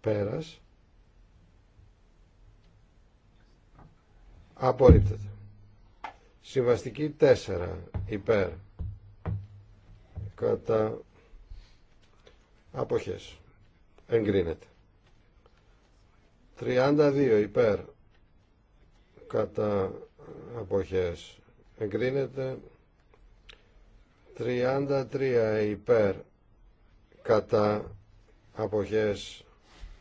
πέρας απορρίπτεται συμβαστική 4 υπέρ κατά αποχές εγκρίνεται 32 υπέρ κατά αποχές εγκρίνεται 33 υπέρ κατά αποχές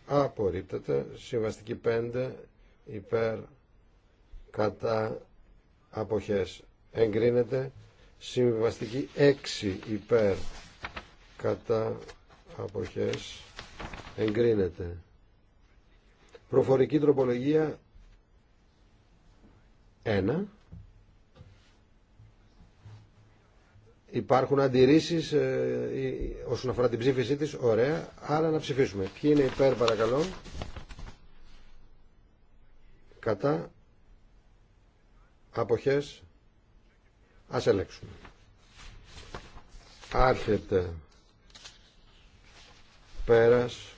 απορρίπτεται συμβαστική 5 υπέρ κατά αποχές εγκρίνεται Συμβιβαστική 6 υπέρ κατά αποχές εγκρίνεται. Προφορική τροπολογία 1. Υπάρχουν αντιρρήσεις ε, όσον αφορά την ψήφισή της. Ωραία. Άρα να ψηφίσουμε. Ποιοι είναι υπέρ παρακαλώ. Κατά. Αποχές. Ας ελέγξουμε. Άρχεται πέρας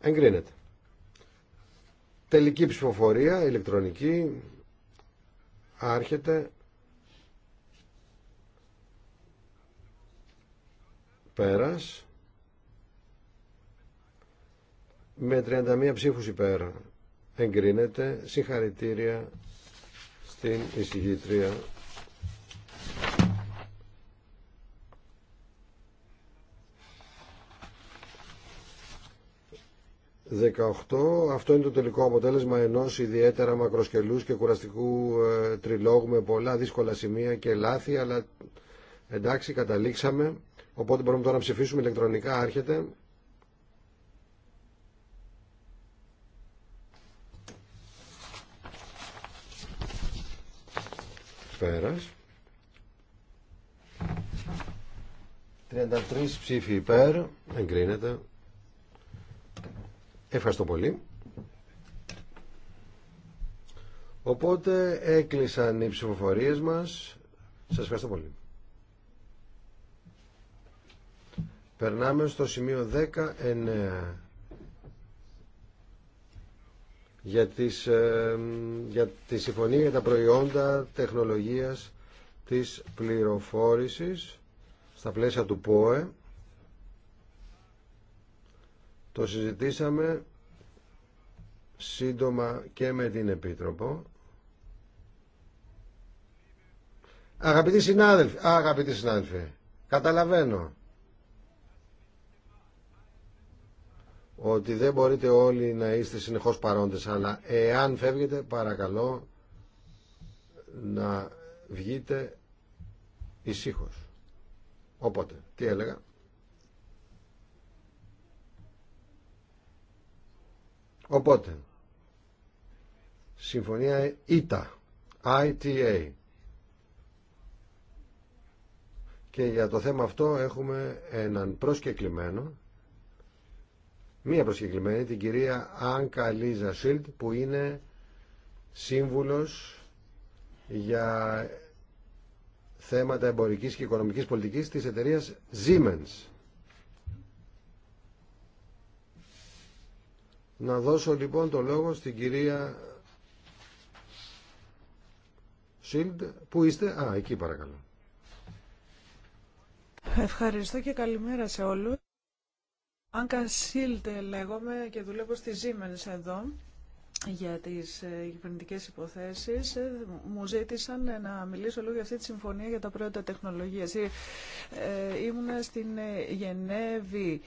εγκρίνεται. Τελική ψηφοφορία, ηλεκτρονική, άρχεται πέρας με 31 ψήφους υπέρ εγκρίνεται. Συγχαρητήρια στην εισηγήτρια. ...18. Αυτό είναι το τελικό αποτέλεσμα ενός ιδιαίτερα μακροσκελούς και κουραστικού ε, τριλόγου... ...με πολλά δύσκολα σημεία και λάθη, αλλά εντάξει καταλήξαμε. Οπότε μπορούμε τώρα να ψηφίσουμε ηλεκτρονικά, άρχεται... 33 ψήφοι υπέρ εγκρίνεται ευχαριστώ πολύ οπότε έκλεισαν οι ψηφοφορίες μας σας ευχαριστώ πολύ περνάμε στο σημείο 19 για, τις, ε, για τη συμφωνία για τα προϊόντα τεχνολογίας της πληροφόρησης στα πλαίσια του ΠΟΕ. Το συζητήσαμε σύντομα και με την Επίτροπο. Αγαπητοί συνάδελφοι, αγαπητοί συνάδελφοι, καταλαβαίνω ότι δεν μπορείτε όλοι να είστε συνεχώς παρόντες, αλλά εάν φεύγετε παρακαλώ να βγείτε ησύχω. Οπότε, τι έλεγα. Οπότε, συμφωνία ΙΤΑ, ITA. Και για το θέμα αυτό έχουμε έναν προσκεκλημένο μία προσκεκλημένη, την κυρία Άνκα Λίζα Σίλτ, που είναι σύμβουλος για θέματα εμπορικής και οικονομικής πολιτικής της εταιρείας Siemens. Να δώσω λοιπόν το λόγο στην κυρία Σίλντ. Πού είστε? Α, εκεί παρακαλώ. Ευχαριστώ και καλημέρα σε όλους. Αν Σίλτε λέγομαι και δουλεύω στη Siemens εδώ για τις ε, κυβερνητικέ υποθέσεις ε, μου ζήτησαν ε, να μιλήσω λίγο για αυτή τη συμφωνία για τα προϊόντα τεχνολογίας. Ήμουν στην Γενέβη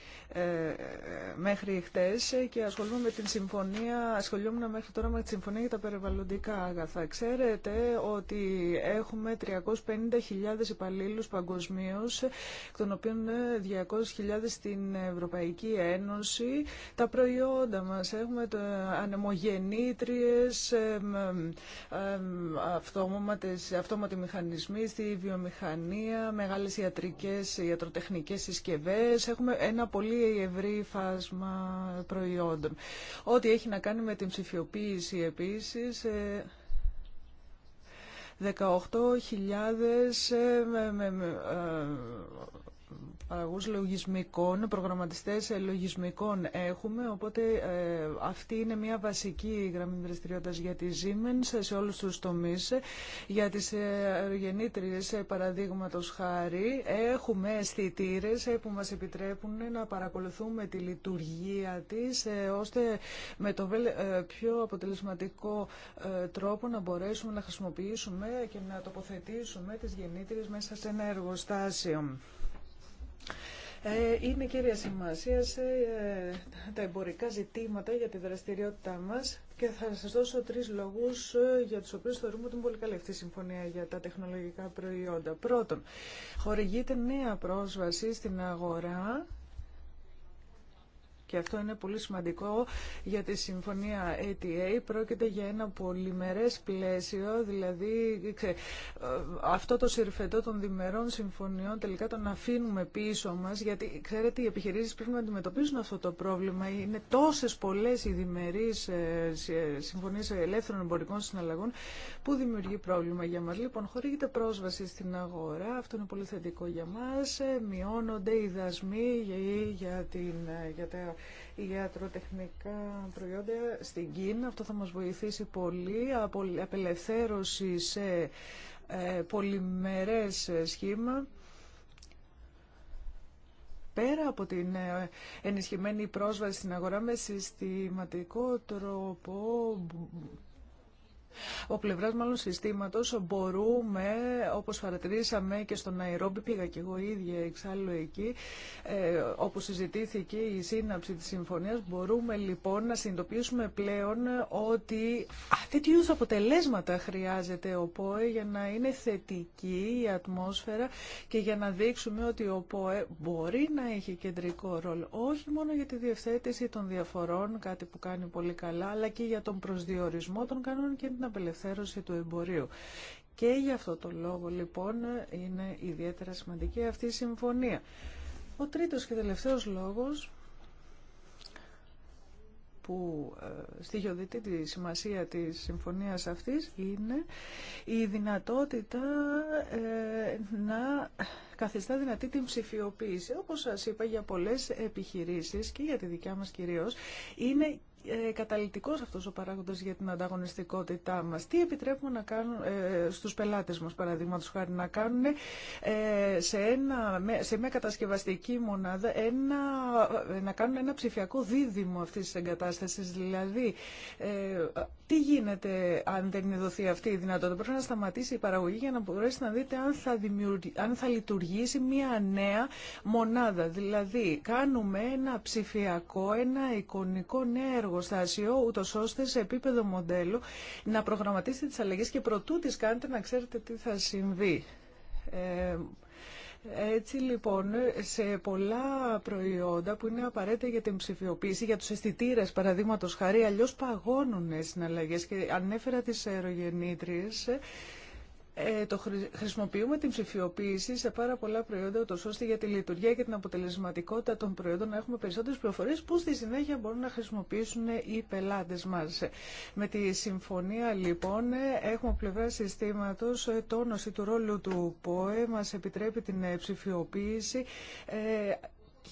μέχρι χτες και ασχολούμαι με την συμφωνία, ασχολούμαι μέχρι τώρα με τη συμφωνία για τα περιβαλλοντικά άγαθα. Ξέρετε ότι έχουμε 350.000 υπαλλήλους παγκοσμίω, εκ των οποίων 200.000 στην Ευρωπαϊκή Ένωση. Τα προϊόντα μας έχουμε το γεννήτριες, αυτόματες, αυτόματοι μηχανισμοί στη βιομηχανία, μεγάλες ιατρικές, ιατροτεχνικές συσκευές. Έχουμε ένα πολύ ευρύ φάσμα προϊόντων. Ό,τι έχει να κάνει με την ψηφιοποίηση επίσης, 18.000 ε, Παραγωγού λογισμικών, προγραμματιστές λογισμικών έχουμε, οπότε ε, αυτή είναι μια βασική γραμμή δραστηριότητα για τη Siemens σε όλους τους τομείς. Για τις γεννήτριε, παραδείγματο χάρη, έχουμε αισθητήρε ε, που μα επιτρέπουν να παρακολουθούμε τη λειτουργία της, ε, ώστε με το πιο αποτελεσματικό τρόπο να μπορέσουμε να χρησιμοποιήσουμε και να τοποθετήσουμε τι γεννήτριε μέσα σε ένα εργοστάσιο. Ε, είναι κύρια σημασία ε, τα εμπορικά ζητήματα για τη δραστηριότητά μας και θα σας δώσω τρεις λόγους ε, για τους οποίους θεωρούμε ότι είναι πολύ καλή αυτή η συμφωνία για τα τεχνολογικά προϊόντα. Πρώτον, χορηγείται νέα πρόσβαση στην αγορά και αυτό είναι πολύ σημαντικό για τη συμφωνία ATA. Πρόκειται για ένα πολυμερές πλαίσιο, δηλαδή ε, αυτό το συρφετό των διμερών συμφωνιών τελικά τον αφήνουμε πίσω μας, γιατί ξέρετε οι επιχειρήσεις πρέπει να αντιμετωπίζουν αυτό το πρόβλημα. Είναι τόσες πολλές οι διμερείς ε, ε, συμφωνίες ελεύθερων εμπορικών συναλλαγών που δημιουργεί πρόβλημα για μας. Λοιπόν, χορηγείται πρόσβαση στην αγορά, αυτό είναι πολύ θετικό για μας, μειώνονται οι δασμοί για, την, για τα ιατροτεχνικά προϊόντα στην Κίνα. Αυτό θα μας βοηθήσει πολύ. Απελευθέρωση σε ε, πολυμερές σχήμα πέρα από την ε, ενισχυμένη πρόσβαση στην αγορά με συστηματικό τρόπο ο πλευρά μάλλον συστήματο μπορούμε, όπω παρατηρήσαμε και στον Ναϊρόμπι, πήγα και εγώ ίδια εξάλλου εκεί, ε, όπου συζητήθηκε η σύναψη τη συμφωνία, μπορούμε λοιπόν να συνειδητοποιήσουμε πλέον ότι τέτοιου αποτελέσματα χρειάζεται ο ΠΟΕ για να είναι θετική η ατμόσφαιρα και για να δείξουμε ότι ο ΠΟΕ μπορεί να έχει κεντρικό ρόλο. Όχι μόνο για τη διευθέτηση των διαφορών, κάτι που κάνει πολύ καλά, αλλά και για τον προσδιορισμό των κανόνων και απελευθέρωση του εμπορίου. Και γι' αυτό το λόγο λοιπόν είναι ιδιαίτερα σημαντική αυτή η συμφωνία. Ο τρίτος και τελευταίος λόγος που ε, στοιχειοδητεί τη σημασία της συμφωνίας αυτής είναι η δυνατότητα ε, να καθιστά δυνατή την ψηφιοποίηση. Όπως σας είπα για πολλές επιχειρήσεις και για τη δικιά μας κυρίως, είναι ε, καταλητικός αυτός ο παράγοντας για την ανταγωνιστικότητά μας. Τι επιτρέπουμε να κάνουν ε, στους πελάτες μας, παραδείγματος χάρη, να κάνουν ε, σε, ένα, σε μια κατασκευαστική μονάδα ένα, να κάνουν ένα ψηφιακό δίδυμο αυτής της εγκατάστασης. Δηλαδή, τι γίνεται αν δεν δοθεί αυτή η δυνατότητα. Πρέπει να σταματήσει η παραγωγή για να μπορέσει να δείτε αν θα, αν θα λειτουργήσει μια νέα μονάδα. Δηλαδή, κάνουμε ένα ψηφιακό, ένα εικονικό νέο έργο εργοστάσιο, ούτω ώστε σε επίπεδο μοντέλου να προγραμματίσετε τι αλλαγέ και προτού τι κάνετε να ξέρετε τι θα συμβεί. Ε, έτσι λοιπόν, σε πολλά προϊόντα που είναι απαραίτητα για την ψηφιοποίηση, για τους αισθητήρε παραδείγματο χάρη, αλλιώ παγώνουν συναλλαγές και ανέφερα τις αερογεννήτριες, ε, το χρησιμοποιούμε την ψηφιοποίηση σε πάρα πολλά προϊόντα, ούτως ώστε για τη λειτουργία και την αποτελεσματικότητα των προϊόντων να έχουμε περισσότερες πληροφορίες που στη συνέχεια μπορούν να χρησιμοποιήσουν οι πελάτες μας. Με τη συμφωνία λοιπόν έχουμε πλευρά συστήματος ε, τόνωση του ρόλου του ΠΟΕ, μας επιτρέπει την ε, ψηφιοποίηση, ε,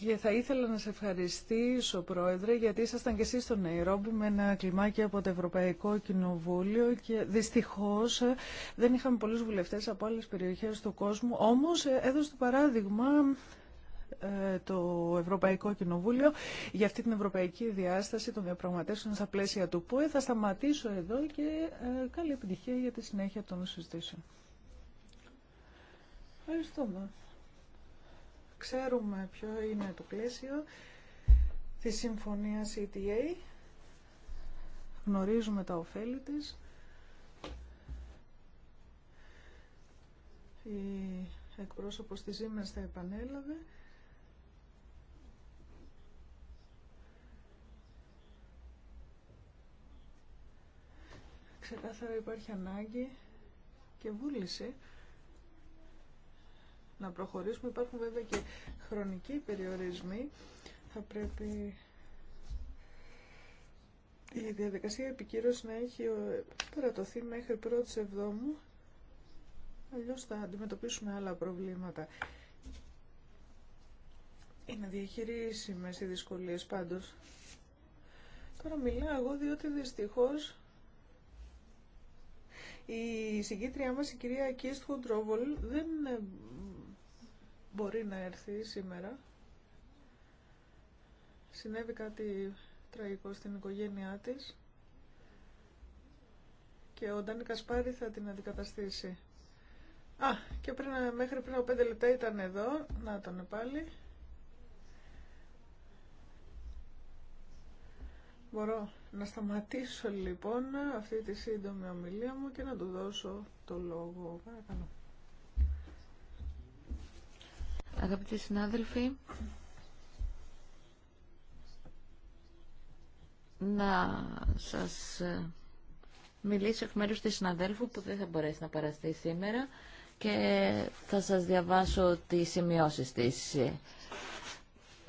και θα ήθελα να σε ευχαριστήσω, Πρόεδρε, γιατί ήσασταν και εσείς στο Νεϊρόμπι με ένα κλιμάκι από το Ευρωπαϊκό Κοινοβούλιο και δυστυχώς ε, δεν είχαμε πολλούς βουλευτές από άλλες περιοχές του κόσμου, όμως ε, έδωσε το παράδειγμα ε, το Ευρωπαϊκό Κοινοβούλιο για αυτή την ευρωπαϊκή διάσταση των διαπραγματεύσεων στα πλαίσια του ΠΟΕ. Θα σταματήσω εδώ και καλή επιτυχία για τη συνέχεια των συζητήσεων. Ευχαριστούμε. Ξέρουμε ποιο είναι το πλαίσιο τη συμφωνία ETA. Γνωρίζουμε τα ωφέλη της. Η εκπρόσωπος της Siemens θα επανέλαβε. Ξεκάθαρα υπάρχει ανάγκη και βούληση να προχωρήσουμε. Υπάρχουν βέβαια και χρονικοί περιορισμοί. Θα πρέπει η διαδικασία επικύρωση να έχει περατωθεί μέχρι πρώτη εβδόμου. Αλλιώς θα αντιμετωπίσουμε άλλα προβλήματα. Είναι διαχειρίσιμε οι δυσκολίες πάντως. Τώρα μιλάω εγώ διότι δυστυχώ η συγκίτρια μας η κυρία Κίστ Χοντρόβολ δεν μπορεί να έρθει σήμερα. Συνέβη κάτι τραγικό στην οικογένειά της και ο Ντανή Κασπάρη θα την αντικαταστήσει. Α, και πριν, μέχρι πριν από 5 λεπτά ήταν εδώ. Να τον πάλι. Μπορώ να σταματήσω λοιπόν αυτή τη σύντομη ομιλία μου και να του δώσω το λόγο. Παρακαλώ. Αγαπητοί συνάδελφοι, να σας ε, μιλήσω εκ μέρους της συναδέλφου που δεν θα μπορέσει να παραστεί σήμερα και θα σας διαβάσω τις σημειώσεις της.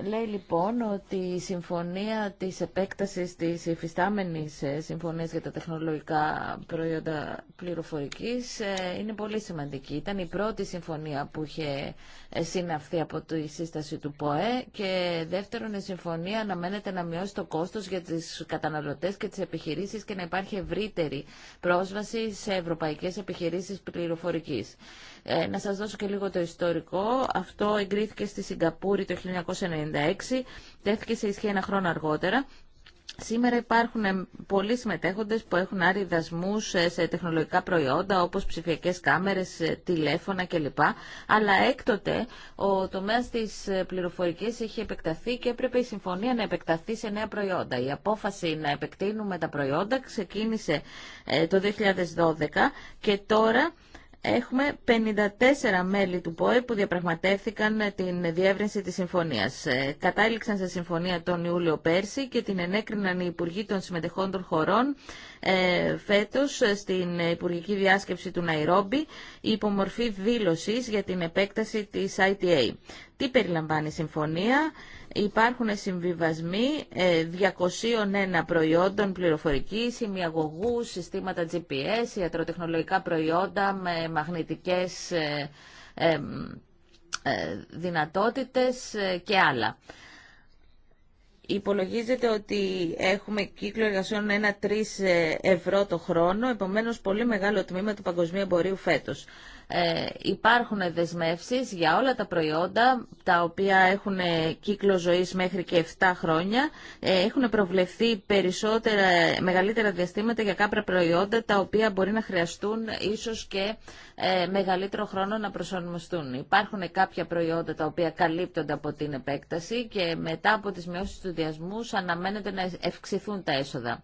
Λέει λοιπόν ότι η συμφωνία της επέκτασης της υφιστάμενης ε, συμφωνίας για τα τεχνολογικά προϊόντα πληροφορικής ε, είναι πολύ σημαντική. Ήταν η πρώτη συμφωνία που είχε ε, συναυθεί από τη σύσταση του ΠΟΕ και δεύτερον η συμφωνία αναμένεται να μειώσει το κόστος για τις καταναλωτές και τις επιχειρήσεις και να υπάρχει ευρύτερη πρόσβαση σε ευρωπαϊκές επιχειρήσεις πληροφορικής. να σας δώσω και λίγο το ιστορικό. Αυτό εγκρίθηκε στη Σιγκαπούρη το 1990 1996, τέθηκε σε ισχύ ένα χρόνο αργότερα. Σήμερα υπάρχουν πολλοί συμμετέχοντε που έχουν άρει δασμού σε τεχνολογικά προϊόντα όπως ψηφιακές κάμερες, τηλέφωνα κλπ. Αλλά έκτοτε ο τομέας τη πληροφορική έχει επεκταθεί και έπρεπε η συμφωνία να επεκταθεί σε νέα προϊόντα. Η απόφαση να επεκτείνουμε τα προϊόντα ξεκίνησε ε, το 2012 και τώρα έχουμε 54 μέλη του ΠΟΕ που διαπραγματεύτηκαν την διεύρυνση της συμφωνίας. Ε, κατάληξαν σε συμφωνία τον Ιούλιο πέρσι και την ενέκριναν οι Υπουργοί των Συμμετεχόντων Χωρών ε, φέτος ε, στην Υπουργική Διάσκεψη του Ναϊρόμπι υπομορφή δήλωσης για την επέκταση της ITA. Τι περιλαμβάνει η συμφωνία. Υπάρχουν συμβιβασμοί 201 ε, προϊόντων πληροφορικής, ημιαγωγού, συστήματα GPS, ιατροτεχνολογικά προϊόντα με μαγνητικές δυνατότητες και άλλα. Υπολογίζεται ότι έχουμε κύκλο εργασιών 1-3 ευρώ το χρόνο, επομένως πολύ μεγάλο τμήμα του παγκοσμίου εμπορίου φέτος. Ε, υπάρχουν δεσμεύσεις για όλα τα προϊόντα τα οποία έχουν κύκλο ζωής μέχρι και 7 χρόνια ε, έχουν προβλεφθεί περισσότερα, μεγαλύτερα διαστήματα για κάποια προϊόντα τα οποία μπορεί να χρειαστούν ίσως και ε, μεγαλύτερο χρόνο να προσαρμοστούν. Υπάρχουν κάποια προϊόντα τα οποία καλύπτονται από την επέκταση και μετά από τις μειώσεις του διασμούς αναμένεται να ευξηθούν τα έσοδα.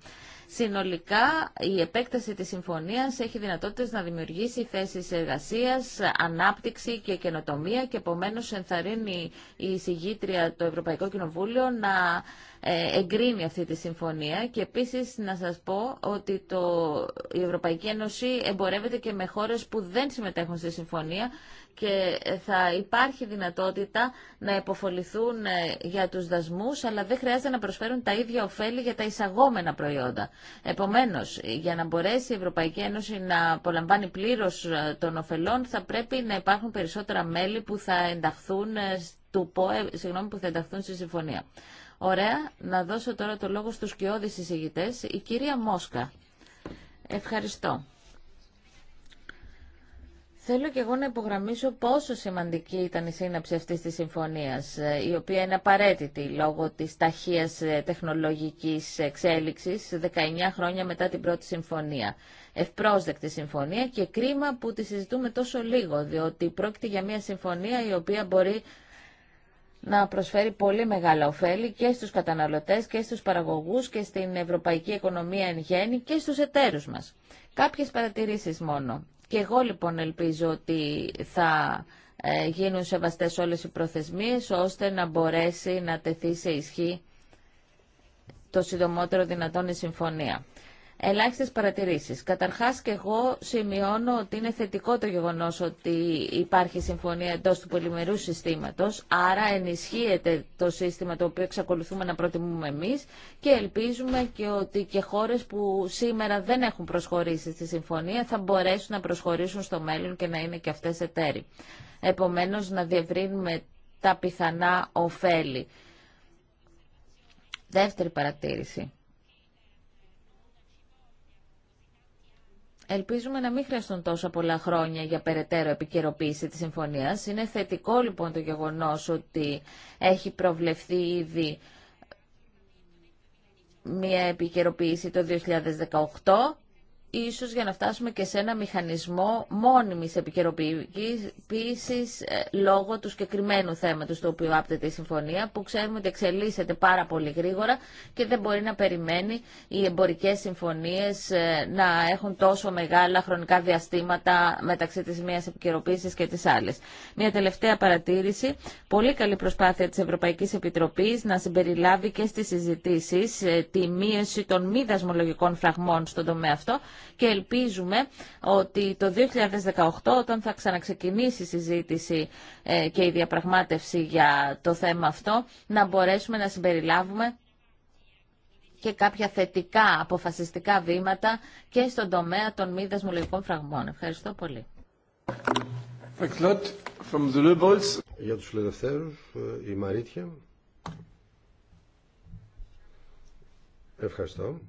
Συνολικά, η επέκταση της συμφωνίας έχει δυνατότητες να δημιουργήσει θέσεις εργασίας, ανάπτυξη και καινοτομία και επομένως ενθαρρύνει η συγγήτρια το Ευρωπαϊκό Κοινοβούλιο να ε, εγκρίνει αυτή τη συμφωνία και επίσης να σας πω ότι το, η Ευρωπαϊκή Ένωση εμπορεύεται και με χώρες που δεν συμμετέχουν στη συμφωνία και θα υπάρχει δυνατότητα να υποφοληθούν ε, για τους δασμούς, αλλά δεν χρειάζεται να προσφέρουν τα ίδια ωφέλη για τα εισαγόμενα προϊόντα. Επομένως, για να μπορέσει η Ευρωπαϊκή Ένωση να απολαμβάνει πλήρως ε, των ωφελών, θα πρέπει να υπάρχουν περισσότερα μέλη που θα ενταχθούν, ε, του ΠΟΕ, συγγνώμη, που θα ενταχθούν στη συμφωνία. Ωραία, να δώσω τώρα το λόγο στους κοιόδης εισηγητές, η κυρία Μόσκα. Ευχαριστώ. Θέλω και εγώ να υπογραμμίσω πόσο σημαντική ήταν η σύναψη αυτή τη συμφωνία, ε, η οποία είναι απαραίτητη λόγω τη ταχεία ε, τεχνολογική εξέλιξη 19 χρόνια μετά την πρώτη συμφωνία. Ευπρόσδεκτη συμφωνία και κρίμα που τη συζητούμε τόσο λίγο, διότι πρόκειται για μια συμφωνία η οποία μπορεί να προσφέρει πολύ μεγάλα ωφέλη και στους καταναλωτές και στους παραγωγούς και στην ευρωπαϊκή οικονομία εν γέννη και στους εταίρους μας. Κάποιες παρατηρήσεις μόνο. Και εγώ λοιπόν ελπίζω ότι θα ε, γίνουν σεβαστές όλες οι προθεσμίες ώστε να μπορέσει να τεθεί σε ισχύ το συντομότερο δυνατόν η συμφωνία. Ελάχιστες παρατηρήσεις. Καταρχάς και εγώ σημειώνω ότι είναι θετικό το γεγονός ότι υπάρχει συμφωνία εντό του πολυμερού συστήματος, άρα ενισχύεται το σύστημα το οποίο εξακολουθούμε να προτιμούμε εμείς και ελπίζουμε και ότι και χώρες που σήμερα δεν έχουν προσχωρήσει στη συμφωνία θα μπορέσουν να προσχωρήσουν στο μέλλον και να είναι και αυτές εταίροι. Επομένως να διευρύνουμε τα πιθανά ωφέλη. Δεύτερη παρατήρηση. Ελπίζουμε να μην χρειαστούν τόσο πολλά χρόνια για περαιτέρω επικαιροποίηση της συμφωνίας. Είναι θετικό λοιπόν το γεγονός ότι έχει προβλεφθεί ήδη μια επικαιροποίηση το 2018 ίσως για να φτάσουμε και σε ένα μηχανισμό μόνιμης επικαιροποίησης ε, λόγω του συγκεκριμένου θέματος το οποίο άπτεται η συμφωνία που ξέρουμε ότι εξελίσσεται πάρα πολύ γρήγορα και δεν μπορεί να περιμένει οι εμπορικές συμφωνίες ε, να έχουν τόσο μεγάλα χρονικά διαστήματα μεταξύ της μίας επικαιροποίησης και της άλλης. Μια τελευταία παρατήρηση. Πολύ καλή προσπάθεια της Ευρωπαϊκής Επιτροπής να συμπεριλάβει και στις συζητήσεις ε, τη μείωση των μη δασμολογικών φραγμών στον τομέα αυτό και ελπίζουμε ότι το 2018 όταν θα ξαναξεκινήσει η συζήτηση ε, και η διαπραγμάτευση για το θέμα αυτό να μπορέσουμε να συμπεριλάβουμε και κάποια θετικά αποφασιστικά βήματα και στον τομέα των μη δασμολογικών φραγμών. Ευχαριστώ πολύ. Για τους φιλελευθέρους, ε, η Μαρίτια. Ευχαριστώ.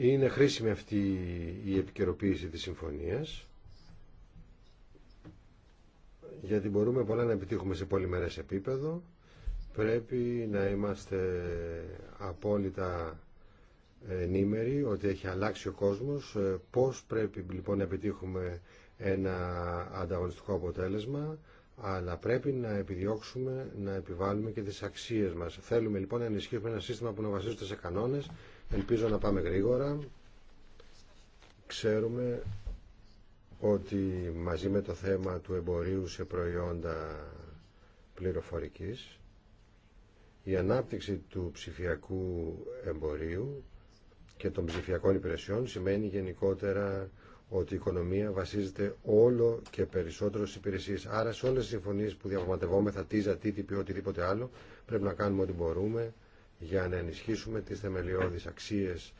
Είναι χρήσιμη αυτή η επικαιροποίηση της συμφωνίας γιατί μπορούμε πολλά να επιτύχουμε σε πολυμερές επίπεδο. Πρέπει να είμαστε απόλυτα ενήμεροι ότι έχει αλλάξει ο κόσμος. Πώς πρέπει λοιπόν να επιτύχουμε ένα ανταγωνιστικό αποτέλεσμα αλλά πρέπει να επιδιώξουμε να επιβάλλουμε και τις αξίες μας. Θέλουμε λοιπόν να ενισχύσουμε ένα σύστημα που να βασίζεται σε κανόνες Ελπίζω να πάμε γρήγορα. Ξέρουμε ότι μαζί με το θέμα του εμπορίου σε προϊόντα πληροφορικής η ανάπτυξη του ψηφιακού εμπορίου και των ψηφιακών υπηρεσιών σημαίνει γενικότερα ότι η οικονομία βασίζεται όλο και περισσότερο στι υπηρεσίε. Άρα σε όλε τι συμφωνίε που διαπραγματευόμεθα, τίζα, τίτυπη, οτιδήποτε άλλο, πρέπει να κάνουμε ό,τι μπορούμε για να ενισχύσουμε τις θεμελιώδεις αξίες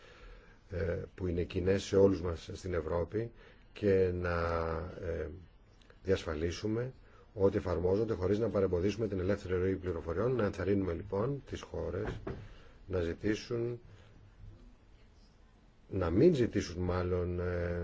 ε, που είναι κοινέ σε όλους μας στην Ευρώπη και να ε, διασφαλίσουμε ότι εφαρμόζονται χωρίς να παρεμποδίσουμε την ελεύθερη ροή πληροφοριών. Να ενθαρρύνουμε λοιπόν τις χώρες να ζητήσουν να μην ζητήσουν μάλλον ε,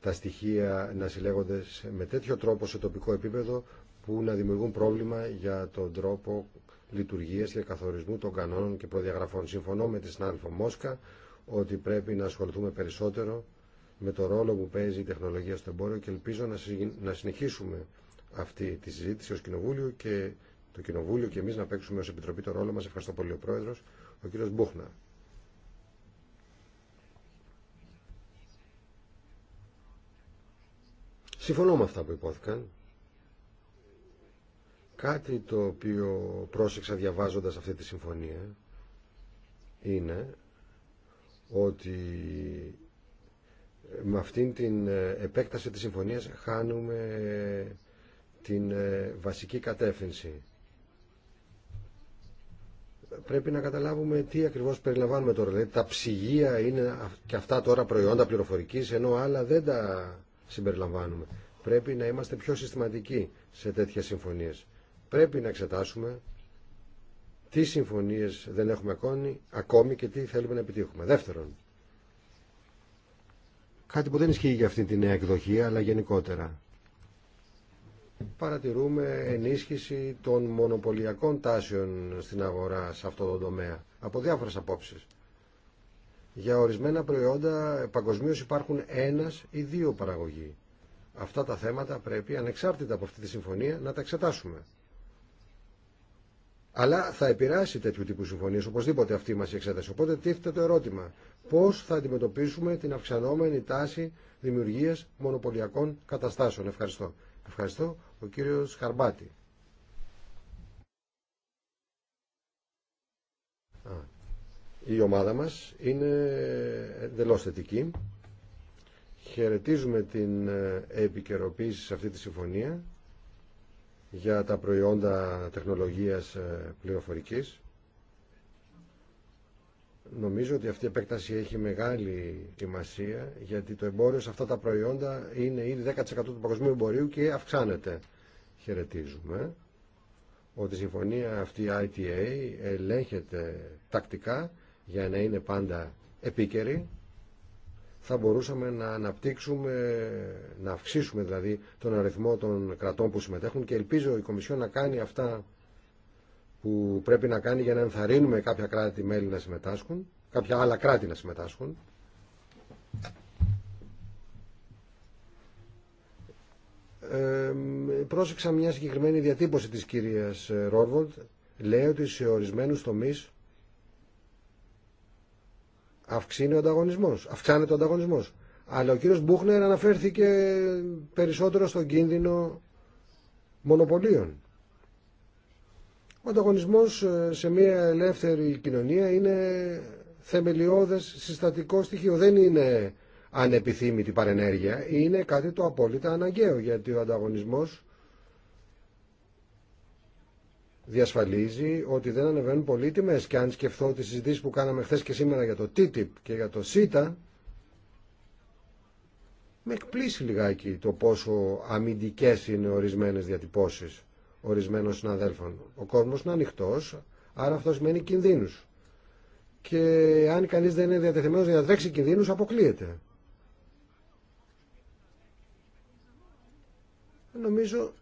τα στοιχεία να συλλέγονται με τέτοιο τρόπο σε τοπικό επίπεδο που να δημιουργούν πρόβλημα για τον τρόπο λειτουργίες και καθορισμού των κανόνων και προδιαγραφών. Συμφωνώ με τη συνάδελφο Μόσκα ότι πρέπει να ασχοληθούμε περισσότερο με το ρόλο που παίζει η τεχνολογία στο εμπόριο και ελπίζω να συνεχίσουμε αυτή τη συζήτηση ως Κοινοβούλιο και το Κοινοβούλιο και εμείς να παίξουμε ως Επιτροπή το ρόλο μας. Ευχαριστώ πολύ ο Πρόεδρος, ο κύριος Μπούχνα. Συμφωνώ με αυτά που υπόθηκαν. Κάτι το οποίο πρόσεξα διαβάζοντας αυτή τη συμφωνία είναι ότι με αυτήν την ε, επέκταση της συμφωνίας χάνουμε την ε, βασική κατεύθυνση. Πρέπει να καταλάβουμε τι ακριβώς περιλαμβάνουμε τώρα. Δηλαδή τα ψυγεία είναι και αυτά τώρα προϊόντα πληροφορικής ενώ άλλα δεν τα συμπεριλαμβάνουμε. Πρέπει να είμαστε πιο συστηματικοί σε τέτοιες συμφωνίες. Πρέπει να εξετάσουμε τι συμφωνίες δεν έχουμε ακόμη, ακόμη και τι θέλουμε να επιτύχουμε. Δεύτερον, κάτι που δεν ισχύει για αυτή τη νέα εκδοχή, αλλά γενικότερα. Παρατηρούμε ενίσχυση των μονοπωλιακών τάσεων στην αγορά σε αυτό το τομέα, από διάφορες απόψεις. Για ορισμένα προϊόντα παγκοσμίως υπάρχουν ένας ή δύο παραγωγοί. Αυτά τα θέματα πρέπει, ανεξάρτητα από αυτή τη συμφωνία, να τα εξετάσουμε. Αλλά θα επηρεάσει τέτοιου τύπου συμφωνίε οπωσδήποτε αυτή μα η εξέταση. Οπότε τίθεται το ερώτημα. Πώ θα αντιμετωπίσουμε την αυξανόμενη τάση δημιουργία μονοπωλιακών καταστάσεων. Ευχαριστώ. Ευχαριστώ. Ο κύριο Χαρμπάτη. Η ομάδα μας είναι εντελώ θετική. Χαιρετίζουμε την επικαιροποίηση σε αυτή τη συμφωνία για τα προϊόντα τεχνολογίας ε, πληροφορικής. Νομίζω ότι αυτή η επέκταση έχει μεγάλη σημασία γιατί το εμπόριο σε αυτά τα προϊόντα είναι ήδη 10% του παγκοσμίου εμπορίου και αυξάνεται. Χαιρετίζουμε ότι η συμφωνία αυτή η ITA ελέγχεται τακτικά για να είναι πάντα επίκαιρη θα μπορούσαμε να αναπτύξουμε, να αυξήσουμε δηλαδή τον αριθμό των κρατών που συμμετέχουν και ελπίζω η Κομισιόν να κάνει αυτά που πρέπει να κάνει για να ενθαρρύνουμε κάποια κράτη-μέλη να συμμετάσχουν, κάποια άλλα κράτη να συμμετάσχουν. Ε, πρόσεξα μια συγκεκριμένη διατύπωση της κυρίας Ρόρβολτ Λέει ότι σε ορισμένους τομείς αυξάνει ο ανταγωνισμός, αυξάνεται ο ανταγωνισμό. Αλλά ο κύριος Μπούχνερ αναφέρθηκε περισσότερο στον κίνδυνο μονοπωλίων. Ο ανταγωνισμός ε, σε μια ελεύθερη κοινωνία είναι θεμελιώδε συστατικό στοιχείο. Δεν είναι ανεπιθύμητη παρενέργεια, είναι κάτι το απόλυτα αναγκαίο γιατί ο ανταγωνισμός διασφαλίζει ότι δεν ανεβαίνουν πολύ τιμές και αν σκεφτώ τις συζητήσει που κάναμε χθε και σήμερα για το TTIP και για το CETA με εκπλήσει λιγάκι το πόσο αμυντικές είναι ορισμένες διατυπώσεις ορισμένων συναδέλφων. Ο κόσμος είναι ανοιχτό, άρα αυτό σημαίνει κινδύνους. Και αν κανείς δεν είναι διατεθειμένος να διατρέξει κινδύνους, αποκλείεται. Νομίζω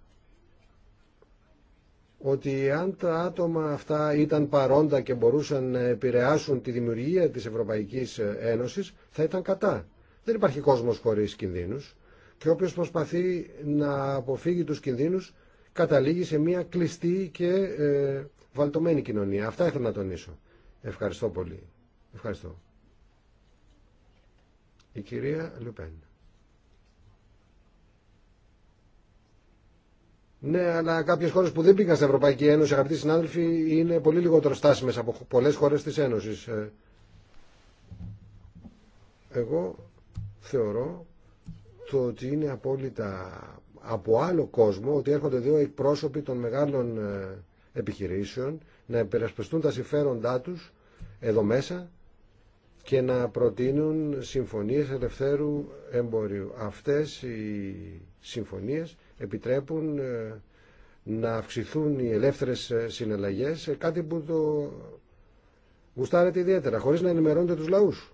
ότι αν τα άτομα αυτά ήταν παρόντα και μπορούσαν να επηρεάσουν τη δημιουργία της Ευρωπαϊκής Ένωσης, θα ήταν κατά. Δεν υπάρχει κόσμος χωρίς κινδύνους και όποιος προσπαθεί να αποφύγει τους κινδύνους καταλήγει σε μια κλειστή και ε, βαλτωμένη κοινωνία. Αυτά ήθελα να τονίσω. Ευχαριστώ πολύ. Ευχαριστώ. Η κυρία Λουπέν. Ναι, αλλά κάποιε χώρε που δεν πήγαν στην Ευρωπαϊκή Ένωση, αγαπητοί συνάδελφοι, είναι πολύ λιγότερο στάσιμε από πολλέ χώρε τη Ένωση. Ε, εγώ θεωρώ το ότι είναι απόλυτα από άλλο κόσμο ότι έρχονται δύο εκπρόσωποι των μεγάλων ε, επιχειρήσεων να υπερασπιστούν τα συμφέροντά τους εδώ μέσα και να προτείνουν συμφωνίες ελευθέρου εμπορίου. Αυτές οι συμφωνίες επιτρέπουν ε, να αυξηθούν οι ελεύθερες ε, συναλλαγές, ε, κάτι που το γουστάρεται ιδιαίτερα, χωρίς να ενημερώνετε τους λαούς.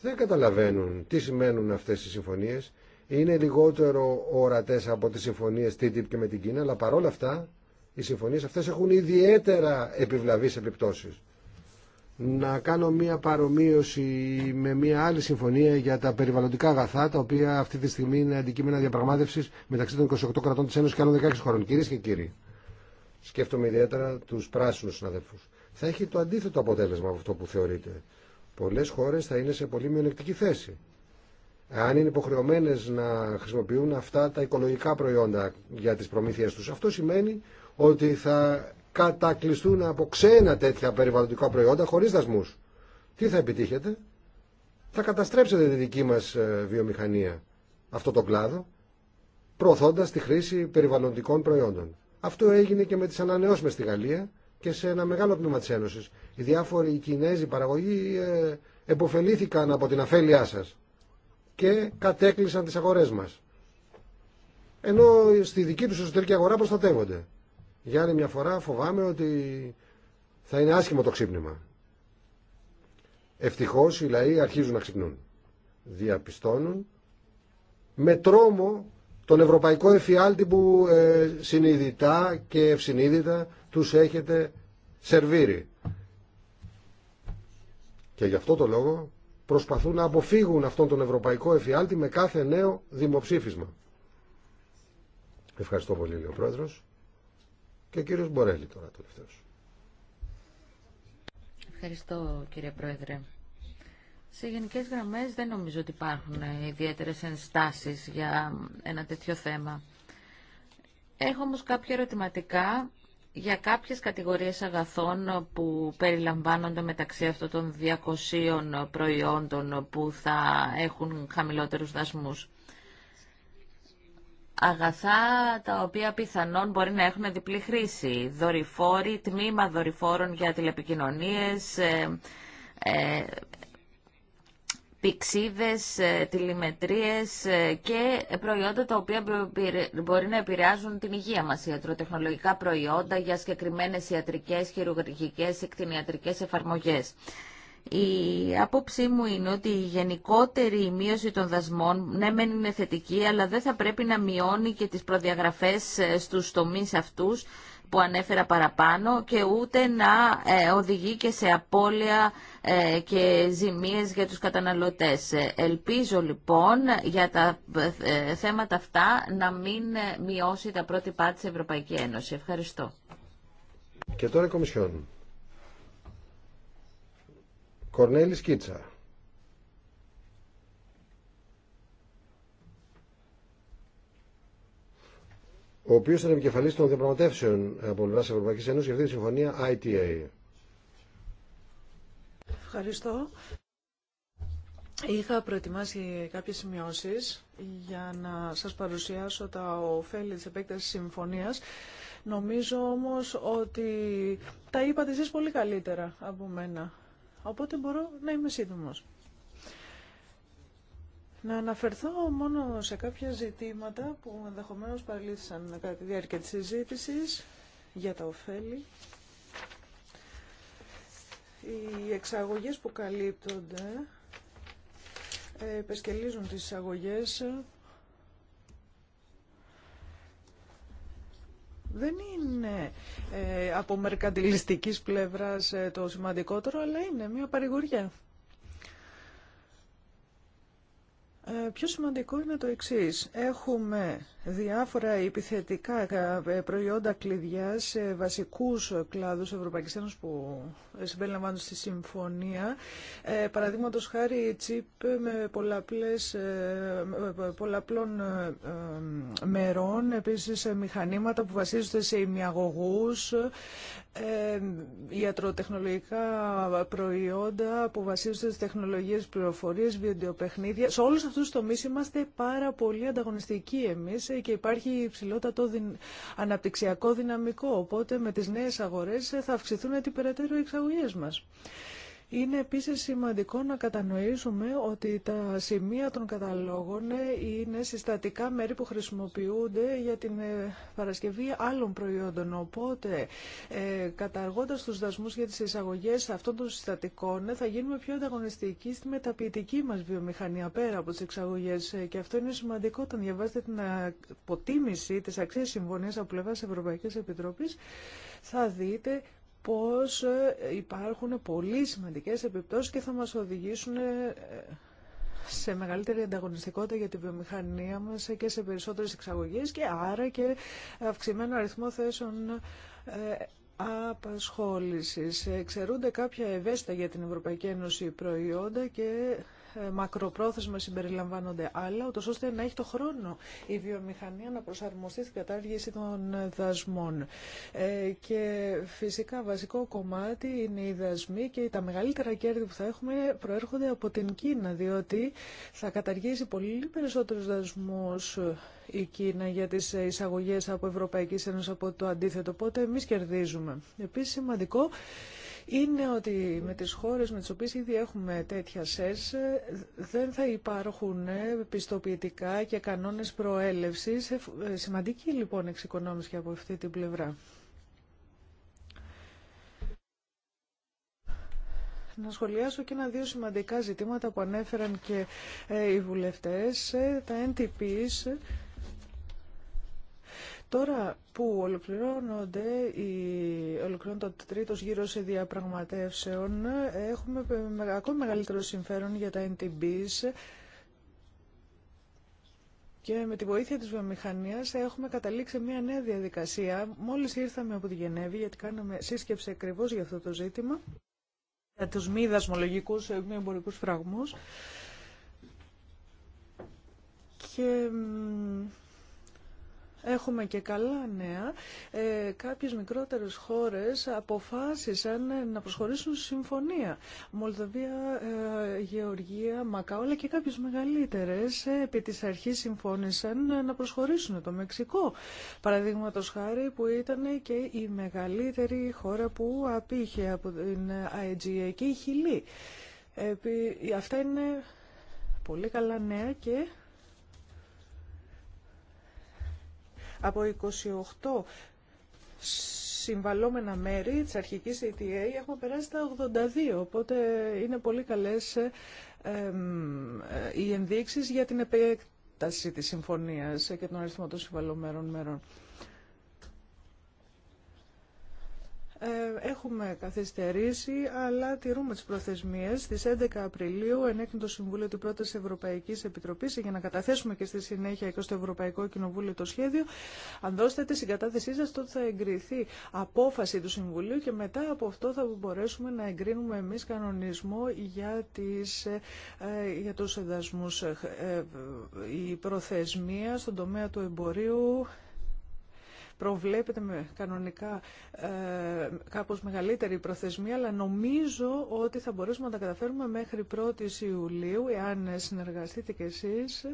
Δεν καταλαβαίνουν τι σημαίνουν αυτές οι συμφωνίες. Είναι λιγότερο ορατές από τις συμφωνίες TTIP και με την Κίνα, αλλά παρόλα αυτά οι συμφωνίες αυτές έχουν ιδιαίτερα επιβλαβείς επιπτώσεις να κάνω μία παρομοίωση με μία άλλη συμφωνία για τα περιβαλλοντικά αγαθά, τα οποία αυτή τη στιγμή είναι αντικείμενα διαπραγμάτευση μεταξύ των 28 κρατών τη Ένωση και άλλων 16 χωρών. Κυρίε και κύριοι, σκέφτομαι ιδιαίτερα του πράσινου συναδέλφου. Θα έχει το αντίθετο αποτέλεσμα από αυτό που θεωρείτε. Πολλέ χώρε θα είναι σε πολύ μειονεκτική θέση. Αν είναι υποχρεωμένε να χρησιμοποιούν αυτά τα οικολογικά προϊόντα για τι προμήθειέ του, αυτό σημαίνει ότι θα κατακλειστούν από ξένα τέτοια περιβαλλοντικά προϊόντα χωρίς δασμούς. Τι θα επιτύχετε? Θα καταστρέψετε τη δική μας ε, βιομηχανία αυτό το κλάδο προωθώντας τη χρήση περιβαλλοντικών προϊόντων. Αυτό έγινε και με τις ανανεώσιμες στη Γαλλία και σε ένα μεγάλο τμήμα της Ένωσης. Οι διάφοροι Κινέζοι παραγωγοί ε, εποφελήθηκαν από την αφέλειά σας και κατέκλυσαν τις αγορές μας. Ενώ στη δική τους εσωτερική αγορά προστατεύονται. Για άλλη μια φορά φοβάμαι ότι θα είναι άσχημο το ξύπνημα. Ευτυχώς οι λαοί αρχίζουν να ξυπνούν. Διαπιστώνουν με τρόμο τον ευρωπαϊκό εφιάλτη που ε, συνειδητά και ευσυνείδητα τους έχετε σερβίρει. Και γι' αυτό το λόγο προσπαθούν να αποφύγουν αυτόν τον ευρωπαϊκό εφιάλτη με κάθε νέο δημοψήφισμα. Ευχαριστώ πολύ, και ο κύριος Μπορέλη τώρα τελευταίος. Ευχαριστώ κύριε Πρόεδρε. Σε γενικέ γραμμές δεν νομίζω ότι υπάρχουν ιδιαίτερε ενστάσεις για ένα τέτοιο θέμα. Έχω όμω κάποια ερωτηματικά για κάποιες κατηγορίες αγαθών που περιλαμβάνονται μεταξύ αυτών των 200 προϊόντων που θα έχουν χαμηλότερους δασμού αγαθά τα οποία πιθανόν μπορεί να έχουν διπλή χρήση. Δορυφόροι, τμήμα δορυφόρων για τηλεπικοινωνίες, ε, ε, πηξίδες, ε, ε, και προϊόντα τα οποία μπορεί να επηρεάζουν την υγεία μας. Ιατροτεχνολογικά προϊόντα για συγκεκριμένες ιατρικές, χειρουργικές, εκτινιατρικές εφαρμογές. Η άποψή μου είναι ότι η γενικότερη μείωση των δασμών, ναι μεν είναι θετική, αλλά δεν θα πρέπει να μειώνει και τις προδιαγραφές ε, στους τομείς αυτούς που ανέφερα παραπάνω και ούτε να ε, οδηγεί και σε απώλεια ε, και ζημίες για τους καταναλωτές. Ελπίζω λοιπόν για τα θέματα αυτά να μην μειώσει τα πάτη της Ευρωπαϊκή Ένωση. Ευχαριστώ. Και τώρα Κομισιόν. Κορνέλη Σκίτσα. ο οποίο ήταν επικεφαλή των διαπραγματεύσεων από πλευρά Ευρωπαϊκή Ένωση για αυτή τη συμφωνία ITA. Ευχαριστώ. Είχα προετοιμάσει κάποιες σημειώσεις για να σας παρουσιάσω τα ωφέλη της επέκτασης συμφωνίας. Νομίζω όμως ότι τα είπατε εσείς πολύ καλύτερα από μένα οπότε μπορώ να είμαι σύντομος. Να αναφερθώ μόνο σε κάποια ζητήματα που ενδεχομένω παρλήθησαν κατά τη διάρκεια της συζήτησης για τα ωφέλη. Οι εξαγωγές που καλύπτονται ε, επεσκελίζουν τις εισαγωγές δεν είναι ε, από μερκαντιλιστικής πλευράς ε, το σημαντικότερο, αλλά είναι μια παρηγοριά. Ε, πιο σημαντικό είναι το εξής. Έχουμε διάφορα επιθετικά ε, ε, προϊόντα κλειδιά σε βασικούς κλάδους Ευρωπαϊκής Ένωσης που συμπεριλαμβάνονται στη συμφωνία. Ε, Παραδείγματο χάρη τσίπ με πολλαπλές, πολλαπλών μερών, επίσης μηχανήματα που βασίζονται σε ημιαγωγούς, ε, ιατροτεχνολογικά προϊόντα που βασίζονται στις τεχνολογίες πληροφορίες, βιντεοπαιχνίδια. Σε όλους αυτούς τους τομείς είμαστε πάρα πολύ ανταγωνιστικοί εμείς ε, και υπάρχει υψηλότατο αναπτυξιακό δυναμικό. Οπότε με τις νέες αγορές θα αυξηθούν την περαιτέρω εξαγωγές μας. Είναι επίσης σημαντικό να κατανοήσουμε ότι τα σημεία των καταλόγων είναι συστατικά μέρη που χρησιμοποιούνται για την ε, παρασκευή άλλων προϊόντων. Οπότε, ε, καταργώντας τους δασμούς για τις εισαγωγές αυτών των συστατικών, θα γίνουμε πιο ανταγωνιστικοί στη μεταποιητική μας βιομηχανία πέρα από τις εξαγωγές. Ε, και αυτό είναι σημαντικό όταν διαβάζετε την αποτίμηση της αξίας συμφωνίας από πλευράς Ευρωπαϊκής Επιτροπής. Θα δείτε πως ε, υπάρχουν πολύ σημαντικές επιπτώσεις και θα μας οδηγήσουν ε, σε μεγαλύτερη ανταγωνιστικότητα για την βιομηχανία μας και σε περισσότερες εξαγωγές και άρα και αυξημένο αριθμό θέσεων ε, απασχόλησης. Εξαιρούνται κάποια ευαίσθητα για την Ευρωπαϊκή Ένωση προϊόντα και ε, μακροπρόθεσμα συμπεριλαμβάνονται άλλα, ούτως ώστε να έχει το χρόνο η βιομηχανία να προσαρμοστεί στην κατάργηση των δασμών. Ε, και φυσικά βασικό κομμάτι είναι οι δασμοί και τα μεγαλύτερα κέρδη που θα έχουμε προέρχονται από την Κίνα, διότι θα καταργήσει πολύ περισσότερους δασμούς η Κίνα για τις εισαγωγές από Ευρωπαϊκή Ένωση από το αντίθετο. Οπότε εμείς κερδίζουμε. Επίσης σημαντικό είναι ότι με τις χώρες με τις οποίες ήδη έχουμε τέτοια ΣΕΣ δεν θα υπάρχουν πιστοποιητικά και κανόνες προέλευσης. Ε, ε, σημαντική λοιπόν εξοικονόμηση από αυτή την πλευρά. να σχολιάσω και ένα-δύο σημαντικά ζητήματα που ανέφεραν και ε, οι βουλευτές, τα NTPs, Τώρα που ολοκληρώνονται οι, ολοκληρώνεται το τρίτος γύρος διαπραγματεύσεων, έχουμε ακόμη μεγαλύτερο συμφέρον για τα NTBs και με τη βοήθεια της βιομηχανίας έχουμε καταλήξει μια νέα διαδικασία. Μόλις ήρθαμε από τη Γενέβη, γιατί κάναμε σύσκεψη ακριβώ για αυτό το ζήτημα, για τους μη δασμολογικούς, ε, μη εμπορικούς φραγμούς. Και Έχουμε και καλά νέα. Ε, κάποιες μικρότερες χώρες αποφάσισαν ε, να προσχωρήσουν συμφωνία. Μολδαβία, ε, Γεωργία, Μακάολα και κάποιες μεγαλύτερες ε, επί της αρχής συμφώνησαν ε, να προσχωρήσουν. Το Μεξικό, παραδείγματο χάρη, που ήταν και η μεγαλύτερη χώρα που απήχε από την IGA και η Χιλή. Ε, αυτά είναι πολύ καλά νέα και από 28 συμβαλόμενα μέρη της αρχικής ETA έχουμε περάσει τα 82, οπότε είναι πολύ καλές ε, οι ενδείξεις για την επέκταση της συμφωνίας και τον αριθμό των συμβαλωμένων μέρων. Ε, έχουμε καθυστερήσει, αλλά τηρούμε τις προθεσμίες. Στις 11 Απριλίου ενέκρινε το Συμβούλιο του Πρώτης Ευρωπαϊκής Επιτροπής για να καταθέσουμε και στη συνέχεια και στο Ευρωπαϊκό Κοινοβούλιο το σχέδιο. Αν δώσετε τη συγκατάθεσή σας, τότε θα εγκριθεί απόφαση του Συμβουλίου και μετά από αυτό θα μπορέσουμε να εγκρίνουμε εμείς κανονισμό για, τις, ε, για τους ε, Η προθεσμία στον τομέα του εμπορίου Προβλέπετε με κανονικά ε, κάπως μεγαλύτερη προθεσμία, αλλά νομίζω ότι θα μπορέσουμε να τα καταφέρουμε μέχρι 1η Ιουλίου, εάν συνεργαστείτε κι εσείς.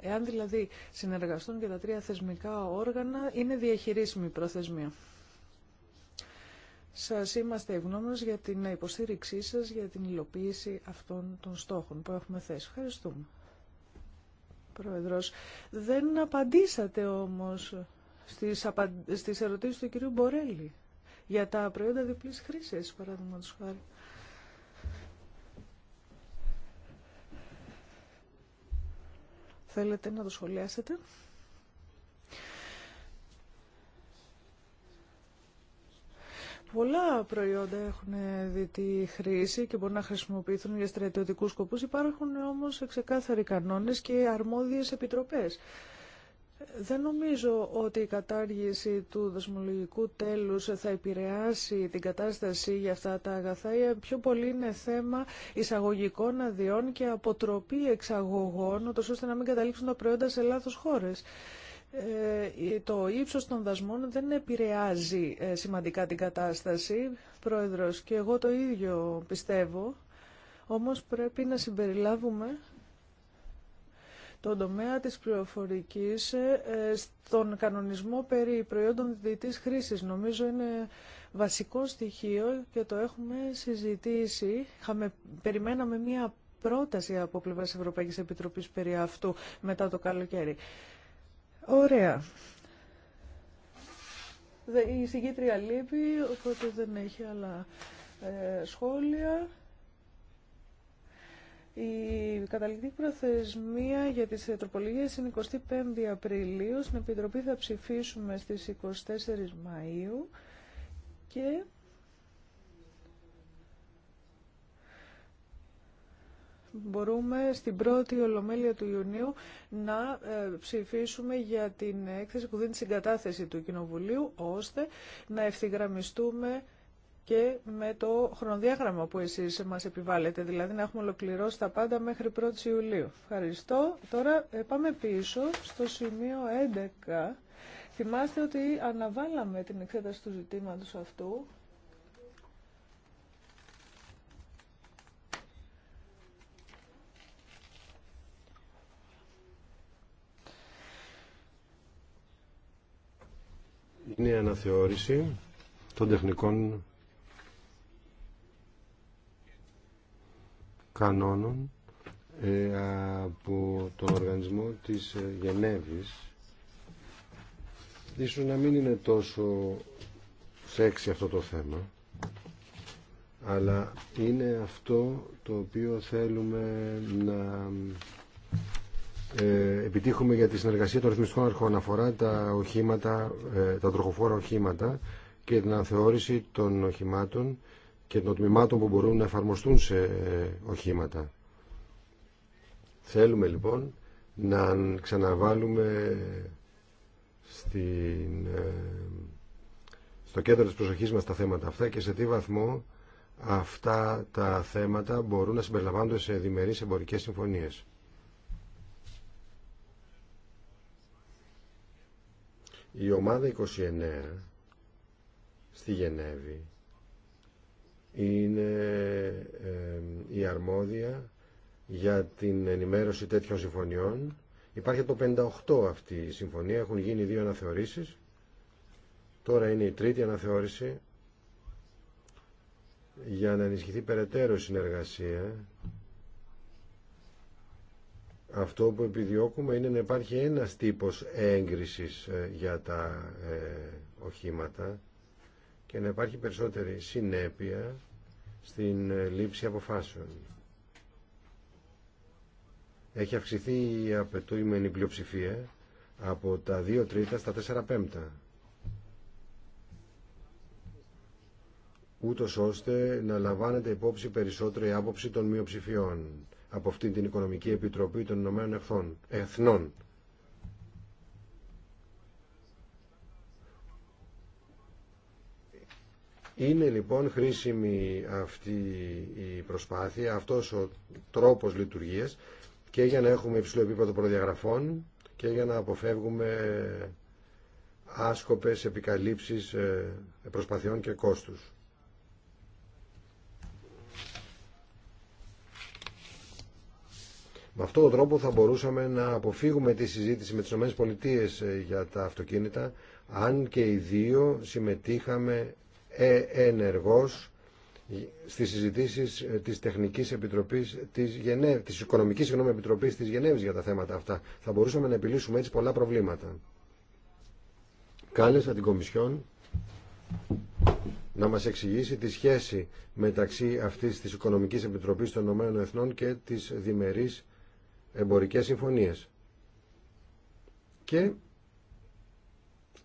Εάν δηλαδή συνεργαστούν και τα τρία θεσμικά όργανα, είναι διαχειρίσιμη προθεσμία. Σας είμαστε ευγνώμενος για την υποστήριξή σας, για την υλοποίηση αυτών των στόχων που έχουμε θέσει. Ευχαριστούμε. Πρόεδρος. Δεν απαντήσατε όμως στις, απαν... στις ερωτήσεις του κυρίου Μπορέλη για τα προϊόντα διπλής χρήσης, παραδείγματος χάρη. Θέλετε να το σχολιάσετε. Πολλά προϊόντα έχουν δει χρήση και μπορούν να χρησιμοποιηθούν για στρατιωτικούς σκοπούς. Υπάρχουν όμως ξεκάθαροι κανόνες και αρμόδιες επιτροπές. Δεν νομίζω ότι η κατάργηση του δοσμολογικού τέλους θα επηρεάσει την κατάσταση για αυτά τα αγαθά. Ε, πιο πολύ είναι θέμα εισαγωγικών αδειών και αποτροπή εξαγωγών, ώστε να μην καταλήξουν τα προϊόντα σε λάθος χώρες. Ε, το ύψος των δασμών δεν επηρεάζει ε, σημαντικά την κατάσταση, Πρόεδρος, και εγώ το ίδιο πιστεύω, όμως πρέπει να συμπεριλάβουμε τον τομέα της πληροφορικής ε, στον κανονισμό περί προϊόντων διετής χρήσης. Νομίζω είναι βασικό στοιχείο και το έχουμε συζητήσει. Είχαμε, περιμέναμε μία πρόταση από πλευράς Ευρωπαϊκής Επιτροπής περί αυτού μετά το καλοκαίρι. Ωραία. Η συγκήτρια λείπει, οπότε δεν έχει άλλα ε, σχόλια. Η καταληκτική προθεσμία για τις ε, τροπολογίες είναι 25 Απριλίου. Στην Επιτροπή θα ψηφίσουμε στις 24 Μαΐου και μπορούμε στην πρώτη ολομέλεια του Ιουνίου να ε, ψηφίσουμε για την έκθεση που δίνει την συγκατάθεση του Κοινοβουλίου, ώστε να ευθυγραμμιστούμε και με το χρονοδιάγραμμα που εσείς μας επιβάλλετε, δηλαδή να έχουμε ολοκληρώσει τα πάντα μέχρι 1η Ιουλίου. Ευχαριστώ. Τώρα ε, πάμε πίσω στο σημείο 11. Θυμάστε ότι αναβάλαμε την εξέταση του ζητήματος αυτού είναι η αναθεώρηση των τεχνικών κανόνων ε, από τον οργανισμό της ε, Γενέβης ίσως να μην είναι τόσο σεξι αυτό το θέμα αλλά είναι αυτό το οποίο θέλουμε να ε, επιτύχουμε για τη συνεργασία των ρυθμιστικών αρχών αφορά τα οχήματα, ε, τα τροχοφόρα οχήματα και την αναθεώρηση των οχημάτων και των τμήματων που μπορούν να εφαρμοστούν σε ε, οχήματα. Θέλουμε λοιπόν να ξαναβάλουμε στην, στο κέντρο της προσοχής μας τα θέματα αυτά και σε τι βαθμό αυτά τα θέματα μπορούν να συμπεριλαμβάνονται σε διμερείς εμπορικές συμφωνίες. Η ομάδα 29 στη Γενέβη είναι η αρμόδια για την ενημέρωση τέτοιων συμφωνιών. Υπάρχει το 58 αυτή η συμφωνία, έχουν γίνει δύο αναθεωρήσεις. Τώρα είναι η τρίτη αναθεώρηση για να ενισχυθεί περαιτέρω η συνεργασία αυτό που επιδιώκουμε είναι να υπάρχει ένας τύπος έγκρισης ε, για τα ε, οχήματα και να υπάρχει περισσότερη συνέπεια στην ε, λήψη αποφάσεων. Έχει αυξηθεί η απαιτούμενη πλειοψηφία από τα 2 τρίτα στα 4 πέμπτα. ούτως ώστε να λαμβάνεται υπόψη περισσότερη άποψη των μειοψηφιών από αυτήν την Οικονομική Επιτροπή των Ηνωμένων Εθνών. Εθνών. Είναι λοιπόν χρήσιμη αυτή η προσπάθεια, αυτός ο τρόπος λειτουργίας και για να έχουμε υψηλό επίπεδο προδιαγραφών και για να αποφεύγουμε άσκοπες επικαλύψεις ε, προσπαθειών και κόστους. Με αυτόν τον τρόπο θα μπορούσαμε να αποφύγουμε τη συζήτηση με τις ΗΠΑ ε, για τα αυτοκίνητα, αν και οι δύο συμμετείχαμε ε, ενεργώς ε, στις συζητήσεις της Τεχνικής Επιτροπής της, Γενέ... της Οικονομικής συγγνώμη, Επιτροπής της Γενέβης για τα θέματα αυτά. Θα μπορούσαμε να επιλύσουμε έτσι πολλά προβλήματα. Κάλεσα την Κομισιόν να μας εξηγήσει τη σχέση μεταξύ αυτής της Οικονομικής Επιτροπής των Ηνωμένων και της διμερής εμπορικές συμφωνίες. Και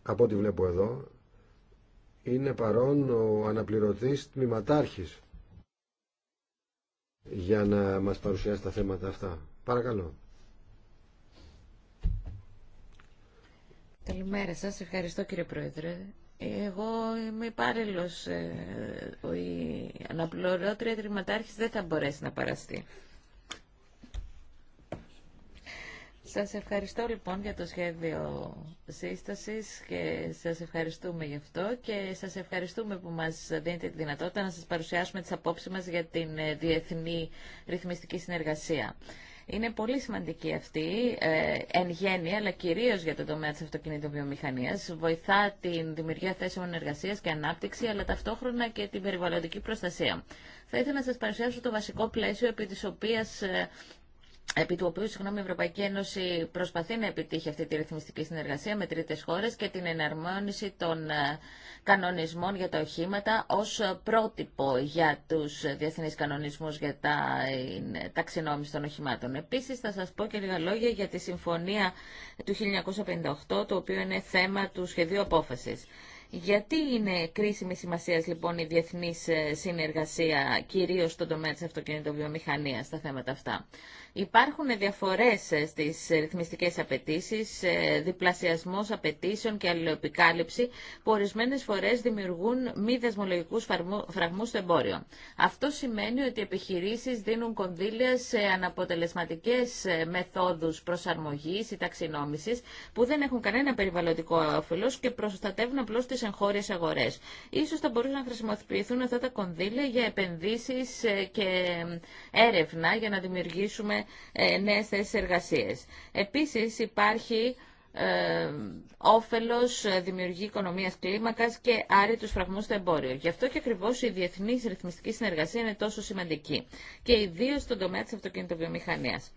από ό,τι βλέπω εδώ είναι παρόν ο αναπληρωτής τμήματάρχης για να μας παρουσιάσει τα θέματα αυτά. Παρακαλώ. Καλημέρα σας. Ευχαριστώ κύριε Πρόεδρε. Εγώ είμαι υπάλληλο. Ε, ο αναπληρώτρια τριματάρχης δεν θα μπορέσει να παραστεί. Σας ευχαριστώ λοιπόν για το σχέδιο σύστασης και σας ευχαριστούμε γι' αυτό και σας ευχαριστούμε που μας δίνετε τη δυνατότητα να σας παρουσιάσουμε τις απόψεις μας για την ε, διεθνή ρυθμιστική συνεργασία. Είναι πολύ σημαντική αυτή, ε, εν γέννη, αλλά κυρίω για το τομέα τη αυτοκινητοβιομηχανίας. Βοηθά την δημιουργία θέσεων εργασία και ανάπτυξη, αλλά ταυτόχρονα και την περιβαλλοντική προστασία. Θα ήθελα να σα παρουσιάσω το βασικό πλαίσιο επί τη οποία ε, επί του οποίου συγγνώμη, η Ευρωπαϊκή Ένωση προσπαθεί να επιτύχει αυτή τη ρυθμιστική συνεργασία με τρίτες χώρες και την εναρμόνιση των ε, κανονισμών για τα οχήματα ως πρότυπο για τους διεθνείς κανονισμούς για τα ε, ταξινόμηση των οχημάτων. Επίσης θα σας πω και λίγα λόγια για τη Συμφωνία του 1958, το οποίο είναι θέμα του σχεδίου απόφασης. Γιατί είναι κρίσιμη σημασία λοιπόν η διεθνή ε, συνεργασία, κυρίω στον τομέα τη αυτοκινητοβιομηχανία, στα θέματα αυτά. Υπάρχουν διαφορέ ε, στι ρυθμιστικέ απαιτήσει, ε, διπλασιασμό απαιτήσεων και αλληλοεπικάλυψη, που ορισμένε φορέ δημιουργούν μη δεσμολογικού φραγμού στο εμπόριο. Αυτό σημαίνει ότι οι επιχειρήσει δίνουν κονδύλια σε αναποτελεσματικέ μεθόδου προσαρμογή ή ταξινόμηση, που δεν έχουν κανένα περιβαλλοντικό όφελο και προστατεύουν απλώ τι σε εγχώριες αγορές. Ίσως θα μπορούσαν να χρησιμοποιηθούν αυτά τα κονδύλια για επενδύσεις ε, και έρευνα για να δημιουργήσουμε ε, νέες θέσει εργασίες. Επίσης υπάρχει ε, όφελος ε, δημιουργεί οικονομίας κλίμακας και άρει του φραγμούς στο εμπόριο. Γι' αυτό και ακριβώ η διεθνή ρυθμιστική συνεργασία είναι τόσο σημαντική και ιδίω στον τομέα της αυτοκινητοβιομηχανίας.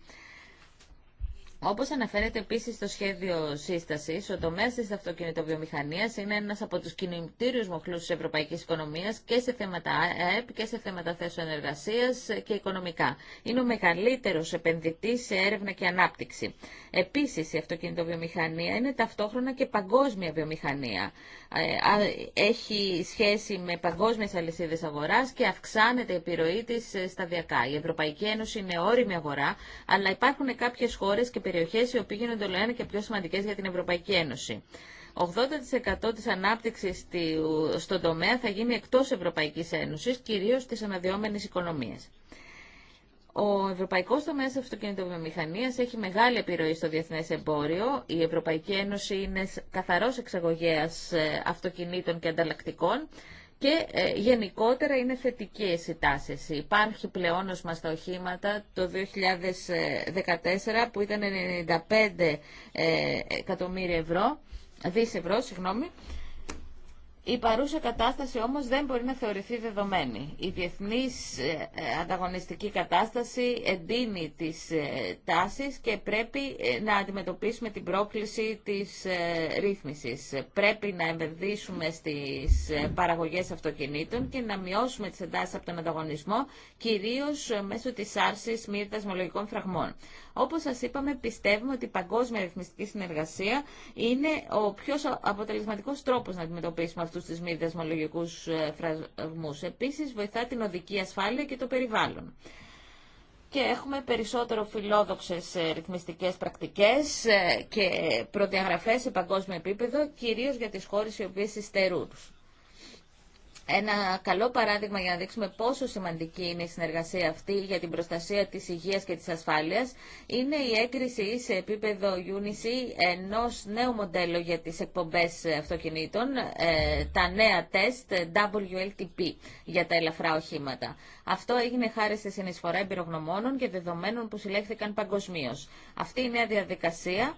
Όπως αναφέρεται επίσης στο σχέδιο σύστασης, ο τομέας της αυτοκινητοβιομηχανίας είναι ένας από τους κινητήριους μοχλούς της ευρωπαϊκής οικονομίας και σε θέματα ΑΕΠ και σε θέματα θέσεων εργασία και οικονομικά. Είναι ο μεγαλύτερος επενδυτής σε έρευνα και ανάπτυξη. Επίσης, η αυτοκινητοβιομηχανία είναι ταυτόχρονα και παγκόσμια βιομηχανία. Ε, έχει σχέση με παγκόσμιες αλυσίδες αγοράς και αυξάνεται η επιρροή της ε, σταδιακά. Η Ευρωπαϊκή Ένωση είναι όρημη αγορά, αλλά υπάρχουν κάποιες χώρες και περιοχές οι οποίες γίνονται όλο και πιο σημαντικέ για την Ευρωπαϊκή Ένωση. 80% της ανάπτυξης στον τομέα θα γίνει εκτός Ευρωπαϊκής Ένωσης, κυρίως στις αναδυόμενες οικονομίες. Ο ευρωπαϊκός τομέας αυτοκινητοβιομηχανίας έχει μεγάλη επιρροή στο διεθνές εμπόριο. Η Ευρωπαϊκή Ένωση είναι καθαρός εξαγωγέας ε, αυτοκινήτων και ανταλλακτικών και ε, γενικότερα είναι θετικές οι τάσεις. Υπάρχει μας στα οχήματα το 2014 που ήταν 95 ε, εκατομμύρια ευρώ, δις ευρώ, συγγνώμη, η παρούσα κατάσταση όμως δεν μπορεί να θεωρηθεί δεδομένη. Η διεθνής ε, ε, ανταγωνιστική κατάσταση εντείνει τις ε, τάσεις και πρέπει να αντιμετωπίσουμε την πρόκληση της ρύθμισης. Πρέπει να εμπερδίσουμε στις παραγωγές αυτοκινήτων και να μειώσουμε τις εντάσεις από τον ανταγωνισμό, κυρίως μέσω της άρσης μη φραγμών. Όπως σας είπαμε, πιστεύουμε ότι η παγκόσμια ρυθμιστική συνεργασία είναι ο πιο αποτελεσματικός τρόπος να αντιμετωπίσουμε αυτούς τους μη δεσμολογικούς ε, φραγμούς. Επίσης, βοηθά την οδική ασφάλεια και το περιβάλλον και έχουμε περισσότερο φιλόδοξες ε, ρυθμιστικές πρακτικές ε, και προδιαγραφές σε παγκόσμιο επίπεδο, κυρίως για τις χώρες οι οποίες υστερούν ένα καλό παράδειγμα για να δείξουμε πόσο σημαντική είναι η συνεργασία αυτή για την προστασία της υγείας και της ασφάλειας είναι η έγκριση σε επίπεδο UNICE ενός νέου μοντέλου για τις εκπομπές αυτοκινήτων, ε, τα νέα τεστ WLTP για τα ελαφρά οχήματα. Αυτό έγινε χάρη σε συνεισφορά εμπειρογνωμόνων και δεδομένων που συλλέχθηκαν παγκοσμίω. Αυτή η νέα διαδικασία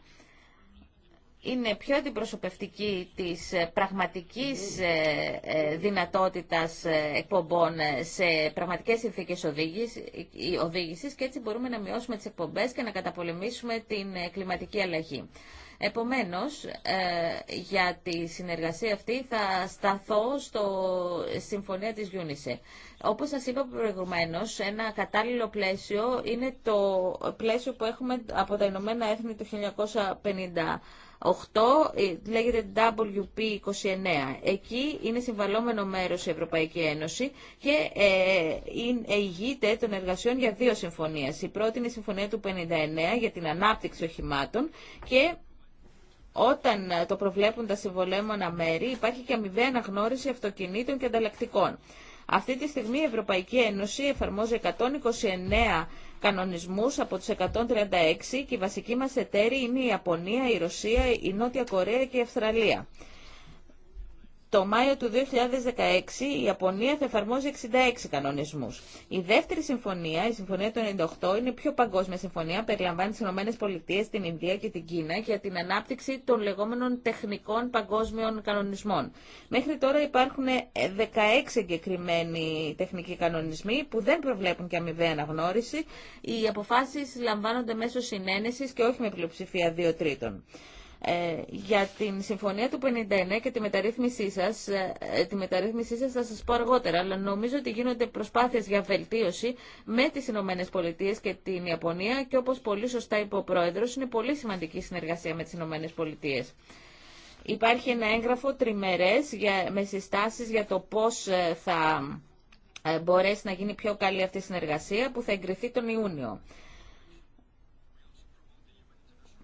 είναι πιο αντιπροσωπευτική της ε, πραγματικής ε, ε, δυνατότητας εκπομπών σε πραγματικές συνθήκες οδήγησης και έτσι μπορούμε να μειώσουμε τις εκπομπές και να καταπολεμήσουμε την κλιματική αλλαγή. Επομένως, για τη συνεργασία αυτή θα σταθώ στο συμφωνία της Γιούνισε. Όπως σας είπα προηγουμένως, ένα κατάλληλο πλαίσιο είναι το πλαίσιο που έχουμε από τα Ηνωμένα Έθνη του 1950 8 ε, λέγεται WP29. Εκεί είναι συμβαλόμενο μέρος η Ευρωπαϊκή Ένωση και ηγείται ε, των εργασιών για δύο συμφωνίες. Η πρώτη είναι η συμφωνία του 59 για την ανάπτυξη οχημάτων και όταν ε, το προβλέπουν τα συμβολέμωνα μέρη υπάρχει και αμοιβαία αναγνώριση αυτοκινήτων και ανταλλακτικών. Αυτή τη στιγμή η Ευρωπαϊκή Ένωση εφαρμόζει 129 κανονισμούς από τους 136 και η βασική μας εταίροι είναι η Ιαπωνία, η Ρωσία, η Νότια Κορέα και η Αυστραλία. Το Μάιο του 2016 η Ιαπωνία θα εφαρμόζει 66 κανονισμούς. Η δεύτερη συμφωνία, η Συμφωνία του 98, είναι πιο παγκόσμια συμφωνία, περιλαμβάνει τι ΗΠΑ, την Ινδία και την Κίνα για την ανάπτυξη των λεγόμενων τεχνικών παγκόσμιων κανονισμών. Μέχρι τώρα υπάρχουν 16 εγκεκριμένοι τεχνικοί κανονισμοί που δεν προβλέπουν και αμοιβαία αναγνώριση. Οι αποφάσει λαμβάνονται μέσω συνένεση και όχι με πλειοψηφία 2 τρίτων. Ε, για την συμφωνία του 59 και τη μεταρρύθμισή σας, ε, ε, τη μεταρρύθμισή σας θα σας πω αργότερα, αλλά νομίζω ότι γίνονται προσπάθειες για βελτίωση με τις Ηνωμένες Πολιτείες και την Ιαπωνία και όπως πολύ σωστά είπε ο Πρόεδρος, είναι πολύ σημαντική συνεργασία με τις Ηνωμένες Πολιτείες. Υπάρχει ένα έγγραφο τριμερές για, με συστάσεις για το πώς θα μπορέσει να γίνει πιο καλή αυτή η συνεργασία που θα εγκριθεί τον Ιούνιο.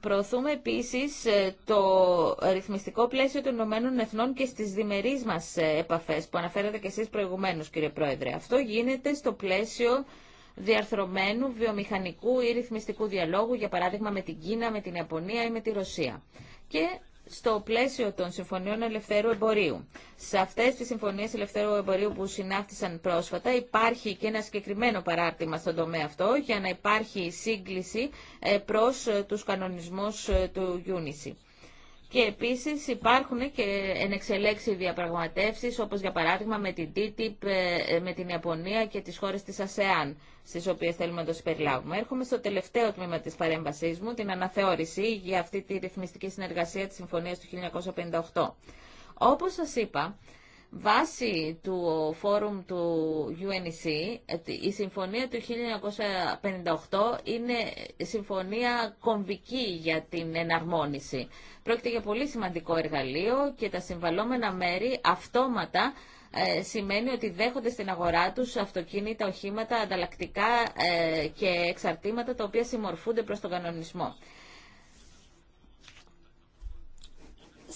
Προωθούμε επίσης ε, το ρυθμιστικό πλαίσιο των Ηνωμένων Εθνών και στις διμερείς μας ε, επαφές που αναφέρατε και εσείς προηγουμένως κύριε Πρόεδρε. Αυτό γίνεται στο πλαίσιο διαρθρωμένου βιομηχανικού ή ρυθμιστικού διαλόγου, για παράδειγμα με την Κίνα, με την Ιαπωνία ή με τη Ρωσία. Και στο πλαίσιο των συμφωνιών ελευθέρου εμπορίου. Σε αυτές τις συμφωνίες ελευθέρου εμπορίου που συνάφτησαν πρόσφατα υπάρχει και ένα συγκεκριμένο παράρτημα στον τομέα αυτό για να υπάρχει σύγκληση ε, προς ε, τους κανονισμούς ε, του UNICE. Και επίσης υπάρχουν και ενεξελέξει διαπραγματεύσεις, όπως για παράδειγμα με την TTIP, ε, ε, με την Ιαπωνία και τις χώρες της ΑΣΕΑΝ, στις οποίες θέλουμε να το συμπεριλάβουμε. Έρχομαι στο τελευταίο τμήμα τη παρέμβασή μου, την αναθεώρηση για αυτή τη ρυθμιστική συνεργασία της Συμφωνία του 1958. Όπως σα είπα, Βάσει του φόρουμ του UNEC, η συμφωνία του 1958 είναι συμφωνία κομβική για την εναρμόνιση. Πρόκειται για πολύ σημαντικό εργαλείο και τα συμβαλόμενα μέρη αυτόματα ε, σημαίνει ότι δέχονται στην αγορά τους αυτοκίνητα, οχήματα, ανταλλακτικά ε, και εξαρτήματα τα οποία συμμορφούνται προς τον κανονισμό.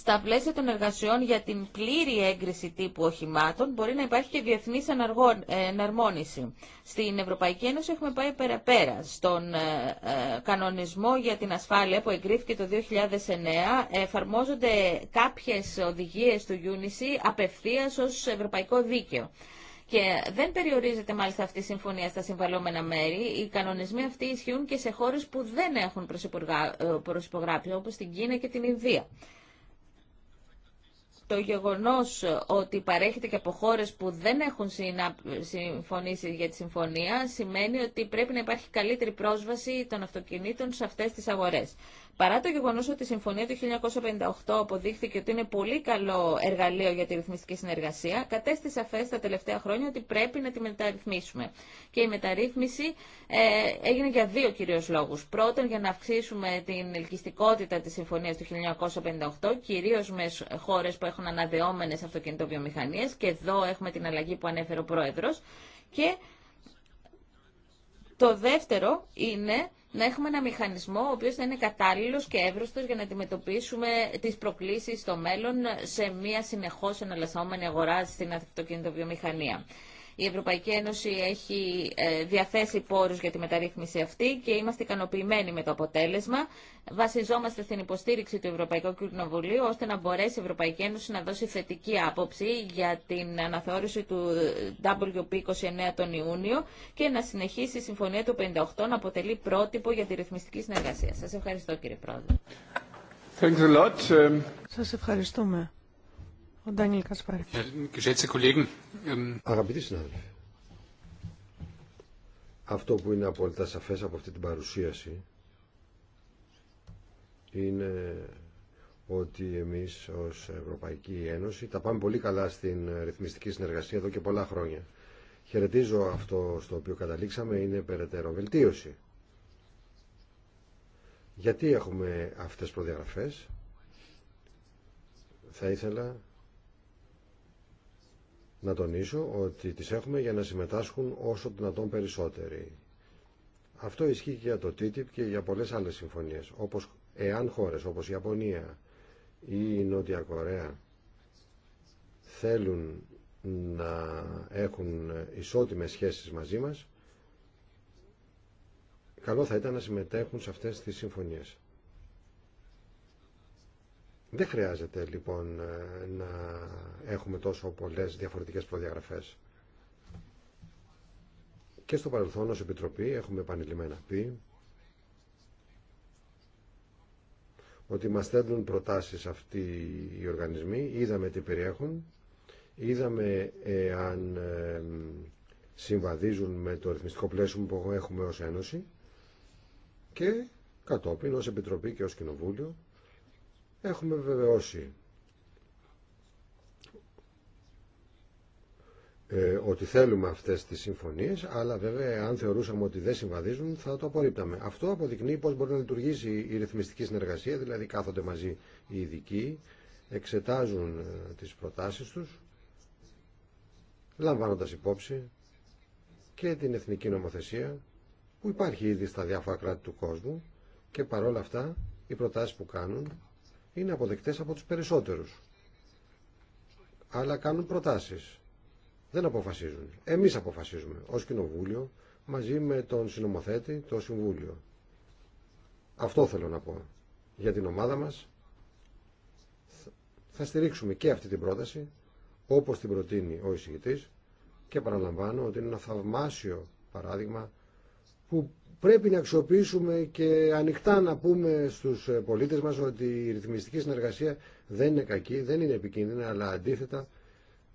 στα πλαίσια των εργασιών για την πλήρη έγκριση τύπου οχημάτων μπορεί να υπάρχει και διεθνή ε, εναρμόνιση. Στην Ευρωπαϊκή Ένωση έχουμε πάει πέρα-πέρα. Στον ε, ε, κανονισμό για την ασφάλεια που εγκρίθηκε το 2009 εφαρμόζονται κάποιες οδηγίες του UNICE απευθείας ως ευρωπαϊκό δίκαιο. Και δεν περιορίζεται μάλιστα αυτή η συμφωνία στα συμβαλόμενα μέρη. Οι κανονισμοί αυτοί ισχύουν και σε χώρες που δεν έχουν προσυπογράψει, όπως την Κίνα και την Ινδία το γεγονός ότι παρέχεται και από χώρε που δεν έχουν συμφωνήσει για τη συμφωνία σημαίνει ότι πρέπει να υπάρχει καλύτερη πρόσβαση των αυτοκινήτων σε αυτές τις αγορές. Παρά το γεγονό ότι η Συμφωνία του 1958 αποδείχθηκε ότι είναι πολύ καλό εργαλείο για τη ρυθμιστική συνεργασία, κατέστη σαφέ τα τελευταία χρόνια ότι πρέπει να τη μεταρρυθμίσουμε. Και η μεταρρύθμιση ε, έγινε για δύο κυρίω λόγου. Πρώτον, για να αυξήσουμε την ελκυστικότητα τη Συμφωνία του 1958, κυρίω με χώρε που έχουν αναδεόμενε αυτοκινητοβιομηχανίε, και εδώ έχουμε την αλλαγή που ανέφερε ο Πρόεδρο. Και το δεύτερο είναι να έχουμε ένα μηχανισμό ο οποίος θα είναι κατάλληλος και εύρωστος για να αντιμετωπίσουμε τις προκλήσεις στο μέλλον σε μια συνεχώς εναλλασσόμενη αγορά στην αυτοκινητοβιομηχανία. Η Ευρωπαϊκή Ένωση έχει ε, διαθέσει πόρους για τη μεταρρύθμιση αυτή και είμαστε ικανοποιημένοι με το αποτέλεσμα. Βασιζόμαστε στην υποστήριξη του Ευρωπαϊκού Κοινοβουλίου ώστε να μπορέσει η Ευρωπαϊκή Ένωση να δώσει θετική άποψη για την αναθεώρηση του WP29 τον Ιούνιο και να συνεχίσει η Συμφωνία του 58 να αποτελεί πρότυπο για τη ρυθμιστική συνεργασία. Σας ευχαριστώ κύριε Πρόεδρε. Σας ευχαριστούμε. Ε, geschätzte ähm, Αγαπητοί συνάδελφοι, αυτό που είναι απόλυτα σαφές από αυτή την παρουσίαση είναι ότι εμείς ως Ευρωπαϊκή Ένωση τα πάμε πολύ καλά στην ρυθμιστική συνεργασία εδώ και πολλά χρόνια. Χαιρετίζω αυτό στο οποίο καταλήξαμε, είναι περαιτέρω βελτίωση. Γιατί έχουμε αυτές τις προδιαγραφές. Θα ήθελα να τονίσω ότι τις έχουμε για να συμμετάσχουν όσο δυνατόν περισσότεροι. Αυτό ισχύει και για το TTIP και για πολλές άλλες συμφωνίες. Όπως εάν χώρες όπως η Ιαπωνία ή η Νότια Κορέα θέλουν να έχουν ισότιμες σχέσεις μαζί μας, καλό θα ήταν να συμμετέχουν σε αυτές τις συμφωνίες. Δεν χρειάζεται λοιπόν ε, να έχουμε τόσο πολλές διαφορετικές προδιαγραφές. Και στο παρελθόν ως Επιτροπή έχουμε επανειλημμένα πει ότι μας στέλνουν προτάσεις αυτοί οι οργανισμοί, είδαμε τι περιέχουν, είδαμε αν συμβαδίζουν με το ρυθμιστικό πλαίσιο που έχουμε ως Ένωση και κατόπιν ως Επιτροπή και ως Κοινοβούλιο έχουμε βεβαιώσει ε, ότι θέλουμε αυτές τις συμφωνίες, αλλά βέβαια αν θεωρούσαμε ότι δεν συμβαδίζουν θα το απορρίπταμε. Αυτό αποδεικνύει πώς μπορεί να λειτουργήσει η ρυθμιστική συνεργασία, δηλαδή κάθονται μαζί οι ειδικοί, εξετάζουν ε, τις προτάσεις τους, λαμβάνοντας υπόψη και την εθνική νομοθεσία που υπάρχει ήδη στα διάφορα κράτη του κόσμου και παρόλα αυτά οι προτάσεις που κάνουν είναι αποδεκτές από τους περισσότερους. Αλλά κάνουν προτάσεις. Δεν αποφασίζουν. Εμείς αποφασίζουμε ως Κοινοβούλιο μαζί με τον συνομοθέτη, το Συμβούλιο. Αυτό θέλω να πω. Για την ομάδα μας θα στηρίξουμε και αυτή την πρόταση όπως την προτείνει ο εισηγητής και παραλαμβάνω ότι είναι ένα θαυμάσιο παράδειγμα που πρέπει να αξιοποιήσουμε και ανοιχτά να πούμε στους πολίτες μας ότι η ρυθμιστική συνεργασία δεν είναι κακή, δεν είναι επικίνδυνη, αλλά αντίθετα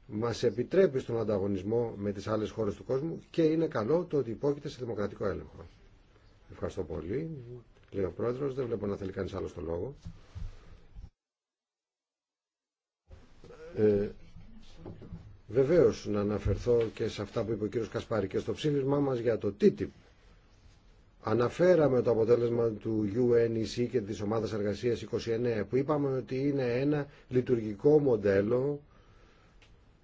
μας επιτρέπει στον ανταγωνισμό με τις άλλες χώρες του κόσμου και είναι καλό το ότι υπόκειται σε δημοκρατικό έλεγχο. Ευχαριστώ πολύ. Λέει ο Πρόεδρος, δεν βλέπω να θέλει κανείς άλλο το λόγο. Ε, βεβαίως να αναφερθώ και σε αυτά που είπε ο κύριος Κασπάρη και στο ψήφισμά μας για το TTIP Αναφέραμε το αποτέλεσμα του UNEC και της Ομάδας Εργασίας 29 που είπαμε ότι είναι ένα λειτουργικό μοντέλο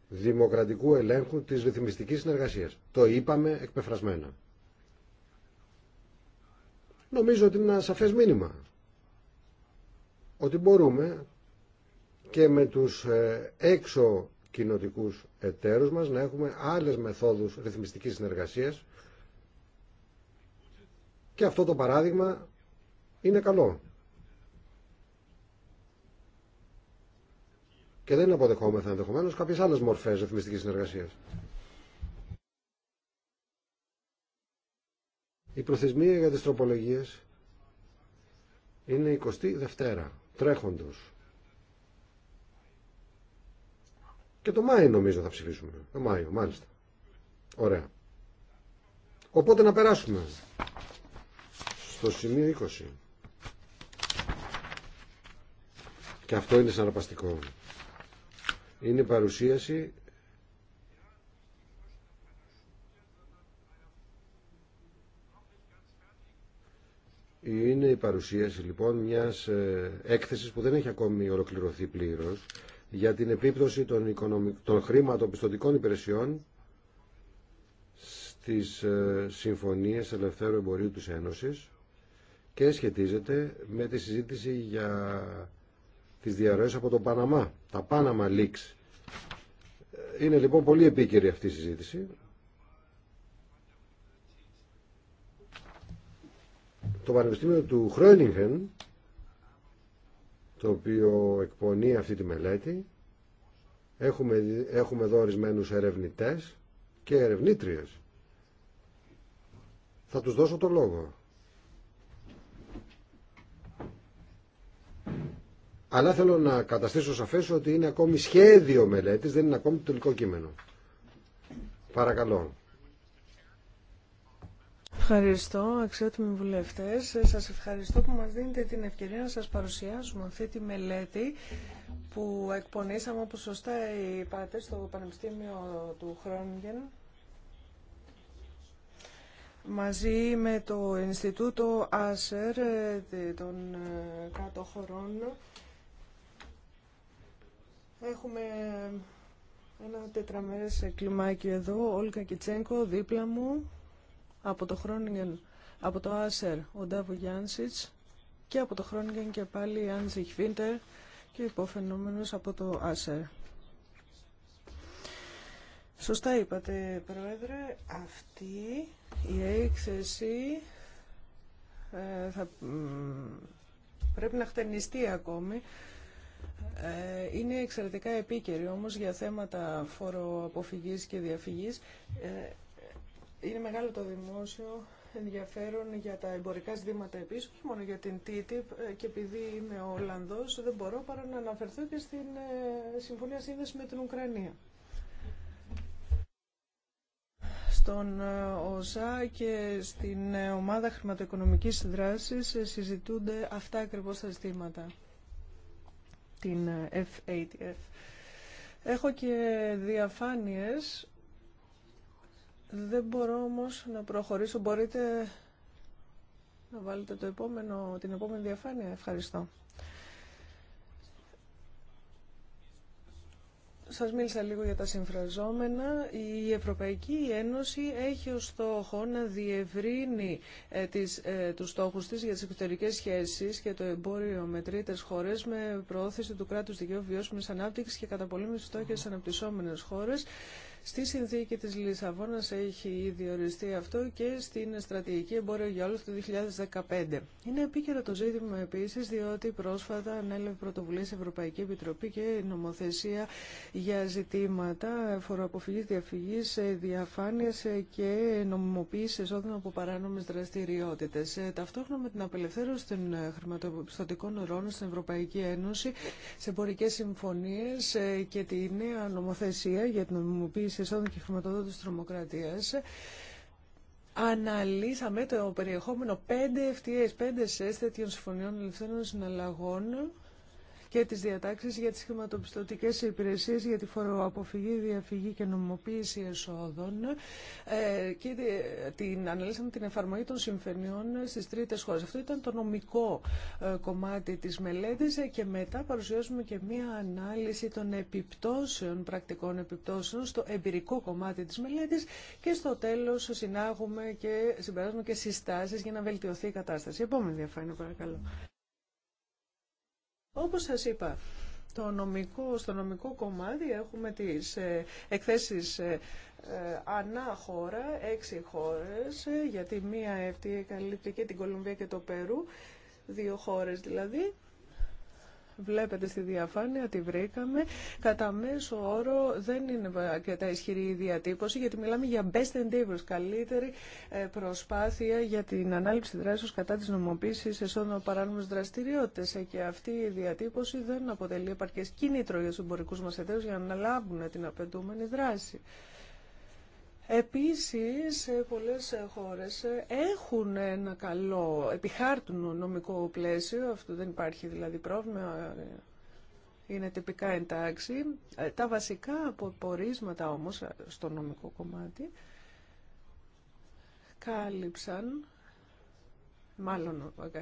δημοκρατικού ελέγχου της ρυθμιστικής συνεργασίας. Το είπαμε εκπεφρασμένα. Νομίζω ότι είναι ένα σαφές μήνυμα ότι μπορούμε και με τους ε, έξω κοινοτικούς εταίρους μας να έχουμε άλλες μεθόδους ρυθμιστικής συνεργασίας και αυτό το παράδειγμα είναι καλό. Και δεν αποδεχόμεθα ενδεχομένω κάποιε άλλε μορφέ ρυθμιστική συνεργασία. Η προθεσμία για τις τροπολογίες είναι 22 Δευτέρα, τρέχοντος. Και το Μάιο νομίζω θα ψηφίσουμε. Το Μάιο, μάλιστα. Ωραία. Οπότε να περάσουμε στο σημείο 20. Και αυτό είναι συναρπαστικό. Είναι παρουσίαση Είναι η παρουσίαση λοιπόν μιας ε, έκθεσης που δεν έχει ακόμη ολοκληρωθεί πλήρως για την επίπτωση των, οικονομικ... των χρηματοπιστωτικών υπηρεσιών στις ε, συμφωνίες ελευθέρου εμπορίου της Ένωσης και σχετίζεται με τη συζήτηση για τις διαρροές από το Παναμά, τα Panama Leaks. Είναι λοιπόν πολύ επίκαιρη αυτή η συζήτηση. Το Πανεπιστήμιο του Χρόνιγχεν, το οποίο εκπονεί αυτή τη μελέτη, έχουμε, έχουμε εδώ ορισμένου ερευνητές και ερευνήτριες. Θα τους δώσω το λόγο. Αλλά θέλω να καταστήσω σαφές ότι είναι ακόμη σχέδιο μελέτης, δεν είναι ακόμη το τελικό κείμενο. Παρακαλώ. Ευχαριστώ, αξιότιμοι βουλευτές. Σας ευχαριστώ που μας δίνετε την ευκαιρία να σας παρουσιάσουμε αυτή τη μελέτη που εκπονήσαμε, όπως σωστά είπατε, στο Πανεπιστήμιο του Χρόνγκεν μαζί με το Ινστιτούτο ΑΣΕΡ ε, των ε, Κάτω Χωρών Έχουμε ένα τετραμέρες κλιμάκι εδώ, Όλκα Κιτσένκο, δίπλα μου, από το Χρόνιγεν, από το Άσερ, ο Ντάβου Γιάνσιτς και από το Χρόνιγεν και πάλι η Άντζη και υποφαινόμενος από το Άσερ. Σωστά είπατε, Πρόεδρε, αυτή η έκθεση ε, θα, πρέπει να χτενιστεί ακόμη. Ε, είναι εξαιρετικά επίκαιρη όμως για θέματα φοροαποφυγής και διαφυγής. Ε, είναι μεγάλο το δημόσιο ενδιαφέρον για τα εμπορικά ζητήματα επίσης, όχι μόνο για την TTIP ε, και επειδή είμαι ο Ολλανδός δεν μπορώ παρά να αναφερθώ και στην Συμφωνία Σύνδεση με την Ουκρανία. Στον ΟΣΑ και στην Ομάδα Χρηματοοικονομικής Δράσης συζητούνται αυτά ακριβώς τα ζητήματα την FATF. Έχω και διαφάνειες. Δεν μπορώ όμως να προχωρήσω. Μπορείτε να βάλετε το επόμενο, την επόμενη διαφάνεια. Ευχαριστώ. Σας μίλησα λίγο για τα συμφραζόμενα. Η Ευρωπαϊκή Ένωση έχει ως στόχο να διευρύνει ε, τις, ε, τους στόχους της για τις εξωτερικές σχέσεις και το εμπόριο με τρίτες χώρες με προώθηση του κράτους δικαίου βιώσιμης ανάπτυξης και πολύ φτώχειας στις αναπτυσσόμενες χώρες. Στη συνθήκη της Λισαβόνας έχει ήδη οριστεί αυτό και στην στρατηγική εμπόριο για όλους του 2015. Είναι επίκαιρο το ζήτημα επίσης διότι πρόσφατα ανέλευε πρωτοβουλία σε Ευρωπαϊκή Επιτροπή και νομοθεσία για ζητήματα φοροαποφυγής, διαφυγής, διαφάνειας και νομιμοποίηση εσόδων από παράνομες δραστηριότητες. Ταυτόχρονα με την απελευθέρωση των χρηματοπιστωτικών ορών στην Ευρωπαϊκή Ένωση σε εμπορικές συμφωνίες και τη νέα νομοθεσία για την νομιμοποίηση εισόδου και χρηματοδότηση τρομοκρατίας, αναλύσαμε το περιεχόμενο 5 FTAs, 5 σες τέτοιων συμφωνιών ελευθέρων συναλλαγών και τις διατάξεις για τις χρηματοπιστωτικές υπηρεσίες για τη φοροαποφυγή, διαφυγή και νομοποίηση εσόδων ε, και την, αναλύσαμε την εφαρμογή των συμφωνιών στις τρίτες χώρες. Αυτό ήταν το νομικό ε, κομμάτι της μελέτης ε, και μετά παρουσιάζουμε και μία ανάλυση των επιπτώσεων, πρακτικών επιπτώσεων στο εμπειρικό κομμάτι της μελέτης και στο τέλος συνάγουμε και συμπεράζουμε και συστάσεις για να βελτιωθεί η κατάσταση. Επόμενη διαφάνεια παρακαλώ. Όπως σας είπα, το νομικό, στο νομικό κομμάτι έχουμε τις ε, εκθέσεις ε, ε, ανά χώρα, έξι χώρες, γιατί μία ευθεία καλύπτει και την Κολομβία και το Περού, δύο χώρες δηλαδή. Βλέπετε στη διαφάνεια τι βρήκαμε. Κατά μέσο όρο δεν είναι αρκετά ισχυρή η διατύπωση γιατί μιλάμε για best endeavors, καλύτερη ε, προσπάθεια για την ανάληψη δράσεως κατά της νομοποίησης εσόδων παράνομες δραστηριότητες ε, και αυτή η διατύπωση δεν αποτελεί επαρκές κίνητρο για τους εμπορικούς μας για να αναλάβουν την απαιτούμενη δράση. Επίσης, ε, πολλές ε, χώρες ε, έχουν ένα καλό, επιχάρτουν νομικό πλαίσιο, αυτό δεν υπάρχει δηλαδή πρόβλημα, είναι τυπικά εντάξει. Τα βασικά αποπορίσματα όμως στο νομικό κομμάτι κάλυψαν μάλλον ε,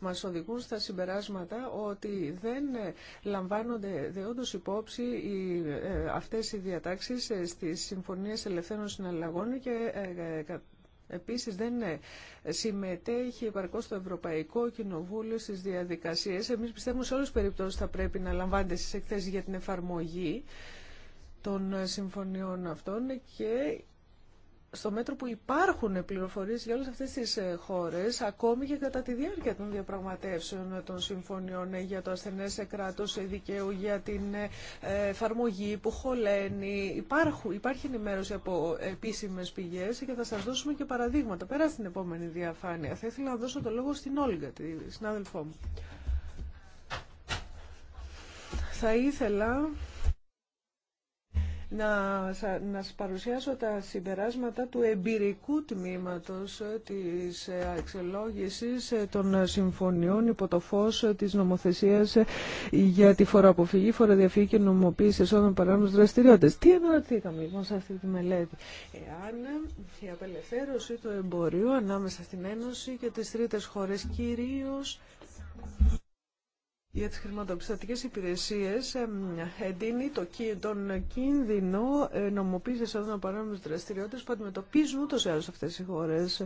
μας οδηγούν στα συμπεράσματα ότι δεν ε, λαμβάνονται δεόντως υπόψη οι, ε, αυτές οι διατάξεις στις συμφωνίες ελευθέρων συναλλαγών και Επίσης δεν συμμετέχει επαρκώς το Ευρωπαϊκό Κοινοβούλιο στις διαδικασίες. Εμείς πιστεύουμε σε όλες τις περιπτώσεις θα πρέπει να λαμβάνεται στις εκθέσεις για την εφαρμογή των συμφωνιών αυτών και στο μέτρο που υπάρχουν πληροφορίες για όλες αυτές τις ε, χώρες, ακόμη και κατά τη διάρκεια των διαπραγματεύσεων των συμφωνιών ε, για το ασθενές ε, κράτος δικαίου, για την εφαρμογή που χωλαίνει, υπάρχουν, υπάρχει ενημέρωση από επίσημες πηγές και θα σας δώσουμε και παραδείγματα. Πέρα στην επόμενη διαφάνεια. Θα ήθελα να δώσω το λόγο στην Όλγα, τη συνάδελφό μου. Θα ήθελα να, να σας παρουσιάσω τα συμπεράσματα του εμπειρικού τμήματος της αξιολόγησης των συμφωνιών υπό το φως της νομοθεσίας για τη φοροαποφυγή, φοροδιαφυγή και νομοποίηση εσόδων παράνομους δραστηριότητες. Τι εννοηθήκαμε λοιπόν σε αυτή τη μελέτη. Εάν η απελευθέρωση του εμπορίου ανάμεσα στην Ένωση και τις τρίτες χώρες κυρίως για τις χρηματοπιστωτικές υπηρεσίες εντείνει το, τον κίνδυνο ε, νομοποίησης αυτών των παράνομων δραστηριότητες που αντιμετωπίζουν ούτως ή άλλως αυτές οι χώρες.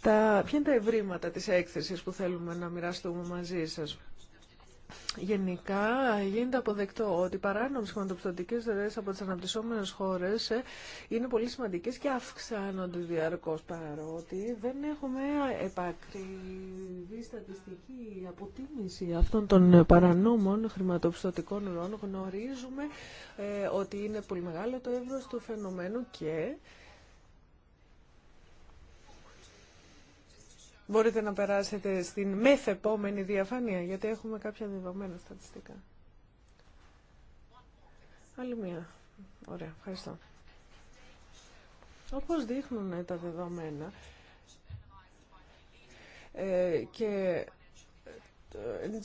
Τα, ποια είναι τα ευρήματα της έκθεσης που θέλουμε να μοιραστούμε μαζί σας. Γενικά γίνεται αποδεκτό ότι οι παράνομες χρηματοπιστωτικές από τις αναπτυσσόμενες χώρες ε, είναι πολύ σημαντικές και αυξάνονται διαρκώς παρότι δεν έχουμε επακριβή στατιστική αποτίμηση αυτών των παρανόμων χρηματοπιστωτικών ροών. Γνωρίζουμε ε, ότι είναι πολύ μεγάλο το εύρος του φαινομένου και Μπορείτε να περάσετε στην μεθεπόμενη διαφάνεια, γιατί έχουμε κάποια δεδομένα στατιστικά. Άλλη μία. Ωραία, ευχαριστώ. Όπως δείχνουν τα δεδομένα, ε, και ε,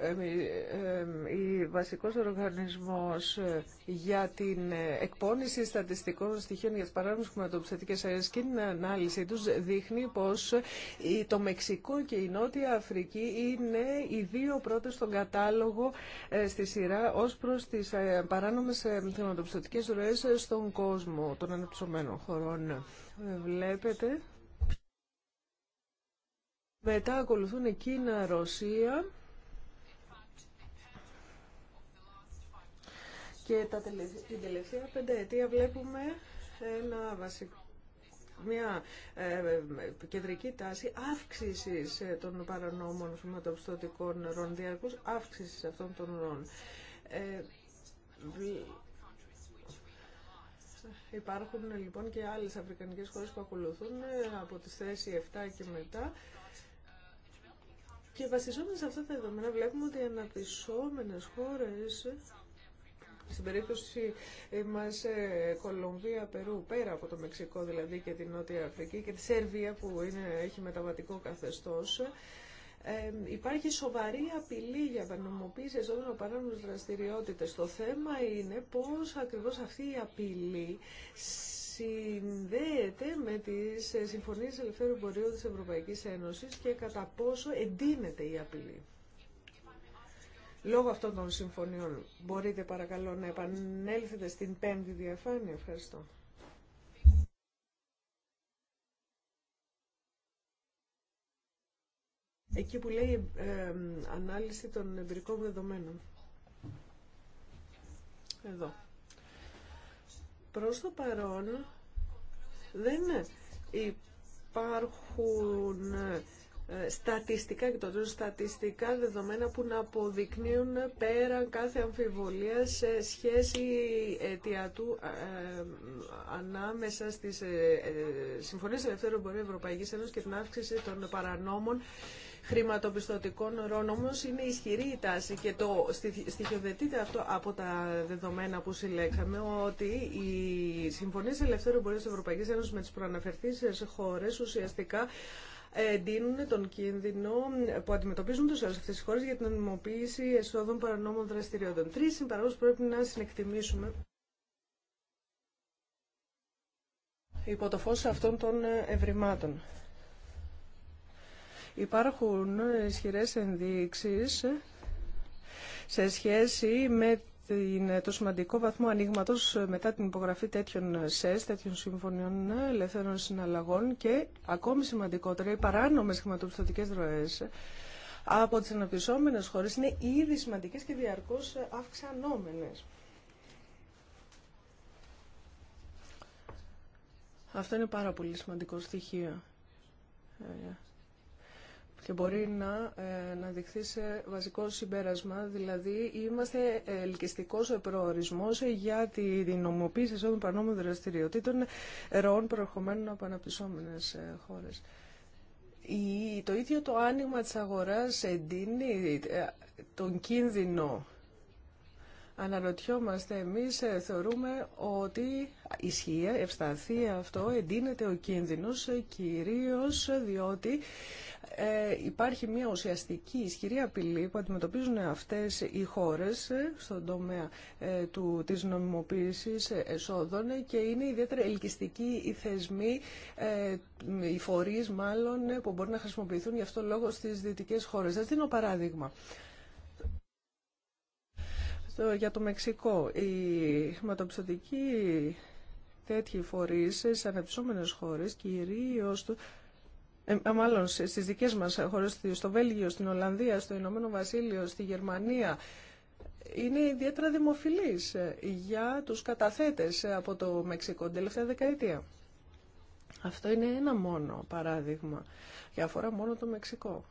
ε, ε, η βασικός οργανισμός για την εκπόνηση στατιστικών στοιχείων για τις παράνομες χρηματοπιστωτικές αέρες και την ανάλυση τους δείχνει πως το Μεξικό και η Νότια Αφρική είναι οι δύο πρώτες στον κατάλογο στη σειρά ως προς τις παράνομες χρηματοπιστωτικές ροές στον κόσμο των αναπτυσσομένων χωρών. Βλέπετε μετά ακολουθούν η Κίνα, Ρωσία. Και τα την τελευταία ετία βλέπουμε ένα βασικό μια ε, κεντρική τάση αύξησης ε, των παρανόμων σωματοπιστωτικών ροών, διαρκούς αύξησης αυτών των ροών. Ε, υπάρχουν λοιπόν και άλλες αφρικανικές χώρες που ακολουθούν ε, από τη θέση 7 και μετά. Και βασιζόμενοι σε αυτά τα δεδομένα βλέπουμε ότι οι αναπτυσσόμενες χώρες στην περίπτωση ε, μας ε, Κολομβία, Περού, πέρα από το Μεξικό δηλαδή και την Νότια Αφρική και τη Σερβία που είναι, έχει μεταβατικό καθεστώς, ε, υπάρχει σοβαρή απειλή για επανομοποίηση εσόδων από παράνομες δραστηριότητες. Το θέμα είναι πώς ακριβώς αυτή η απειλή συνδέεται με τις ε, συμφωνίες ελευθέρου εμπορίου της Ευρωπαϊκής Ένωσης και κατά πόσο εντείνεται η απειλή. Λόγω αυτών των συμφωνιών μπορείτε παρακαλώ να επανέλθετε στην πέμπτη διαφάνεια. Ευχαριστώ. Εκεί που λέει ανάλυση των εμπειρικών δεδομένων. Εδώ. Προς το παρόν δεν υπάρχουν ε, στατιστικά και το στατιστικά δεδομένα που να αποδεικνύουν πέραν κάθε αμφιβολία σε σχέση αιτιατού ε, ε, ανάμεσα στις ε, ε, Συμφωνίες Ελευθερών και την αύξηση των παρανόμων χρηματοπιστωτικών ροών. Όμω είναι ισχυρή η τάση και το στοιχειοθετείται αυτό από τα δεδομένα που συλλέξαμε ότι οι συμφωνίε ελευθέρου εμπορίου τη Ευρωπαϊκή Ένωση με τι προαναφερθήσει χώρε ουσιαστικά ε, εντείνουν τον κίνδυνο που αντιμετωπίζουν τους άλλους αυτές τις χώρες για την νομιμοποίηση εσόδων παρανόμων δραστηριότητων. Τρεις συμπαράγοντε πρέπει να συνεκτιμήσουμε. υπό το φως αυτών των ευρημάτων. Υπάρχουν ισχυρές ενδείξεις σε σχέση με το σημαντικό βαθμό ανοίγματο μετά την υπογραφή τέτοιων ΣΕΣ, τέτοιων συμφωνιών ελευθέρων συναλλαγών και ακόμη σημαντικότερα οι παράνομες χρηματοπιστωτικές ροές από τις αναπτυσσόμενες χώρες είναι ήδη σημαντικές και διαρκώς αυξανόμενες. Αυτό είναι πάρα πολύ σημαντικό στοιχείο ε, και μπορεί ε, να δειχθεί σε βασικό συμπέρασμα, δηλαδή είμαστε ελκυστικό ο για τη νομοποίηση των παρνόμων δραστηριοτήτων ροών προερχομένων από αναπτυσσόμενε ε, χώρες. το ίδιο το άνοιγμα τη αγορά εντείνει ε, τον κίνδυνο αναρωτιόμαστε εμείς, ε, θεωρούμε ότι ισχύει, ε, ευσταθεί αυτό, εντείνεται ο κίνδυνος ε, κυρίως διότι ε, υπάρχει μια ουσιαστική ισχυρή απειλή που αντιμετωπίζουν αυτές οι χώρες στον τομέα του, της νομιμοποίησης εσόδων και είναι ιδιαίτερα ελκυστικοί οι θεσμοί, ε, οι φορείς μάλλον που μπορεί να χρησιμοποιηθούν γι' αυτό λόγο στις δυτικές χώρες. Δεν δίνω παράδειγμα. Ε, για το Μεξικό. Οι χρηματοπιστωτικοί τέτοιοι φορείς σε αναπτυσσόμενες χώρες, κυρίως ε, μάλλον στις δικές μας χώρες, στο Βέλγιο, στην Ολλανδία, στο Ηνωμένο Βασίλειο, στη Γερμανία, είναι ιδιαίτερα δημοφιλής ε, για τους καταθέτες ε, από το Μεξικό την τελευταία δεκαετία. Αυτό είναι ένα μόνο παράδειγμα και αφορά μόνο το Μεξικό.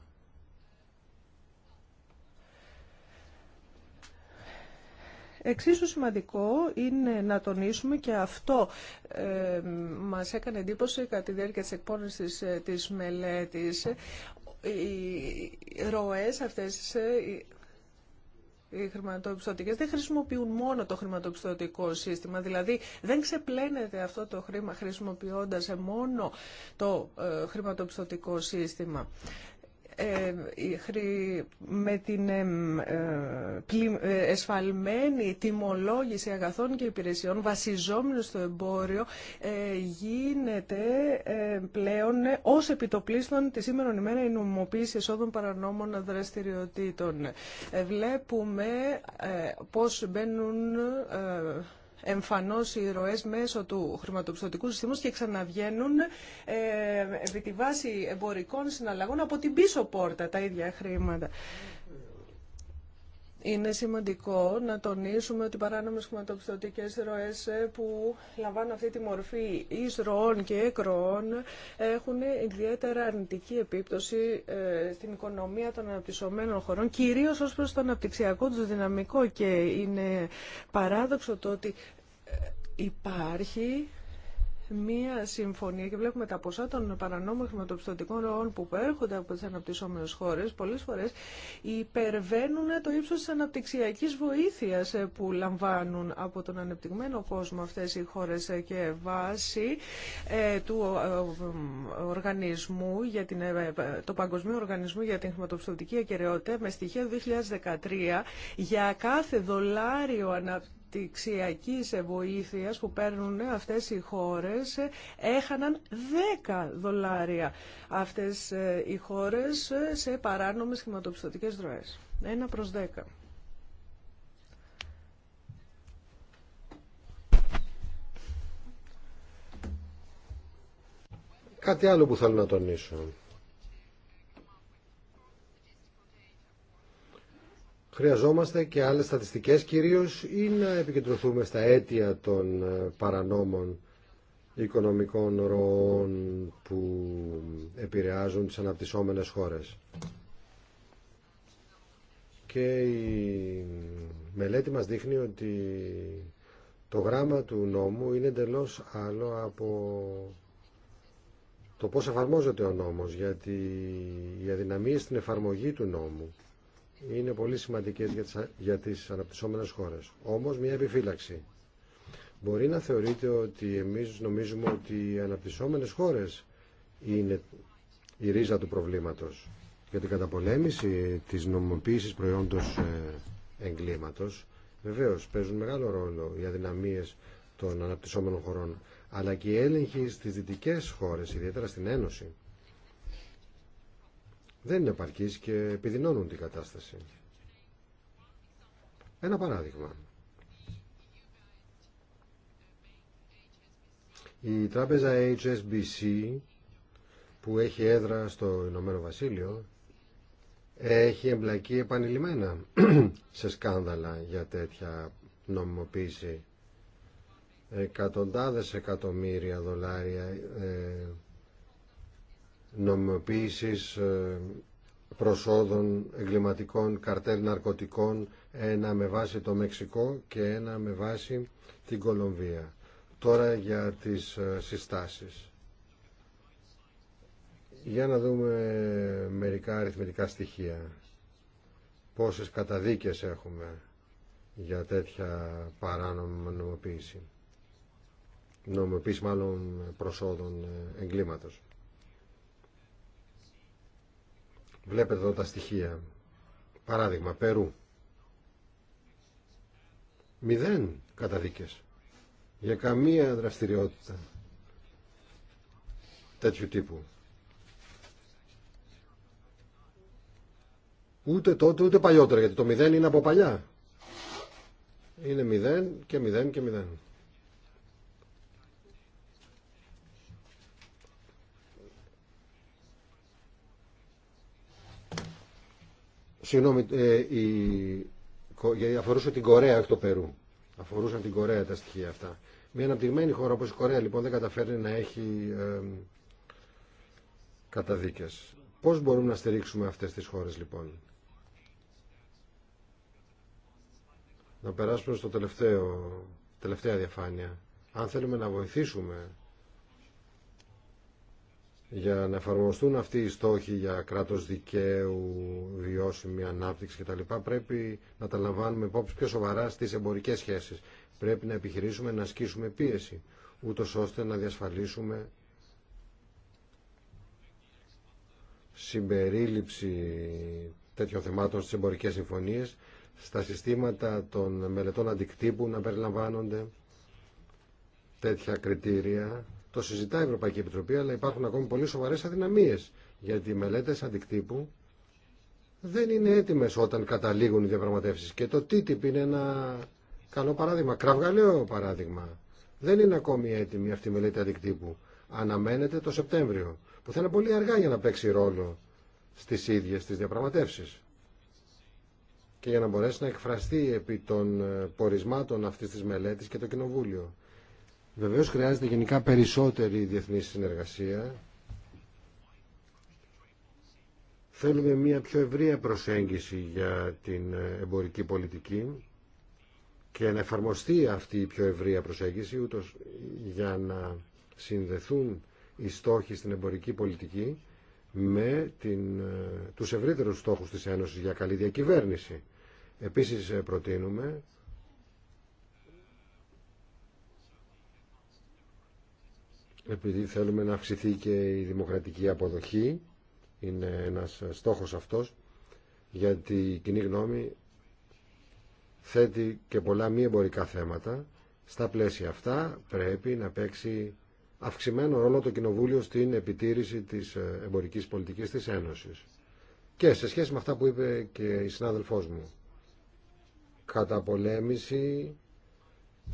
Εξίσου σημαντικό είναι να τονίσουμε και αυτό ε, μας έκανε εντύπωση κατά τη διάρκεια της εκπόνησης της ε, μελέτης. Οι ροές αυτές ε, οι χρηματοπιστωτικές δεν χρησιμοποιούν μόνο το χρηματοπιστωτικό σύστημα, δηλαδή δεν ξεπλένεται αυτό το χρήμα χρησιμοποιώντας μόνο το ε, χρηματοπιστωτικό σύστημα. Ε, με την ε, ε, εσφαλμένη τιμολόγηση αγαθών και υπηρεσιών βασιζόμενο στο εμπόριο γίνεται πλέον ως επιτοπλίστων τη σήμερα ημέρα η νομιμοποίηση εσόδων παρανόμων δραστηριοτήτων. Βλέπουμε πώς μπαίνουν εμφανώς οι ροές μέσω του χρηματοπιστωτικού συστήματος και ξαναβγαίνουν ε, επί τη βάση εμπορικών συναλλαγών από την πίσω πόρτα τα ίδια χρήματα. Είναι σημαντικό να τονίσουμε ότι παράνομες χρηματοπιστωτικές ροές που λαμβάνουν αυτή τη μορφή εισρωών και εκροών έχουν ιδιαίτερα αρνητική επίπτωση ε, στην οικονομία των αναπτυσσομένων χωρών, κυρίως ως προς το αναπτυξιακό του δυναμικό και είναι παράδοξο το ότι ε, υπάρχει μία συμφωνία και βλέπουμε τα ποσά των παρανόμων χρηματοπιστωτικών ροών που έρχονται από τι αναπτυσσόμενες χώρες πολλές φορές υπερβαίνουν το ύψος της αναπτυξιακής βοήθειας ε, που λαμβάνουν από τον ανεπτυγμένο κόσμο αυτές οι χώρες ε, και βάση ε, του οργανισμού για την, το Παγκοσμίου Οργανισμού για την Χρηματοπιστωτική Ακαιρεότητα με στοιχεία 2013 για κάθε δολάριο αναπτυξιακή αναπτυξιακής βοήθεια που παίρνουν αυτές οι χώρες έχαναν 10 δολάρια αυτές ε, οι χώρες ε, σε παράνομες χρηματοπιστωτικές δροές. 1 προς 10. Κάτι άλλο που θέλω να τονίσω Χρειαζόμαστε και άλλες στατιστικές κυρίως ή να επικεντρωθούμε στα αίτια των ε, παρανόμων οικονομικών ροών που επηρεάζουν τις αναπτυσσόμενες χώρες. Και η μελέτη μας δείχνει ότι το γράμμα του νόμου είναι εντελώ άλλο από το πώς εφαρμόζεται ο νόμος, γιατί η αδυναμία στην εφαρμογή του νόμου είναι πολύ σημαντικές για τις, για τις αναπτυσσόμενες χώρες. Όμως μια επιφύλαξη. Μπορεί να θεωρείτε ότι εμείς νομίζουμε ότι οι αναπτυσσόμενες χώρες είναι η ρίζα του προβλήματος για την καταπολέμηση της νομοποίησης προϊόντος ε, εγκλήματος. Βεβαίως παίζουν μεγάλο ρόλο οι αδυναμίες των αναπτυσσόμενων χωρών αλλά και οι έλεγχοι στις δυτικές χώρες, ιδιαίτερα στην Ένωση δεν είναι επαρκής και επιδεινώνουν την κατάσταση. Ένα παράδειγμα. Η τράπεζα HSBC που έχει έδρα στο Ηνωμένο Βασίλειο έχει εμπλακεί επανειλημμένα σε σκάνδαλα για τέτοια νομιμοποίηση εκατοντάδες εκατομμύρια δολάρια ε, νομιμοποίησης ε, προσόδων εγκληματικών καρτέλ ναρκωτικών, ένα με βάση το Μεξικό και ένα με βάση την Κολομβία. Τώρα για τις ε, συστάσεις. Για να δούμε μερικά αριθμητικά στοιχεία. Πόσες καταδίκες έχουμε για τέτοια παράνομη νομοποίηση. Νομοποίηση μάλλον προσόδων ε, εγκλήματος. Βλέπετε εδώ τα στοιχεία. Παράδειγμα, Περού. Μηδέν καταδίκες. Για καμία δραστηριότητα τέτοιου τύπου. Ούτε τότε ούτε παλιότερα, γιατί το μηδέν είναι από παλιά. Είναι μηδέν και μηδέν και μηδέν. Συγγνώμη, ε, αφορούσε την Κορέα εκ το Περού. Αφορούσαν την Κορέα τα στοιχεία αυτά. Μια αναπτυγμένη χώρα όπως η Κορέα λοιπόν δεν καταφέρνει να έχει ε, καταδίκες. Πώς μπορούμε να στηρίξουμε αυτές τις χώρες λοιπόν. Να περάσουμε στο τελευταίο, τελευταία διαφάνεια. Αν θέλουμε να βοηθήσουμε για να εφαρμοστούν αυτοί οι στόχοι για κράτος δικαίου, βιώσιμη ανάπτυξη κτλ. πρέπει να τα λαμβάνουμε υπόψη πιο σοβαρά στις εμπορικές σχέσεις. Πρέπει να επιχειρήσουμε να ασκήσουμε πίεση, ούτως ώστε να διασφαλίσουμε συμπερίληψη τέτοιων θεμάτων στις εμπορικές συμφωνίες, στα συστήματα των μελετών αντικτύπου να περιλαμβάνονται τέτοια κριτήρια το συζητά η Ευρωπαϊκή Επιτροπή, αλλά υπάρχουν ακόμη πολύ σοβαρέ αδυναμίε. Γιατί οι μελέτε αντικτύπου δεν είναι έτοιμε όταν καταλήγουν οι διαπραγματεύσει. Και το TTIP είναι ένα καλό παράδειγμα, κραυγαλαίο παράδειγμα. Δεν είναι ακόμη έτοιμη αυτή η μελέτη αντικτύπου. Αναμένεται το Σεπτέμβριο, που θα είναι πολύ αργά για να παίξει ρόλο στι ίδιε τι διαπραγματεύσει. Και για να μπορέσει να εκφραστεί επί των ε, πορισμάτων αυτή τη μελέτη και το Κοινοβούλιο. Βεβαίως χρειάζεται γενικά περισσότερη διεθνή συνεργασία. Θέλουμε μια πιο ευρεία προσέγγιση για την εμπορική πολιτική και να εφαρμοστεί αυτή η πιο ευρεία προσέγγιση ούτως για να συνδεθούν οι στόχοι στην εμπορική πολιτική με την, τους ευρύτερους στόχους της Ένωσης για καλή διακυβέρνηση. Επίσης ε, προτείνουμε επειδή θέλουμε να αυξηθεί και η δημοκρατική αποδοχή είναι ένας στόχος αυτός γιατί η κοινή γνώμη θέτει και πολλά μη εμπορικά θέματα στα πλαίσια αυτά πρέπει να παίξει αυξημένο ρόλο το Κοινοβούλιο στην επιτήρηση της εμπορικής πολιτικής της Ένωσης και σε σχέση με αυτά που είπε και η συνάδελφός μου πολέμηση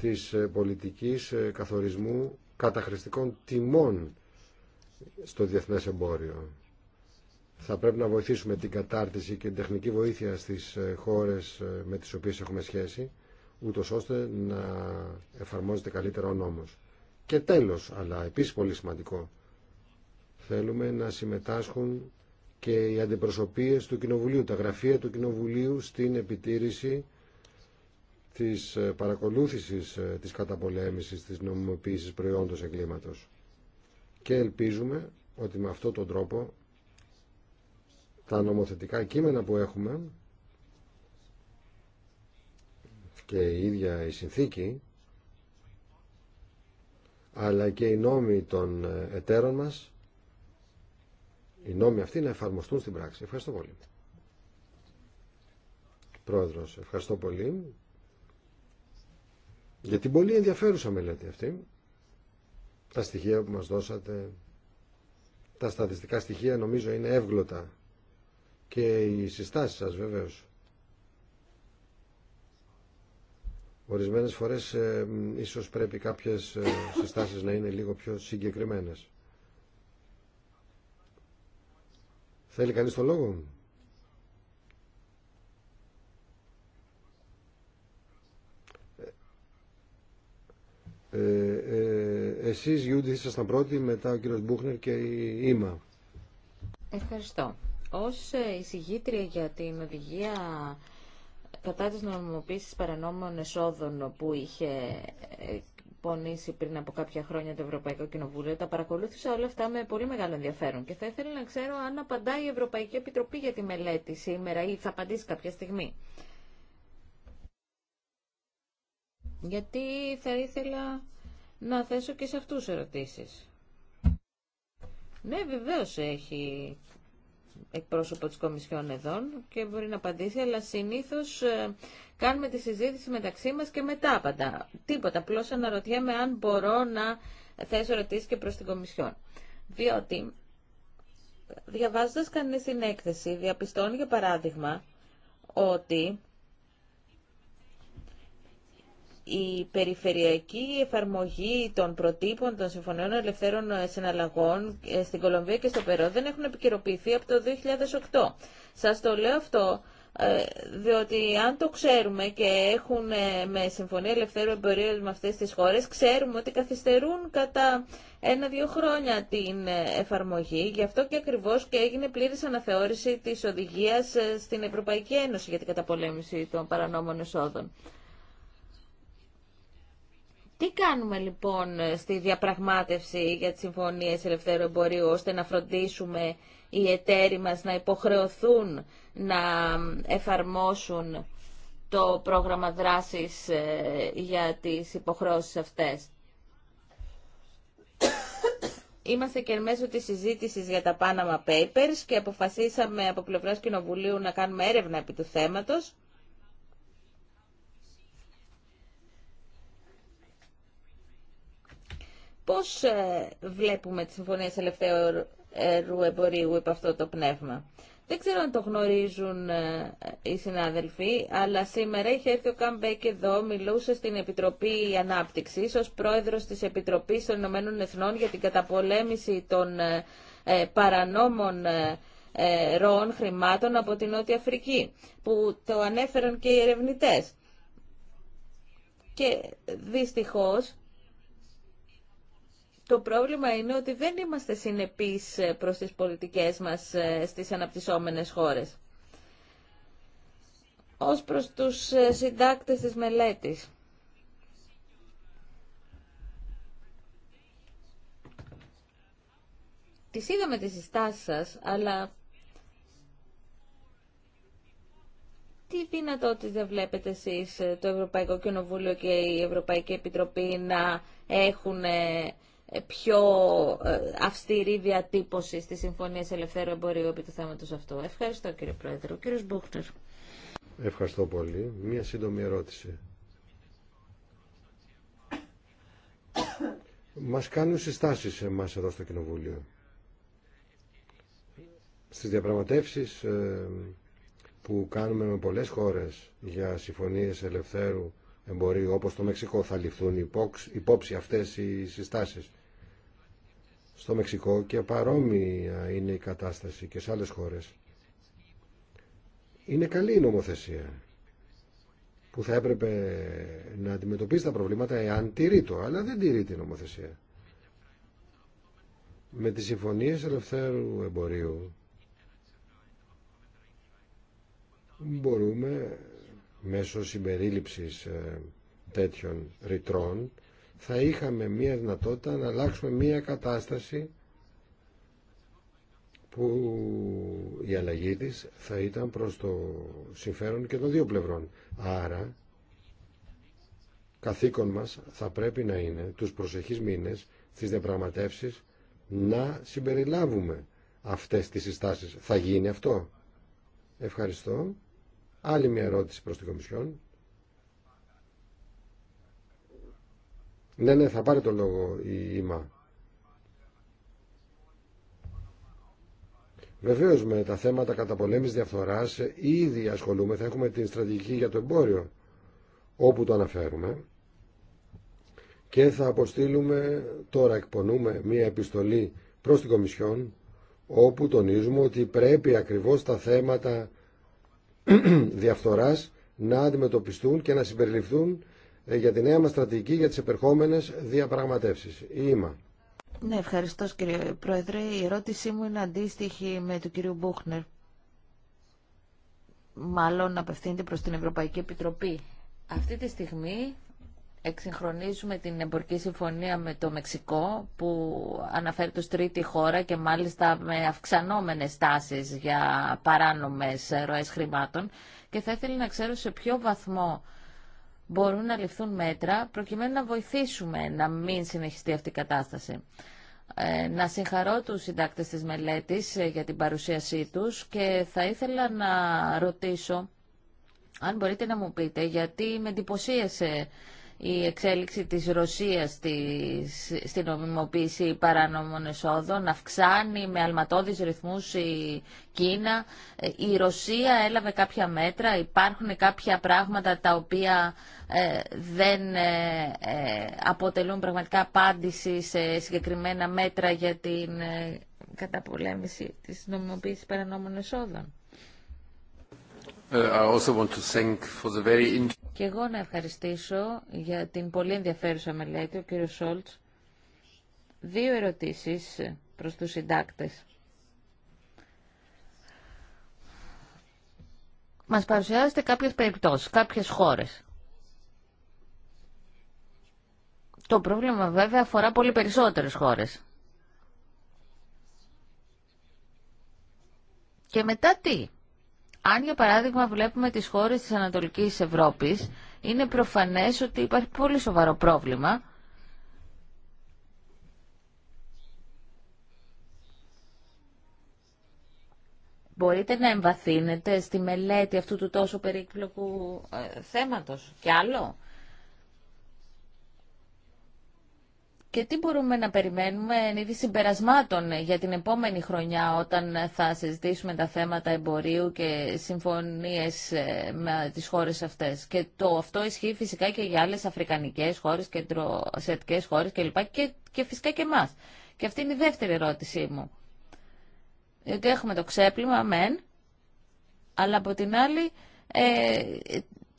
της πολιτικής καθορισμού καταχρηστικών τιμών στο διεθνές εμπόριο. Θα πρέπει να βοηθήσουμε την κατάρτιση και την τεχνική βοήθεια στις ε, χώρες ε, με τις οποίες έχουμε σχέση, ούτω ώστε να εφαρμόζεται καλύτερα ο νόμος. Και τέλος, αλλά επίσης πολύ σημαντικό, θέλουμε να συμμετάσχουν και οι αντιπροσωπείες του Κοινοβουλίου, τα γραφεία του Κοινοβουλίου στην επιτήρηση της ε, παρακολούθησης ε, της καταπολέμησης της νομιμοποίησης προϊόντος εγκλήματος. Και ελπίζουμε ότι με αυτόν τον τρόπο τα νομοθετικά κείμενα που έχουμε και η ίδια η συνθήκη αλλά και οι νόμοι των ε, εταίρων μας οι νόμοι αυτοί να εφαρμοστούν στην πράξη. Ευχαριστώ πολύ. Πρόεδρος, ευχαριστώ πολύ για την πολύ ενδιαφέρουσα μελέτη αυτή. Τα στοιχεία που μας δώσατε, τα στατιστικά στοιχεία νομίζω είναι εύγλωτα και οι συστάσεις σας βεβαίως. Ορισμένες φορές ε, ίσως πρέπει κάποιες ε, συστάσεις να είναι λίγο πιο συγκεκριμένες. Θέλει κανείς το λόγο Ε, ε, εσείς, Γιούντι, ήσασταν πρώτοι, μετά ο κύριος Μπούχνερ και η Ήμα. Ευχαριστώ. Ως ε, εισηγήτρια για την οδηγία κατά της νομιμοποίησης παρανόμων εσόδων που είχε ε, πονήσει πριν από κάποια χρόνια το Ευρωπαϊκό Κοινοβούλιο, τα παρακολούθησα όλα αυτά με πολύ μεγάλο ενδιαφέρον και θα ήθελα να ξέρω αν απαντάει η Ευρωπαϊκή Επιτροπή για τη μελέτη σήμερα ή θα απαντήσει κάποια στιγμή. γιατί θα ήθελα να θέσω και σε αυτούς ερωτήσεις. Ναι, βεβαίως έχει εκπρόσωπο της Κομισιόν εδώ και μπορεί να απαντήσει, αλλά συνήθως ε, κάνουμε τη συζήτηση μεταξύ μας και μετά απαντά. Τίποτα, απλώ αναρωτιέμαι αν μπορώ να θέσω ερωτήσεις και προς την Κομισιόν. Διότι, διαβάζοντας κανείς την έκθεση, διαπιστώνει για παράδειγμα ότι η περιφερειακή εφαρμογή των προτύπων των Συμφωνιών Ελευθέρων Συναλλαγών ε, στην Κολομβία και στο Περό δεν έχουν επικαιροποιηθεί από το 2008. Σας το λέω αυτό ε, διότι αν το ξέρουμε και έχουν ε, με συμφωνία ελευθέρου εμπορίου με αυτές τις χώρες, ξέρουμε ότι καθυστερούν κατά ένα-δύο χρόνια την εφαρμογή. Γι' αυτό και ακριβώς και έγινε πλήρης αναθεώρηση της οδηγίας στην Ευρωπαϊκή Ένωση για την καταπολέμηση των παρανόμων εσόδων. Τι κάνουμε λοιπόν στη διαπραγμάτευση για τις συμφωνίες ελευθέρου εμπορίου ώστε να φροντίσουμε οι εταίροι μας να υποχρεωθούν να εφαρμόσουν το πρόγραμμα δράσης ε, για τις υποχρεώσεις αυτές. Είμαστε και μέσω της συζήτησης για τα Panama Papers και αποφασίσαμε από πλευράς Κοινοβουλίου να κάνουμε έρευνα επί του θέματος. Πώς ε, βλέπουμε τις συμφωνίες Ελευθερού ε, Εμπορίου υπό αυτό το πνεύμα. Δεν ξέρω αν το γνωρίζουν ε, οι συνάδελφοι, αλλά σήμερα είχε έρθει ο Καμπέκ εδώ, μιλούσε στην Επιτροπή Ανάπτυξης ως πρόεδρος της Επιτροπής των Ηνωμένων Εθνών για την καταπολέμηση των παρανόμων ροών χρημάτων από την Νότια Αφρική, που το ανέφεραν και οι ερευνητές. Και δυστυχώς το πρόβλημα είναι ότι δεν είμαστε συνεπείς ε, προς τις πολιτικές μας ε, στις αναπτυσσόμενες χώρες. Ως προς τους ε, συντάκτες της μελέτης. Τις είδαμε τις συστάσεις σας, αλλά τι δυνατότητα βλέπετε εσείς το Ευρωπαϊκό Κοινοβούλιο και η Ευρωπαϊκή Επιτροπή να έχουν ε, πιο ε, αυστηρή διατύπωση στις συμφωνίες ελευθέρου εμπορίου επί του θέματο αυτού. Ευχαριστώ κύριε Πρόεδρο. Κύριος Μπουχτερ. Ευχαριστώ πολύ. Μία σύντομη ερώτηση. Μας κάνουν συστάσεις σε εμάς εδώ στο Κοινοβούλιο. Στις διαπραγματεύσεις ε, που κάνουμε με πολλές χώρες για συμφωνίες ελευθέρου εμπορίου όπως το Μεξικό θα ληφθούν υπόψη αυτές οι συστάσεις στο Μεξικό και παρόμοια είναι η κατάσταση και σε άλλες χώρες. Είναι καλή η νομοθεσία που θα έπρεπε να αντιμετωπίσει τα προβλήματα εάν τηρεί το, αλλά δεν τηρεί την νομοθεσία. Με τις συμφωνίες ελευθέρου εμπορίου μπορούμε μέσω συμπερίληψης ε, τέτοιων ρητρών θα είχαμε μία δυνατότητα να αλλάξουμε μία κατάσταση που η αλλαγή της θα ήταν προς το συμφέρον και των δύο πλευρών. Άρα, καθήκον μας θα πρέπει να είναι τους προσεχείς μήνες στις διαπραγματεύσεις να συμπεριλάβουμε αυτές τις συστάσεις. Θα γίνει αυτό. Ευχαριστώ. Άλλη μια ερώτηση προς την Κομισιόν. Ναι, ναι, θα πάρει το λόγο η ΙΜΑ. Βεβαίω με τα θέματα πολέμης διαφθοράς ήδη ασχολούμε, θα έχουμε την στρατηγική για το εμπόριο όπου το αναφέρουμε και θα αποστείλουμε, τώρα εκπονούμε μία επιστολή προς την Κομισιόν όπου τονίζουμε ότι πρέπει ακριβώς τα θέματα διαφθοράς να αντιμετωπιστούν και να συμπεριληφθούν ε, για τη νέα μας στρατηγική για τις επερχόμενες διαπραγματεύσεις. Η Ναι, ευχαριστώ κύριε Πρόεδρε. Η ερώτησή μου είναι αντίστοιχη με του κύριου Μπούχνερ. Μάλλον απευθύνεται προς την Ευρωπαϊκή Επιτροπή. Αυτή τη στιγμή εξυγχρονίζουμε την εμπορική συμφωνία με το Μεξικό που αναφέρει ως τρίτη χώρα και μάλιστα με αυξανόμενες τάσεις για παράνομες ροές χρημάτων και θα ήθελα να ξέρω σε ποιο βαθμό μπορούν να ληφθούν μέτρα προκειμένου να βοηθήσουμε να μην συνεχιστεί αυτή η κατάσταση. Ε, να συγχαρώ τους συντάκτες της μελέτης ε, για την παρουσίασή τους και θα ήθελα να ρωτήσω αν μπορείτε να μου πείτε γιατί με εντυπωσίασε η εξέλιξη της Ρωσίας στη στην νομιμοποίηση παράνομων εσόδων, αυξάνει με αλματώδεις ρυθμούς η Κίνα. Ε, η Ρωσία έλαβε κάποια μέτρα, υπάρχουν κάποια πράγματα τα οποία ε, δεν ε, αποτελούν πραγματικά απάντηση σε συγκεκριμένα μέτρα για την καταπολέμηση της νομιμοποίησης παρανόμων εσόδων. Uh, Και εγώ να ευχαριστήσω για την πολύ ενδιαφέρουσα μελέτη, ο κύριος Σόλτς. Δύο ερωτήσεις προς τους συντάκτες. Μας παρουσιάζετε κάποιες περιπτώσεις, κάποιες χώρες. Το πρόβλημα βέβαια αφορά πολύ περισσότερες χώρες. Και μετά τι. Αν για παράδειγμα βλέπουμε τις χώρες της Ανατολικής Ευρώπης, είναι προφανές ότι υπάρχει πολύ σοβαρό πρόβλημα Μπορείτε να εμβαθύνετε στη μελέτη αυτού του τόσο περίπλοκου ε, θέματος και άλλο. και τι μπορούμε να περιμένουμε εν είδη συμπερασμάτων για την επόμενη χρονιά όταν θα συζητήσουμε τα θέματα εμπορίου και συμφωνίες ε, με τις χώρες αυτές. Και το αυτό ισχύει φυσικά και για άλλες αφρικανικές χώρες, κεντροασιατικές χώρες κλπ. Και, και φυσικά και εμάς. Και αυτή είναι η δεύτερη ερώτησή μου. Διότι έχουμε το ξέπλυμα, μεν, αλλά από την άλλη ε,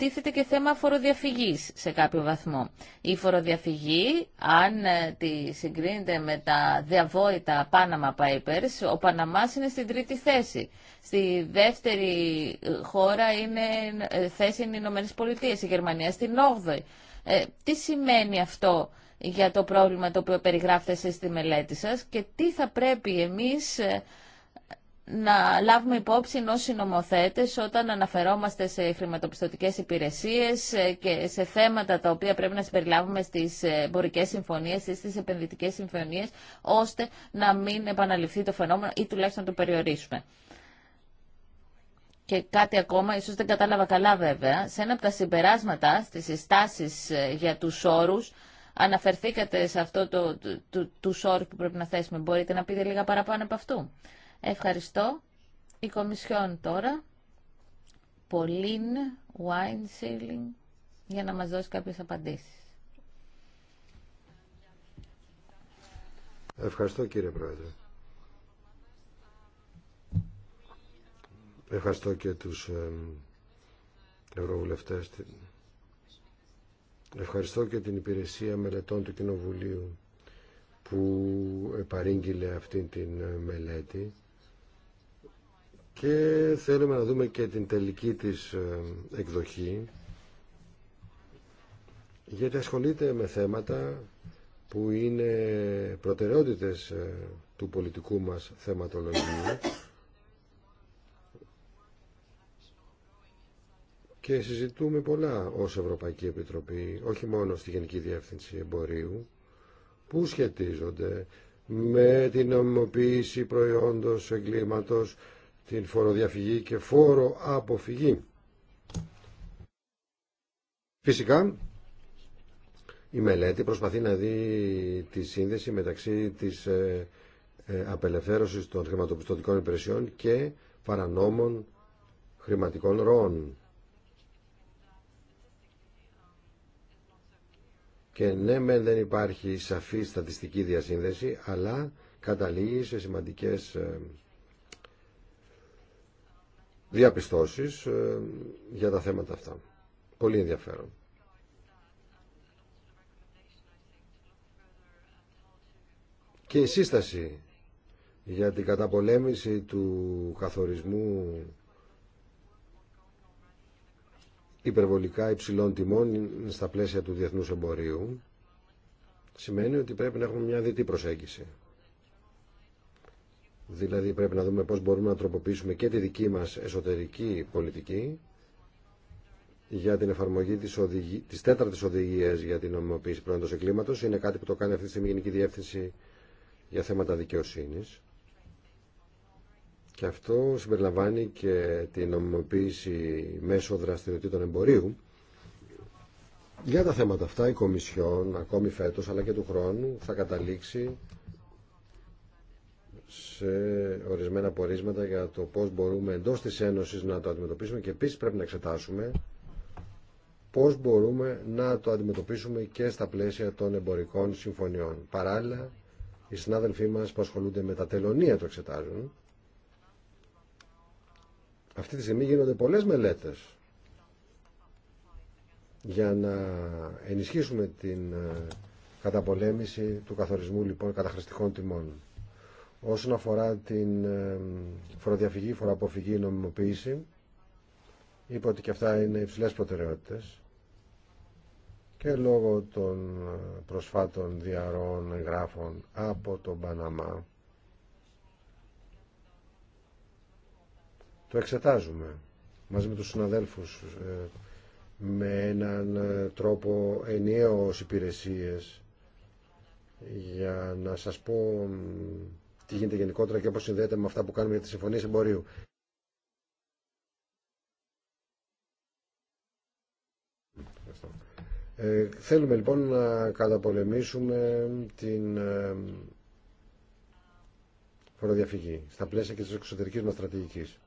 τίθεται και θέμα φοροδιαφυγής σε κάποιο βαθμό. Η φοροδιαφυγή, αν ε, τη συγκρίνεται με τα διαβόητα Panama Papers, ο Παναμάς είναι στην τρίτη θέση. Στη δεύτερη ε, χώρα είναι ε, θέση είναι οι Ηνωμένες Πολιτείες, η Γερμανία στην 8η. τι σημαίνει αυτό για το πρόβλημα το οποίο περιγράφετε στη μελέτη σας και τι θα πρέπει εμείς να λάβουμε υπόψη ενό συνομοθέτε όταν αναφερόμαστε σε χρηματοπιστωτικέ υπηρεσίε ε, και σε θέματα τα οποία πρέπει να συμπεριλάβουμε στι ε, εμπορικέ συμφωνίε ή στι επενδυτικέ συμφωνίε, ώστε να μην επαναληφθεί το φαινόμενο ή τουλάχιστον να το περιορίσουμε. Και κάτι ακόμα, ίσως δεν κατάλαβα καλά βέβαια, σε ένα από τα συμπεράσματα στις συστάσεις ε, για τους όρους αναφερθήκατε σε αυτό το, το, τους όρους που πρέπει να θέσουμε. Μπορείτε να πείτε λίγα παραπάνω από αυτού. Ευχαριστώ. Η Κομισιόν τώρα. Πολύν, wine Selling, για να μας δώσει κάποιες απαντήσεις. Ευχαριστώ κύριε Πρόεδρε. Ευχαριστώ και τους ευρωβουλευτές. Ευχαριστώ και την υπηρεσία μελετών του Κοινοβουλίου που παρήγγειλε αυτή την μελέτη και θέλουμε να δούμε και την τελική της ε, εκδοχή γιατί ασχολείται με θέματα που είναι προτεραιότητες ε, του πολιτικού μας θεματολογίου και συζητούμε πολλά ως Ευρωπαϊκή Επιτροπή, όχι μόνο στη Γενική Διεύθυνση Εμπορίου, που σχετίζονται με την νομιμοποίηση προϊόντος εγκλήματος, την φοροδιαφυγή και φόρο αποφυγή. Φυσικά, η μελέτη προσπαθεί να δει τη σύνδεση μεταξύ της ε, ε, απελευθέρωσης των χρηματοπιστωτικών υπηρεσιών και παρανόμων χρηματικών ροών. Και ναι, δεν υπάρχει σαφή στατιστική διασύνδεση, αλλά καταλήγει σε σημαντικές ε, διαπιστώσεις ε, για τα θέματα αυτά. Πολύ ενδιαφέρον. Και η σύσταση για την καταπολέμηση του καθορισμού υπερβολικά υψηλών τιμών στα πλαίσια του διεθνούς εμπορίου σημαίνει ότι πρέπει να έχουμε μια διτή προσέγγιση. Δηλαδή πρέπει να δούμε πώς μπορούμε να τροποποιήσουμε και τη δική μας εσωτερική πολιτική για την εφαρμογή της, τέταρτη της τέταρτης οδηγίας για την νομιμοποίηση του εγκλήματος. Είναι κάτι που το κάνει αυτή τη στιγμή η Γενική Διεύθυνση για θέματα δικαιοσύνης. Και αυτό συμπεριλαμβάνει και την νομιμοποίηση μέσω δραστηριοτήτων εμπορίου. Για τα θέματα αυτά η Κομισιόν ακόμη φέτος αλλά και του χρόνου θα καταλήξει σε ορισμένα πορίσματα για το πώς μπορούμε εντός της Ένωσης να το αντιμετωπίσουμε και επίσης πρέπει να εξετάσουμε πώς μπορούμε να το αντιμετωπίσουμε και στα πλαίσια των εμπορικών συμφωνιών. Παράλληλα, οι συνάδελφοί μας που ασχολούνται με τα τελωνία το εξετάζουν. Αυτή τη στιγμή γίνονται πολλές μελέτες για να ενισχύσουμε την ε, καταπολέμηση του καθορισμού λοιπόν καταχρηστικών τιμών όσον αφορά την φοροδιαφυγή, φοροαποφυγή, νομιμοποίηση είπα ότι και αυτά είναι υψηλές προτεραιότητες και λόγω των προσφάτων διαρών εγγράφων από τον Παναμά το εξετάζουμε μαζί με τους συναδέλφους ε, με έναν ε, τρόπο ενιαίο ως υπηρεσίες για να σας πω τι γίνεται γενικότερα και πώς συνδέεται με αυτά που κάνουμε για τις συμφωνίες εμπορίου. Ε, θέλουμε λοιπόν να καταπολεμήσουμε την ε, φοροδιαφυγή στα πλαίσια και της εξωτερικής μας στρατηγικής.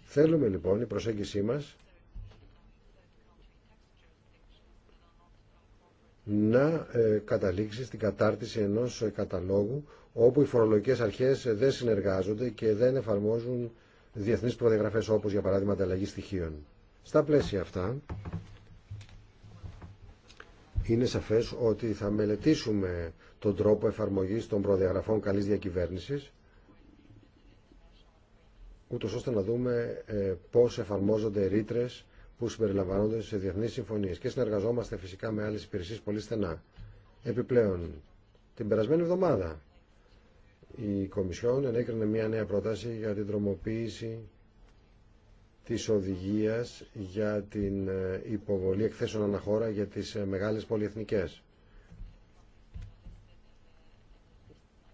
Θέλουμε λοιπόν η προσέγγιση μας να ε, καταλήξει στην κατάρτιση ενός ε, καταλόγου όπου οι φορολογικές αρχές ε, δεν συνεργάζονται και δεν εφαρμόζουν διεθνείς προδιαγραφές όπως για παράδειγμα ανταλλαγή στοιχείων. Στα πλαίσια αυτά είναι σαφές ότι θα μελετήσουμε τον τρόπο εφαρμογής των προδιαγραφών καλής διακυβέρνησης ούτως ώστε να δούμε πώς εφαρμόζονται ρήτρες που συμπεριλαμβάνονται σε διεθνεί συμφωνίε και συνεργαζόμαστε φυσικά με άλλε υπηρεσίε πολύ στενά. Επιπλέον, την περασμένη εβδομάδα η Κομισιόν ενέκρινε μια νέα πρόταση για την τρομοποίηση της οδηγίας για την ε, υποβολή εκθέσεων αναχώρα για τις ε, μεγάλες πολυεθνικές.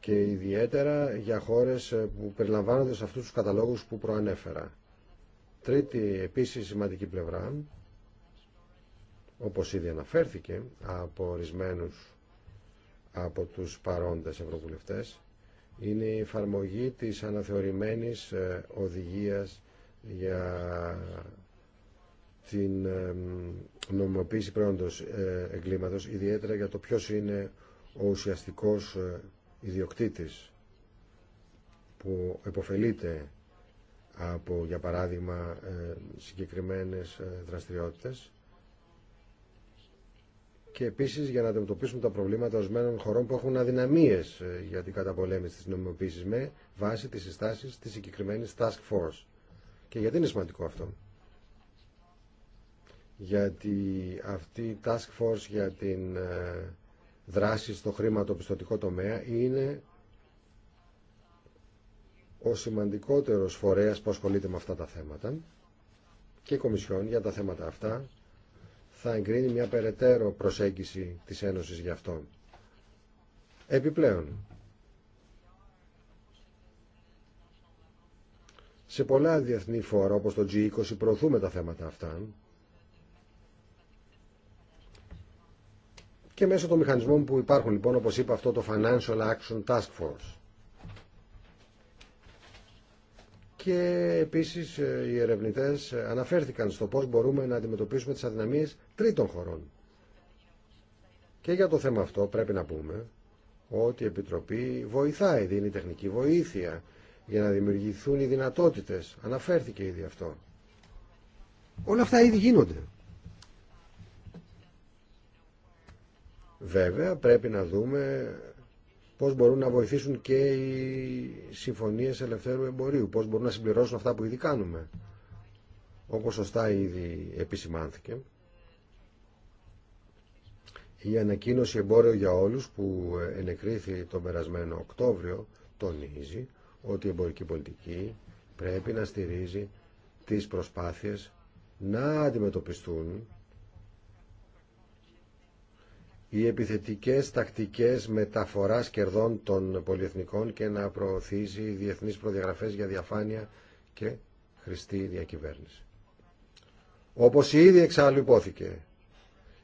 Και ιδιαίτερα για χώρες ε, που περιλαμβάνονται σε αυτούς τους καταλόγους που προανέφερα. Τρίτη επίσης σημαντική πλευρά, όπως ήδη αναφέρθηκε από ορισμένου από τους παρόντες ευρωβουλευτές, είναι η εφαρμογή της αναθεωρημένης ε, οδηγίας για την ε, νομιμοποίηση προϊόντος ε, εγκλήματος, ιδιαίτερα για το ποιος είναι ο ουσιαστικός ιδιοκτήτης που επωφελείται από, για παράδειγμα, ε, συγκεκριμένες ε, δραστηριότητες και επίσης για να αντιμετωπίσουμε τα προβλήματα ορισμένων χωρών που έχουν αδυναμίες ε, για την καταπολέμηση της νομιμοποίησης με βάση τις συστάσεις της συγκεκριμένη Task Force. Και γιατί είναι σημαντικό αυτό. Γιατί αυτή η Task Force για την δράση στο χρηματοπιστωτικό τομέα είναι ο σημαντικότερος φορέας που ασχολείται με αυτά τα θέματα και η Κομισιόν για τα θέματα αυτά θα εγκρίνει μια περαιτέρω προσέγγιση της Ένωσης για αυτό. Επιπλέον, σε πολλά διεθνή φόρα όπως το G20 προωθούμε τα θέματα αυτά και μέσω των μηχανισμών που υπάρχουν λοιπόν όπως είπα αυτό το Financial Action Task Force Και επίσης ε, οι ερευνητές αναφέρθηκαν στο πώς μπορούμε να αντιμετωπίσουμε τις αδυναμίες τρίτων χωρών. Και για το θέμα αυτό πρέπει να πούμε ότι η Επιτροπή βοηθάει, δίνει τεχνική βοήθεια για να δημιουργηθούν οι δυνατότητες. Αναφέρθηκε ήδη αυτό. Όλα αυτά ήδη γίνονται. Βέβαια πρέπει να δούμε πώς μπορούν να βοηθήσουν και οι συμφωνίες ελευθέρου εμπορίου, πώς μπορούν να συμπληρώσουν αυτά που ήδη κάνουμε, όπως σωστά ήδη επισημάνθηκε. Η ανακοίνωση εμπόριο για όλους που ενεκρίθη τον περασμένο Οκτώβριο τονίζει ότι η εμπορική πολιτική πρέπει να στηρίζει τις προσπάθειες να αντιμετωπιστούν οι επιθετικές τακτικές μεταφοράς κερδών των πολυεθνικών και να προωθήσει διεθνείς προδιαγραφές για διαφάνεια και χρηστή διακυβέρνηση. Όπως ήδη εξάλλου υπόθηκε,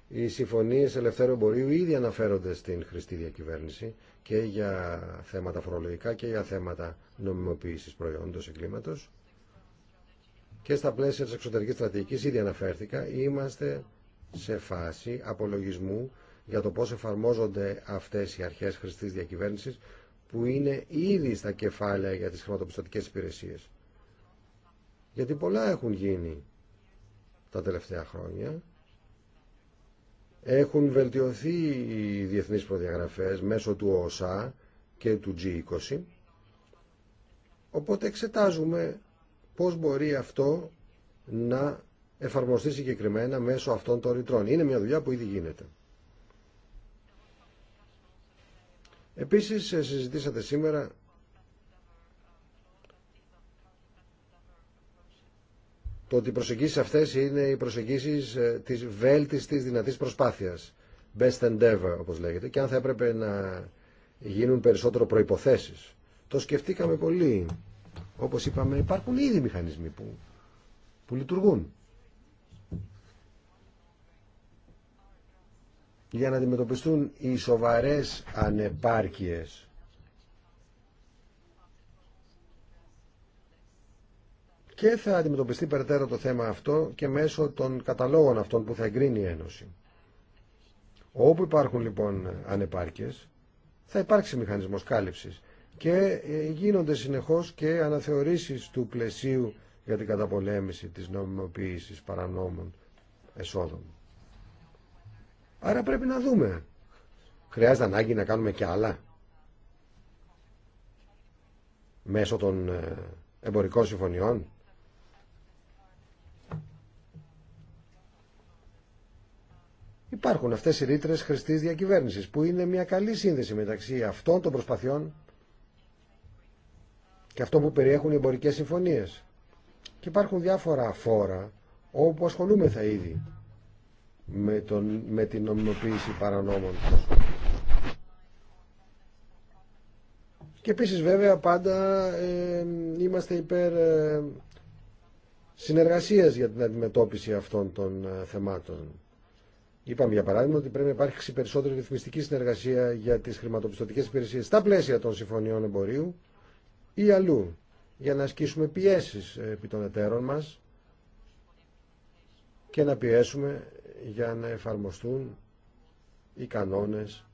οι συμφωνίες ελευθέρου εμπορίου ήδη αναφέρονται στην χρηστή διακυβέρνηση και για θέματα φορολογικά και για θέματα νομιμοποίησης προϊόντος εγκλήματος και στα πλαίσια της εξωτερικής στρατηγικής ήδη αναφέρθηκα, είμαστε σε φάση απολογισμού για το πώς εφαρμόζονται αυτές οι αρχές χρηστής διακυβέρνησης που είναι ήδη στα κεφάλαια για τις χρηματοπιστωτικές υπηρεσίες. Γιατί πολλά έχουν γίνει τα τελευταία χρόνια. Έχουν βελτιωθεί οι διεθνείς προδιαγραφές μέσω του ΟΣΑ και του G20. Οπότε εξετάζουμε πώς μπορεί αυτό να εφαρμοστεί συγκεκριμένα μέσω αυτών των ρητρών. Είναι μια δουλειά που ήδη γίνεται. Επίσης ε, συζητήσατε σήμερα το ότι οι προσεγγίσεις αυτές είναι οι προσεγγίσεις ε, της βέλτιστης δυνατής προσπάθειας. Best endeavor όπως λέγεται και αν θα έπρεπε να γίνουν περισσότερο προϋποθέσεις. Το σκεφτήκαμε πολύ. Όπως είπαμε υπάρχουν ήδη μηχανισμοί που, που λειτουργούν. για να αντιμετωπιστούν οι σοβαρές ανεπάρκειες. Και θα αντιμετωπιστεί περαιτέρω το θέμα αυτό και μέσω των καταλόγων αυτών που θα εγκρίνει η Ένωση. Όπου υπάρχουν λοιπόν ανεπάρκειες, θα υπάρξει μηχανισμός κάλυψης και ε, γίνονται συνεχώς και αναθεωρήσεις του πλαισίου για την καταπολέμηση της νομιμοποίησης παρανόμων εσόδων. Άρα πρέπει να δούμε. Χρειάζεται ανάγκη να κάνουμε και άλλα μέσω των ε, εμπορικών συμφωνιών. Υπάρχουν αυτές οι ρήτρες χρηστής διακυβέρνησης που είναι μια καλή σύνδεση μεταξύ αυτών των προσπαθειών και αυτών που περιέχουν οι εμπορικές συμφωνίες. Και υπάρχουν διάφορα φόρα όπου ασχολούμεθα ήδη με, τον, με την νομιμοποίηση παρανόμων. Και επίσης βέβαια πάντα ε, είμαστε υπέρ ε, συνεργασίας για την αντιμετώπιση αυτών των ε, θεμάτων. Είπαμε για παράδειγμα ότι πρέπει να υπάρξει περισσότερη ρυθμιστική συνεργασία για τις χρηματοπιστωτικές υπηρεσίες στα πλαίσια των συμφωνιών εμπορίου ή αλλού για να ασκήσουμε πιέσεις ε, επί των εταίρων μας και να πιέσουμε για να εφαρμοστούν οι κανόνες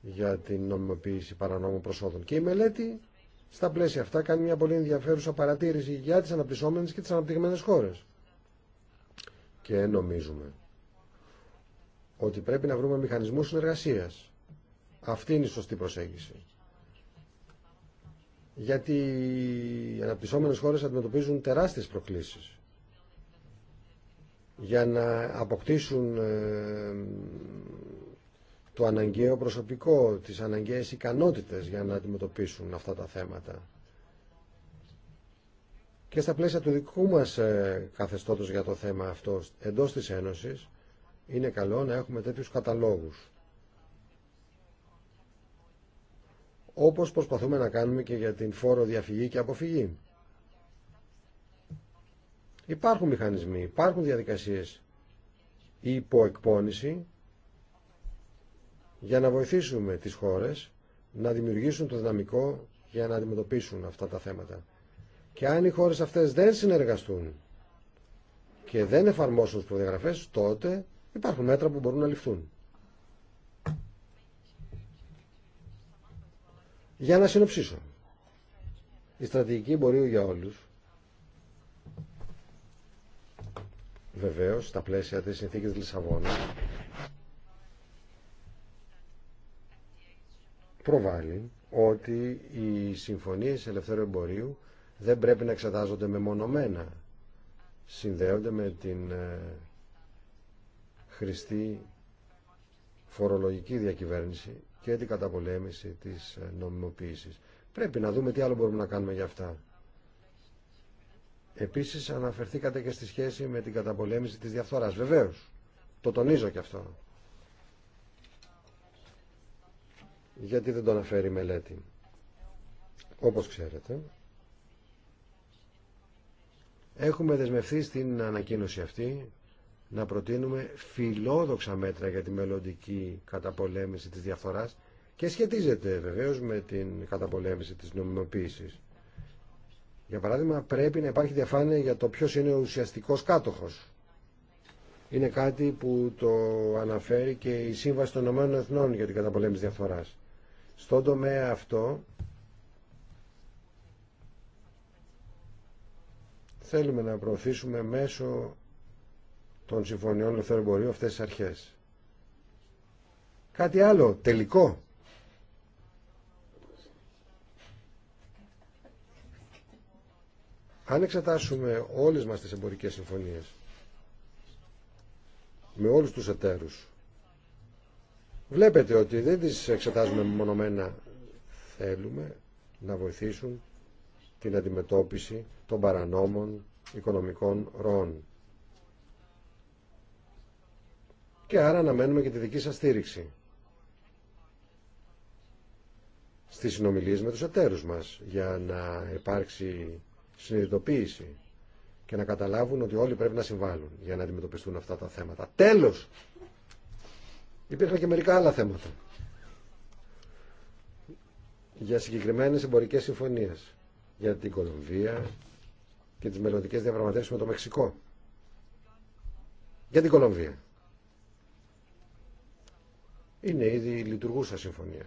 για την νομιμοποίηση παρανόμων προσόδων. Και η μελέτη στα πλαίσια αυτά κάνει μια πολύ ενδιαφέρουσα παρατήρηση για τις αναπτυσσόμενες και τις αναπτυγμένες χώρες. Και νομίζουμε ότι πρέπει να βρούμε μηχανισμούς συνεργασίας. Αυτή είναι η σωστή προσέγγιση. Γιατί οι αναπτυσσόμενες χώρες αντιμετωπίζουν τεράστιες προκλήσεις για να αποκτήσουν ε, το αναγκαίο προσωπικό, τις αναγκαίες ικανότητες για να αντιμετωπίσουν αυτά τα θέματα. Και στα πλαίσια του δικού μας ε, καθεστώτος για το θέμα αυτό εντός της Ένωσης είναι καλό να έχουμε τέτοιους καταλόγους. Όπως προσπαθούμε να κάνουμε και για την φόρο διαφυγή και αποφυγή. Υπάρχουν μηχανισμοί, υπάρχουν διαδικασίες υποεκπώνηση για να βοηθήσουμε τις χώρες να δημιουργήσουν το δυναμικό για να αντιμετωπίσουν αυτά τα θέματα. Και αν οι χώρες αυτές δεν συνεργαστούν και δεν εφαρμόσουν τις προδιαγραφές, τότε υπάρχουν μέτρα που μπορούν να ληφθούν. Για να συνοψίσω. Η στρατηγική μπορεί για όλους Βεβαίως, στα πλαίσια της συνθήκης της Λισαβόνας, προβάλλει ότι οι συμφωνίες ελευθέρου εμπορίου δεν πρέπει να εξετάζονται μεμονωμένα. Συνδέονται με την ε, χρηστή φορολογική διακυβέρνηση και την καταπολέμηση της ε, νομιμοποίησης. Πρέπει να δούμε τι άλλο μπορούμε να κάνουμε για αυτά. Επίσης αναφερθήκατε και στη σχέση με την καταπολέμηση της διαφθοράς. Βεβαίως, το τονίζω και αυτό. Γιατί δεν το αναφέρει η μελέτη. Όπως ξέρετε, έχουμε δεσμευθεί στην ανακοίνωση αυτή να προτείνουμε φιλόδοξα μέτρα για τη μελλοντική καταπολέμηση της διαφθοράς και σχετίζεται βεβαίως με την καταπολέμηση της νομιμοποίησης. Για παράδειγμα, πρέπει να υπάρχει διαφάνεια για το ποιο είναι ο ουσιαστικό κάτοχο. Είναι κάτι που το αναφέρει και η Σύμβαση των Ηνωμένων Εθνών για την καταπολέμηση διαφθορά. Στον τομέα αυτό θέλουμε να προωθήσουμε μέσω των συμφωνιών ελευθερών αυτές τις αρχές. Κάτι άλλο, τελικό, Αν εξετάσουμε όλες μας τις εμπορικές συμφωνίες με όλους τους εταίρους βλέπετε ότι δεν τις εξετάζουμε μονομένα θέλουμε να βοηθήσουν την αντιμετώπιση των παρανόμων οικονομικών ροών. Και άρα αναμένουμε και τη δική σας στήριξη στις συνομιλίες με τους εταίρους μας για να υπάρξει συνειδητοποίηση και να καταλάβουν ότι όλοι πρέπει να συμβάλλουν για να αντιμετωπιστούν αυτά τα θέματα. Τέλος! Υπήρχαν και μερικά άλλα θέματα για συγκεκριμένες εμπορικές συμφωνίες για την Κολομβία και τις μελλοντικέ διαπραγματεύσεις με το Μεξικό. Για την Κολομβία. Είναι ήδη λειτουργούσα συμφωνία.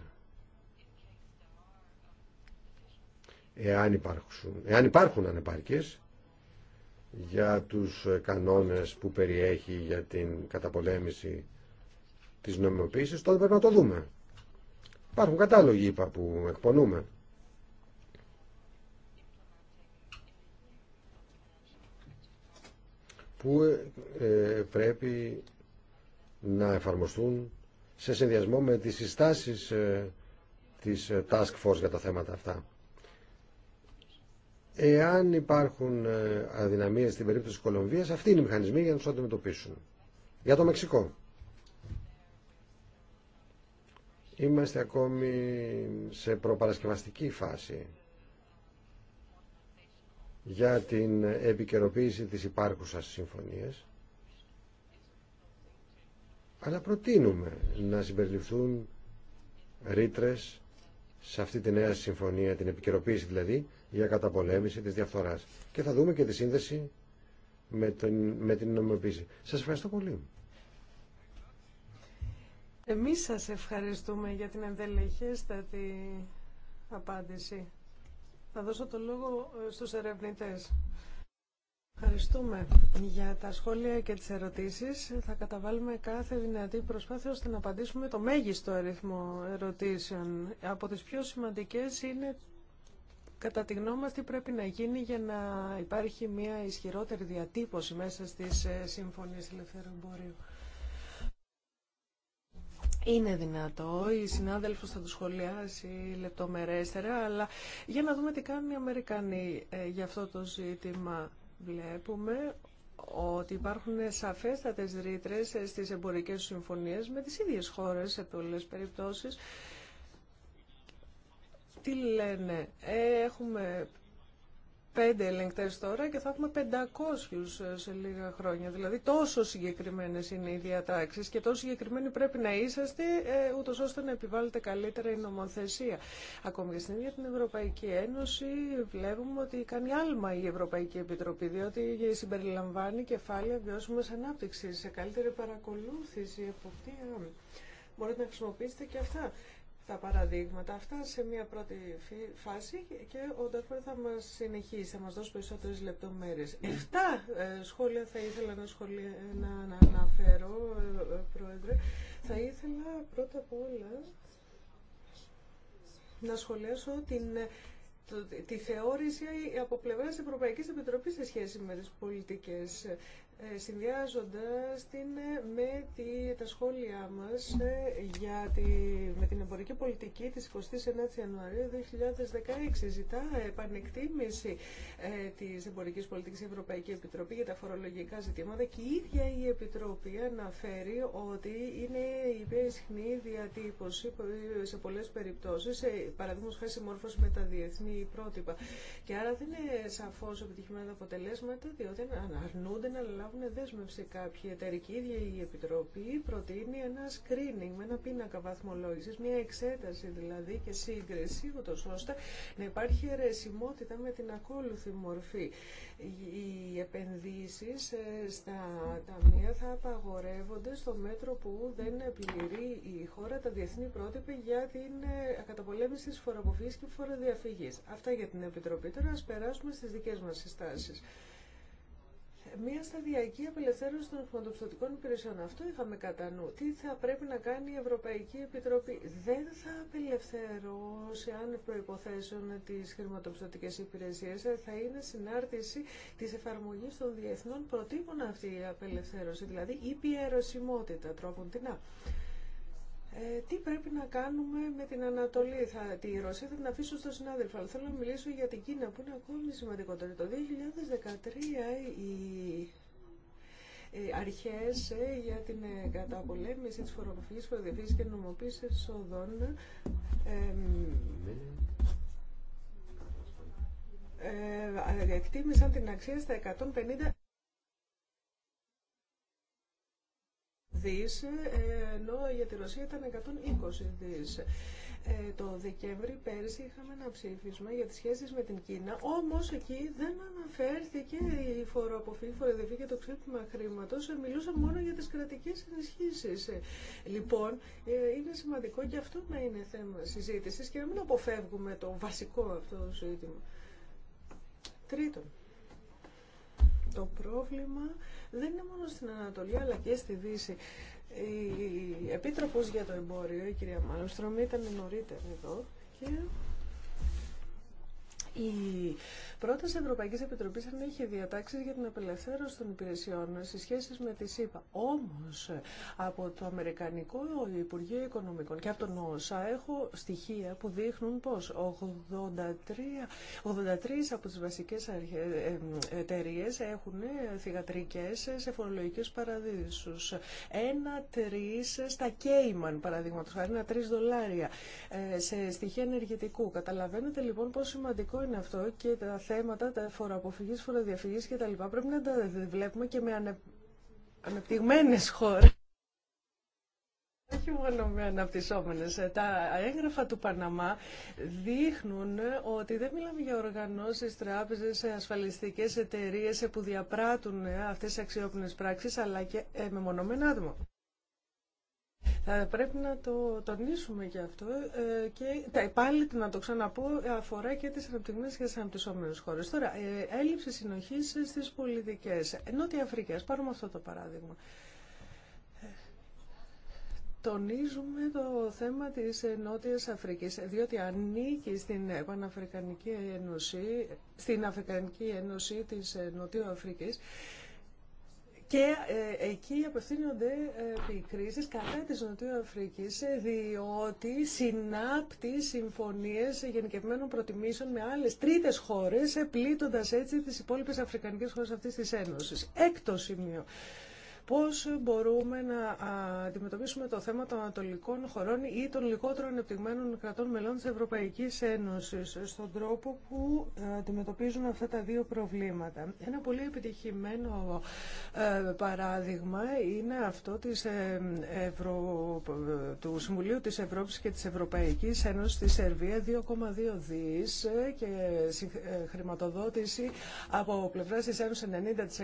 εάν υπάρχουν, εάν υπάρχουν ανεπάρκειες για τους κανόνες που περιέχει για την καταπολέμηση της νομιμοποίησης, τότε πρέπει να το δούμε. Υπάρχουν κατάλογοι, είπα, που εκπονούμε. που ε, ε, πρέπει να εφαρμοστούν σε συνδυασμό με τις συστάσεις ε, της Task Force για τα θέματα αυτά. Εάν υπάρχουν ε, αδυναμίες στην περίπτωση της Κολομβίας, αυτοί είναι οι μηχανισμοί για να τους αντιμετωπίσουν. Για το Μεξικό. Είμαστε ακόμη σε προπαρασκευαστική φάση για την επικαιροποίηση της υπάρχουσας συμφωνίας αλλά προτείνουμε να συμπεριληφθούν ρήτρες σε αυτή τη νέα συμφωνία, την επικαιροποίηση δηλαδή, για καταπολέμηση της διαφθοράς. Και θα δούμε και τη σύνδεση με, τον, με την νομιμοποίηση. Σας ευχαριστώ πολύ. Εμείς σας ευχαριστούμε για την εντελεχέστατη απάντηση. Θα δώσω το λόγο στους ερευνητές. Ευχαριστούμε για τα σχόλια και τις ερωτήσεις. Θα καταβάλουμε κάθε δυνατή προσπάθεια ώστε να απαντήσουμε το μέγιστο αριθμό ερωτήσεων. Από τις πιο σημαντικές είναι κατά τη γνώμη μας τι πρέπει να γίνει για να υπάρχει μια ισχυρότερη διατύπωση μέσα στις ε, συμφωνίες Ελευθερών εμπορίου. Είναι δυνατό, η συνάδελφος θα το σχολιάσει λεπτομερέστερα, αλλά για να δούμε τι κάνουν οι Αμερικανοί ε, για αυτό το ζήτημα βλέπουμε ότι υπάρχουν σαφέστατες ρήτρες στις εμπορικές συμφωνίες με τις ίδιες χώρες σε πολλές περιπτώσεις. Τι λένε, έχουμε πέντε ελεγκτές τώρα και θα έχουμε 500 ε, σε λίγα χρόνια. Δηλαδή τόσο συγκεκριμένες είναι οι διατάξεις και τόσο συγκεκριμένοι πρέπει να είσαστε ε, ούτως ώστε να επιβάλλετε καλύτερα η νομοθεσία. Ακόμη και στην ίδια την Ευρωπαϊκή Ένωση βλέπουμε ότι κάνει άλμα η Ευρωπαϊκή Επιτροπή διότι συμπεριλαμβάνει κεφάλαια βιώσιμη ανάπτυξη σε καλύτερη παρακολούθηση, εποπτεία. Μπορείτε να χρησιμοποιήσετε και αυτά τα παραδείγματα αυτά σε μια πρώτη φάση και ο Νταρφέρ θα μας συνεχίσει, θα μας δώσει περισσότερες λεπτομέρειες. Εφτά ε, σχόλια θα ήθελα να, να, αναφέρω, ε, ε, Πρόεδρε. Θα ήθελα πρώτα απ' όλα να σχολιάσω την, τη θεώρηση από πλευράς Ευρωπαϊκής Επιτροπής σε σχέση με τις πολιτικές ε, συνδυάζοντας την ε, με τη, τα σχόλιά μας ε, για τη, με την εμπορική πολιτική της 29 Ιανουαρίου 2016. Ζητά επανεκτίμηση ε, της εμπορικής πολιτικής Ευρωπαϊκής Ευρωπαϊκή Επιτροπή για τα φορολογικά ζητήματα και η ίδια η Επιτροπή αναφέρει ότι είναι η πιο διατύπωση σε πολλές περιπτώσεις, ε, παραδείγματος χάρη συμμόρφωση με τα διεθνή πρότυπα. Και άρα δεν είναι σαφώς επιτυχημένα τα αποτελέσματα, διότι αρνούνται αναλάβουν δέσμευση κάποιοι εταιρικοί. Η ίδια η Επιτροπή προτείνει ένα screening με ένα πίνακα βαθμολόγηση, μια εξέταση δηλαδή και σύγκριση, ούτω ώστε να υπάρχει αιρεσιμότητα με την ακόλουθη μορφή. Οι επενδύσει ε, στα ταμεία θα απαγορεύονται στο μέτρο που δεν πληρεί η χώρα τα διεθνή πρότυπα για την ε, καταπολέμηση τη φοροαποφυγή και φοροδιαφυγή. Αυτά για την Επιτροπή. Τώρα α περάσουμε στι δικέ μα συστάσει μια σταδιακή απελευθέρωση των χρηματοπιστωτικών υπηρεσιών. Αυτό είχαμε κατά νου. Τι θα πρέπει να κάνει η Ευρωπαϊκή Επιτροπή. Δεν θα απελευθερώσει αν προϋποθέσεων τις χρηματοπιστωτικέ υπηρεσίες. Θα είναι συνάρτηση της εφαρμογής των διεθνών προτύπων αυτή η απελευθέρωση. Δηλαδή η πιερωσιμότητα τρόπον την ε, τι πρέπει να κάνουμε με την Ανατολή, θα, τη Ρωσία θα την αφήσω στον συνάδελφο, αλλά θέλω να μιλήσω για την Κίνα που είναι ακόμη σημαντικότερη. Το 2013 οι ε, αρχές ε, για την ε, καταπολέμηση της φοροποφυγής, φοροδιαφύγης και νομοποίησης ε, ε, εκτίμησαν την αξία στα 150 δις, ε, ενώ για τη Ρωσία ήταν 120 δις. Ε, το Δεκέμβρη πέρσι είχαμε ένα ψήφισμα για τις σχέσεις με την Κίνα, όμως εκεί δεν αναφέρθηκε η φοροαποφύγη, φοροδιαφύγη και το ξέπλυμα χρήματος, ε, μιλούσαν μόνο για τις κρατικές ενισχύσεις. Λοιπόν, είναι σημαντικό και αυτό να είναι θέμα συζήτησης και να μην αποφεύγουμε το βασικό αυτό ζήτημα. Τρίτον, το πρόβλημα δεν είναι μόνο στην Ανατολή αλλά και στη Δύση. Η Επίτροπος για το Εμπόριο, η κυρία Μάλστρομ, ήταν νωρίτερα εδώ και η πρόταση Ευρωπαϊκής Επιτροπής αν είχε διατάξεις για την απελευθέρωση των υπηρεσιών σε σχέση με τη ΣΥΠΑ. Όμως από το Αμερικανικό Υπουργείο Οικονομικών και από τον ΩΣΑ έχω στοιχεία που δείχνουν πως 83, 83 από τις βασικές ε, εταιρείε έχουν θηγατρικές σε φορολογικές παραδείσους. Ένα τρεις στα Κέιμαν παραδείγματος, ένα τρεις δολάρια ε, σε στοιχεία ενεργητικού. Καταλαβαίνετε λοιπόν πόσο σημαντικό είναι αυτό και τα θέματα τα φοροαποφυγής, φοροδιαφυγής και τα λοιπά πρέπει να τα βλέπουμε και με ανε... ανεπτυγμένες χώρες. Όχι μόνο με αναπτυσσόμενε. Τα έγγραφα του Παναμά δείχνουν ότι δεν μιλάμε για οργανώσεις, τράπεζες, ασφαλιστικές εταιρείε που διαπράττουν αυτές τις αξιόπινες πράξεις, αλλά και ε, μεμονωμένα άτομα. Θα πρέπει να το τονίσουμε ε, και αυτό και πάλι να το ξαναπώ αφορά και τις αναπτυγμένες και τις αναπτυσσόμενες χώρες. Τώρα, ε, έλλειψη συνοχής στις πολιτικές. Νότια Αφρική, ας πάρουμε αυτό το παράδειγμα. Ε, τονίζουμε το θέμα της Νότιας Αφρικής, διότι ανήκει στην Παναφρικανική Ένωση, στην Αφρικανική Ένωση της Νοτιού και ε, εκεί απευθύνονται ε, κρίσει κατά της Νοτιού ε, διότι συνάπτει συμφωνίες γενικευμένων προτιμήσεων με άλλες τρίτες χώρες πλήττοντα έτσι τις υπόλοιπες αφρικανικές χώρες αυτή τη Ένωση. Έκτο σημείο. Πώς μπορούμε να αντιμετωπίσουμε το θέμα των ανατολικών χωρών ή των λιγότερων ανεπτυγμένων κρατών μελών της Ευρωπαϊκής Ένωσης στον τρόπο που ε, αντιμετωπίζουν αυτά τα δύο προβλήματα. Ένα πολύ επιτυχημένο ε, παράδειγμα είναι αυτό της ε, του Συμβουλίου της Ευρώπης και της Ευρωπαϊκής Ένωσης στη Σερβία 2,2 δις και χρηματοδότηση από πλευρά της Ένωσης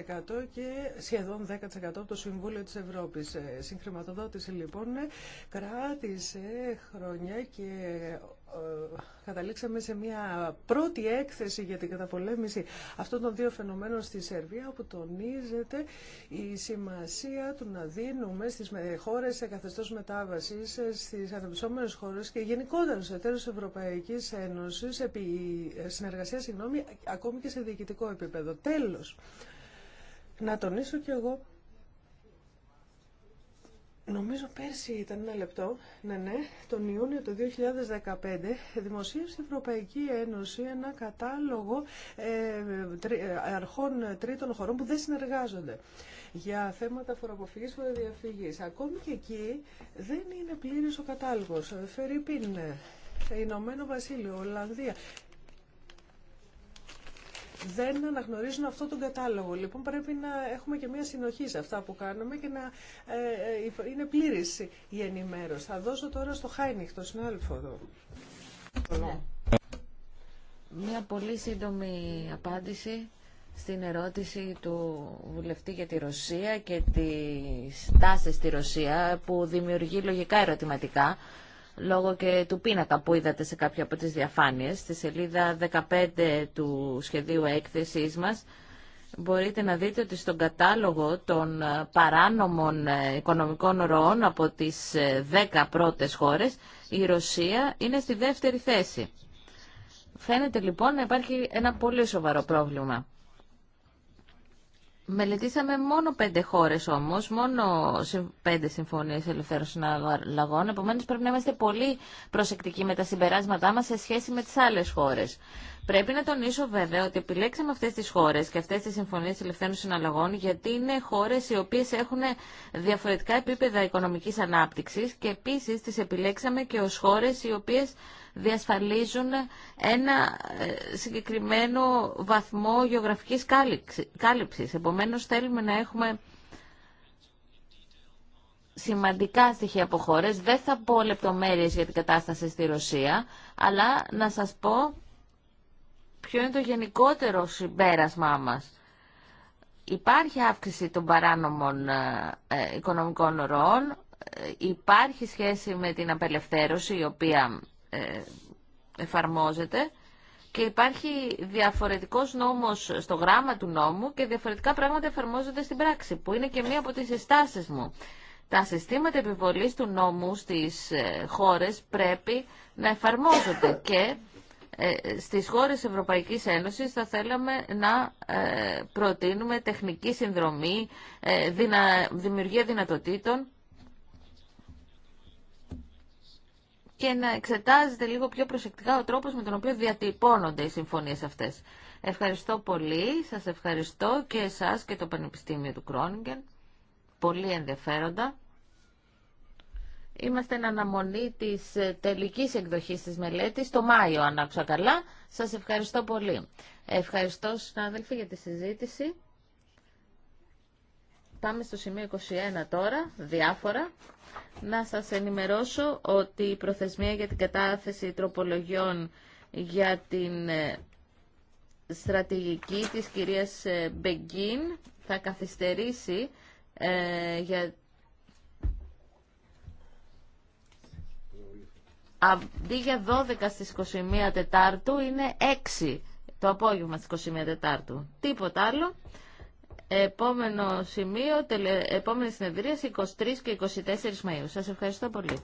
90% και σχεδόν 10% το Συμβούλιο της Ευρώπης. Ε, συγχρηματοδότηση λοιπόν κράτησε χρόνια και ε, καταλήξαμε σε μια πρώτη έκθεση για την καταπολέμηση αυτών των δύο φαινομένων στη Σερβία όπου τονίζεται η σημασία του να δίνουμε στις χώρες σε καθεστώς μετάβασης ε, στις αναπτυσσόμενες χώρες και γενικότερα σε εταίρους Ευρωπαϊκής Ένωσης επί συνεργασία συγγνώμη, ακόμη και σε διοικητικό επίπεδο. Τέλος, να τονίσω κι εγώ Νομίζω πέρσι ήταν ένα λεπτό, ναι, ναι, τον Ιούνιο του 2015 δημοσίευσε η Ευρωπαϊκή Ένωση ένα κατάλογο ε, ε, αρχών τρίτων χωρών που δεν συνεργάζονται για θέματα φοροαποφυγής, φοροδιαφυγής. Ακόμη και εκεί δεν είναι πλήρης ο κατάλογος. Φερρυπίν, Ηνωμένο Βασίλειο, Ολλανδία δεν αναγνωρίζουν αυτό τον κατάλογο. Λοιπόν, πρέπει να έχουμε και μια συνοχή σε αυτά που κάνουμε και να ε, ε, είναι πλήρη η ενημέρωση. Θα δώσω τώρα στο Χάινιχ, το συνάδελφο εδώ. Ναι. Μια πολύ σύντομη απάντηση στην ερώτηση του βουλευτή για τη Ρωσία και τις τάσεις στη Ρωσία που δημιουργεί λογικά ερωτηματικά λόγω και του πίνακα που είδατε σε κάποια από τις διαφάνειες. Στη σελίδα 15 του σχεδίου έκθεσής μας μπορείτε να δείτε ότι στον κατάλογο των ε, παράνομων ε, οικονομικών ροών από τις 10 ε, πρώτες χώρες η Ρωσία είναι στη δεύτερη θέση. Φαίνεται λοιπόν να υπάρχει ένα πολύ σοβαρό πρόβλημα. Μελετήσαμε μόνο πέντε χώρε όμω, μόνο πέντε συμφωνίε ελευθέρωσης λαγών. Επομένω, πρέπει να είμαστε πολύ προσεκτικοί με τα συμπεράσματά μα σε σχέση με τι άλλε χώρε. Πρέπει να τονίσω βέβαια ότι επιλέξαμε αυτές τις χώρες και αυτές τις συμφωνίες ελευθέρων συναλλαγών γιατί είναι χώρες οι οποίες έχουν διαφορετικά επίπεδα οικονομικής ανάπτυξης και επίσης τις επιλέξαμε και ως χώρες οι οποίες διασφαλίζουν ένα ε, συγκεκριμένο βαθμό γεωγραφικής κάλυψης. Επομένω θέλουμε να έχουμε σημαντικά στοιχεία από χώρες. Δεν θα πω λεπτομέρειες για την κατάσταση στη Ρωσία, αλλά να σας πω ποιο είναι το γενικότερο συμπέρασμά μας. Υπάρχει αύξηση των παράνομων ε, ε, οικονομικών ροών, ε, υπάρχει σχέση με την απελευθέρωση η οποία εφαρμόζεται και υπάρχει διαφορετικός νόμος στο γράμμα του νόμου και διαφορετικά πράγματα εφαρμόζονται στην πράξη, που είναι και μία από τις συστάσεις μου. Τα συστήματα επιβολής του νόμου στις χώρες πρέπει να εφαρμόζονται και ε, στις χώρες Ευρωπαϊκής Ένωσης θα θέλαμε να ε, προτείνουμε τεχνική συνδρομή, ε, δημιουργία δυνατοτήτων και να εξετάζεται λίγο πιο προσεκτικά ο τρόπος με τον οποίο διατυπώνονται οι συμφωνίες αυτές. Ευχαριστώ πολύ, σας ευχαριστώ και εσάς και το Πανεπιστήμιο του Κρόνιγκεν. Πολύ ενδιαφέροντα. Είμαστε εν αναμονή της ε, τελικής εκδοχής της μελέτης, το Μάιο αν άκουσα καλά. Σας ευχαριστώ πολύ. Ευχαριστώ συνάδελφοι για τη συζήτηση. Πάμε στο σημείο 21 τώρα, διάφορα. Να σας ενημερώσω ότι η προθεσμία για την κατάθεση τροπολογιών για την ε, στρατηγική της κυρίας ε, Μπεγκίν θα καθυστερήσει για αντί για 12 στις 21 Τετάρτου είναι 6 το απόγευμα στις 21 Τετάρτου. Τίποτα άλλο. Επόμενο σημείο, τελε... επόμενη συνεδρία 23 και 24 Μαΐου. Σας ευχαριστώ πολύ.